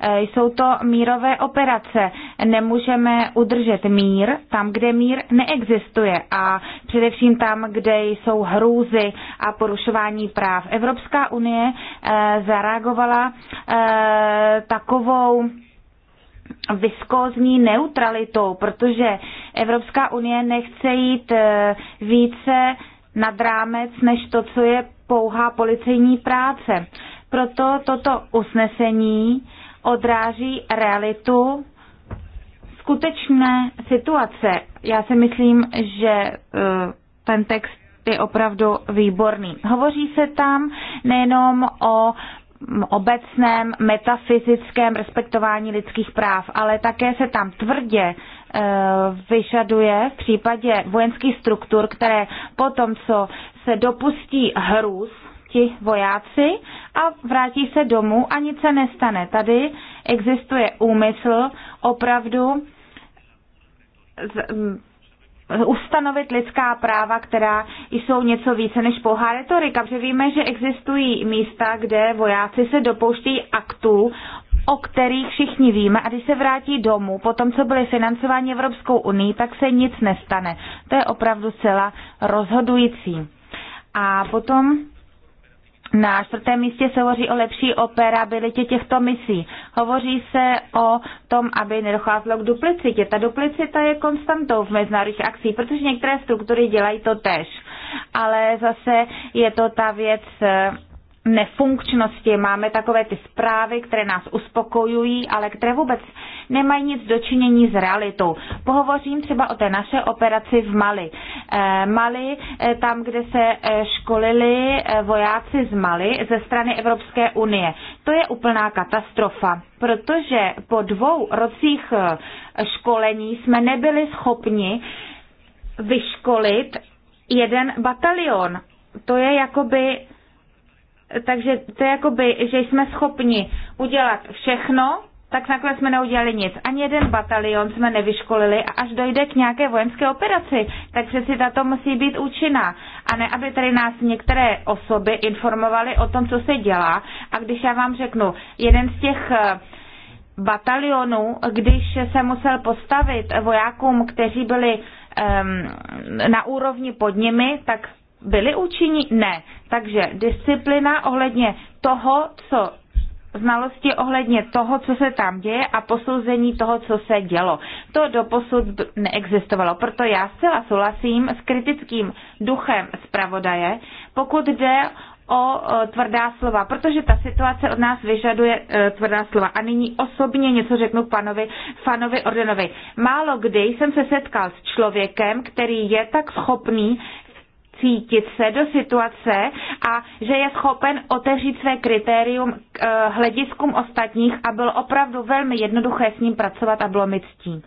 Eh, jsou to mírové operace. Nemůžeme udržet mír tam, kde mír neexistuje a především tam, kde jsou hrůzy a porušování práv. Evropská unie eh, zareagovala eh, takovou viskózní neutralitou, protože Evropská unie nechce jít více nad rámec než to, co je pouhá policejní práce. Proto toto usnesení odráží realitu skutečné situace. Já si myslím, že e, ten text je opravdu výborný. Hovoří se tam nejenom o obecném metafyzickém respektování lidských práv, ale také se tam tvrdě e, vyžaduje v případě vojenských struktur, které potom, co se dopustí hrůz, ti vojáci a vrátí se domů a nic se nestane. Tady existuje úmysl opravdu z, ustanovit lidská práva, která jsou něco více než pouhá retorika, protože víme, že existují místa, kde vojáci se dopouští aktů, o kterých všichni víme a když se vrátí domů, po tom, co byly financováni Evropskou unii, tak se nic nestane. To je opravdu celá rozhodující. A potom na čtvrtém místě se hovoří o lepší operabilitě těchto misí. Hovoří se o tom, aby nedocházelo k duplicitě. Ta duplicita je konstantou v mezinárodních akcích, protože některé struktury dělají to tež. Ale zase je to ta věc eh, nefunkčnosti. Máme takové ty zprávy, které nás uspokojují, ale které vůbec nemají nic dočinění s realitou. Pohovořím třeba o té naše operaci v Mali. Eh, Mali, eh, tam, kde se eh, školili vojáci z Mali ze strany Evropské unie. To je úplná katastrofa, protože po dvou rocích školení jsme nebyli schopni vyškolit jeden batalion. To je jakoby takže to je jakoby, že jsme schopni udělat všechno, tak nakonec jsme neudělali nic. Ani jeden batalion jsme nevyškolili a až dojde k nějaké vojenské operaci, tak přeci tato musí být účinná. A ne, aby tady nás některé osoby informovaly o tom, co se dělá. A když já vám řeknu, jeden z těch eh, batalionů, když se musel postavit vojákům, kteří byli um, na úrovni pod nimi, tak byli účinní? Ne. Takže disciplina ohledně toho, co znalosti ohledně toho, co se tam děje a posouzení toho, co se dělo. To doposud neexistovalo, proto já zcela souhlasím s kritickým duchem zpravodaje, pokud jde o tvrdá slova, protože ta situace od nás vyžaduje e, tvrdá slova. A nyní osobně něco řeknu panovi Fanovi Ordenovi. Málo kdy jsem se setkal s člověkem, který je tak schopný cítit se do situace a že je schopen otevřít své kritérium k eh, hlediskům ostatních a bylo opravdu velmi jednoduché s ním pracovat a bylo mi ctí.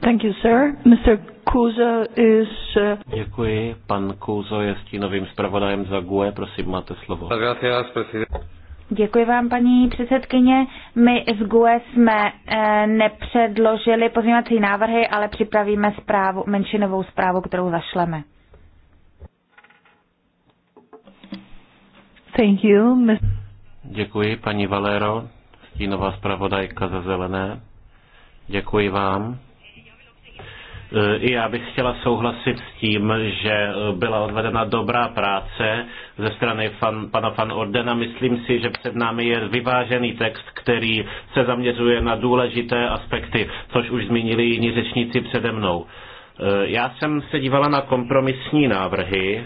Thank you, sir. Mr. Kuzo is... Eh, Děkuji. Pan Kuzo je stínovým zpravodajem za GUE. Prosím, máte slovo. Gracias, Děkuji vám, paní předsedkyně. My z GUE jsme eh, nepředložili pozměňovací návrhy, ale připravíme zprávu, menšinovou zprávu, kterou zašleme. Thank you. Děkuji, paní Valero, stínová zpravodajka za zelené. Děkuji vám. I já bych chtěla souhlasit s tím, že byla odvedena dobrá práce ze strany fan, pana Van Ordena. Myslím si, že před námi je vyvážený text, který se zaměřuje na důležité aspekty, což už zmínili jiní řečníci přede mnou. Já jsem se dívala na kompromisní návrhy,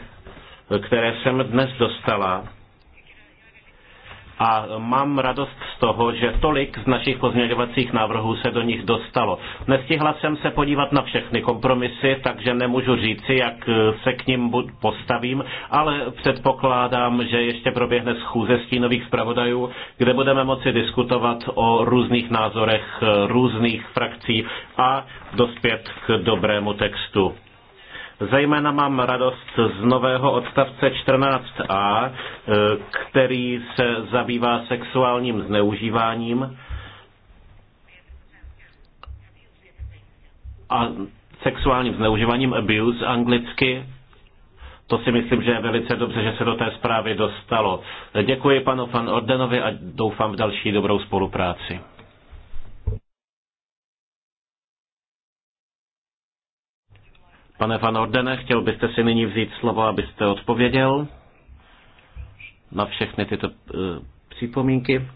které jsem dnes dostala a mám radost z toho, že tolik z našich pozměňovacích návrhů se do nich dostalo. Nestihla jsem se podívat na všechny kompromisy, takže nemůžu říci, jak eh, se k ním postavím, ale předpokládám, že ještě proběhne schůze stínových zpravodajů, kde budeme moci diskutovat o různých názorech eh, různých frakcí a dospět k dobrému textu Zajména mám radost z nového odstavce 14a, e, který se zabývá sexuálním zneužíváním. A sexuálním zneužíváním abuse anglicky. To si myslím, že je velice dobře, že se do té zprávy dostalo. Děkuji panu Van Ordenovi a doufám v další dobrou spolupráci. Pane Van Ordene, chtěl byste si nyní vzít slovo, abyste odpověděl na všechny tyto eh, připomínky?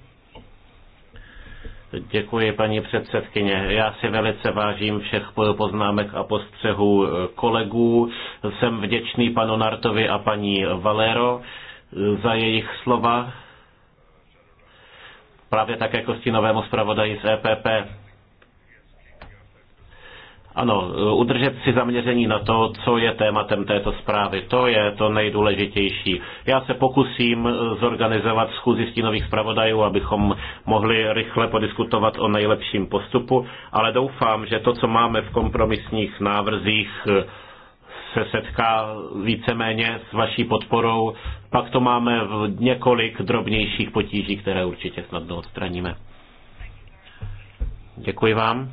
Děkuji, paní předsedkyně. Já si velice vážím všech poznámek a postřehů eh, kolegů. Jsem vděčný panu Nartovi a paní Valero eh, za jejich slova. Právě také kostinovému jako stínovému zpravodaji z EPP. Ano, eh, udržet si zaměření na to, co je tématem této zprávy, to je to nejdůležitější. Já se pokusím eh, zorganizovat schůzi stínových zpravodajů, abychom mohli rychle podiskutovat o nejlepším postupu, ale doufám, že to, co máme v kompromisních návrzích, eh, se setká víceméně s vaší podporou. Pak to máme v několik drobnějších potíží, které určitě snadno odstraníme. Děkuji vám.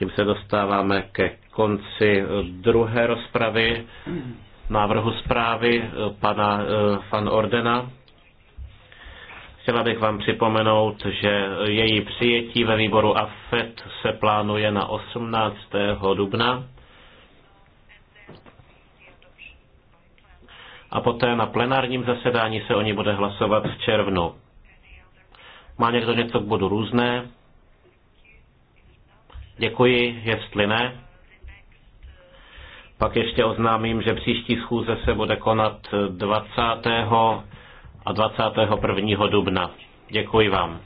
Tím se dostáváme ke konci druhé rozpravy návrhu zprávy eh, pana eh, Van Ordena. Chtěla bych vám připomenout, že její přijetí ve výboru AFET se plánuje na 18. dubna a poté na plenárním zasedání se o ní bude hlasovat v červnu. Má někdo něco k bodu různé? Děkuji, jestli ne. Pak ještě oznámím, že příští schůze se bude konat 20. a 21. dubna. Děkuji vám.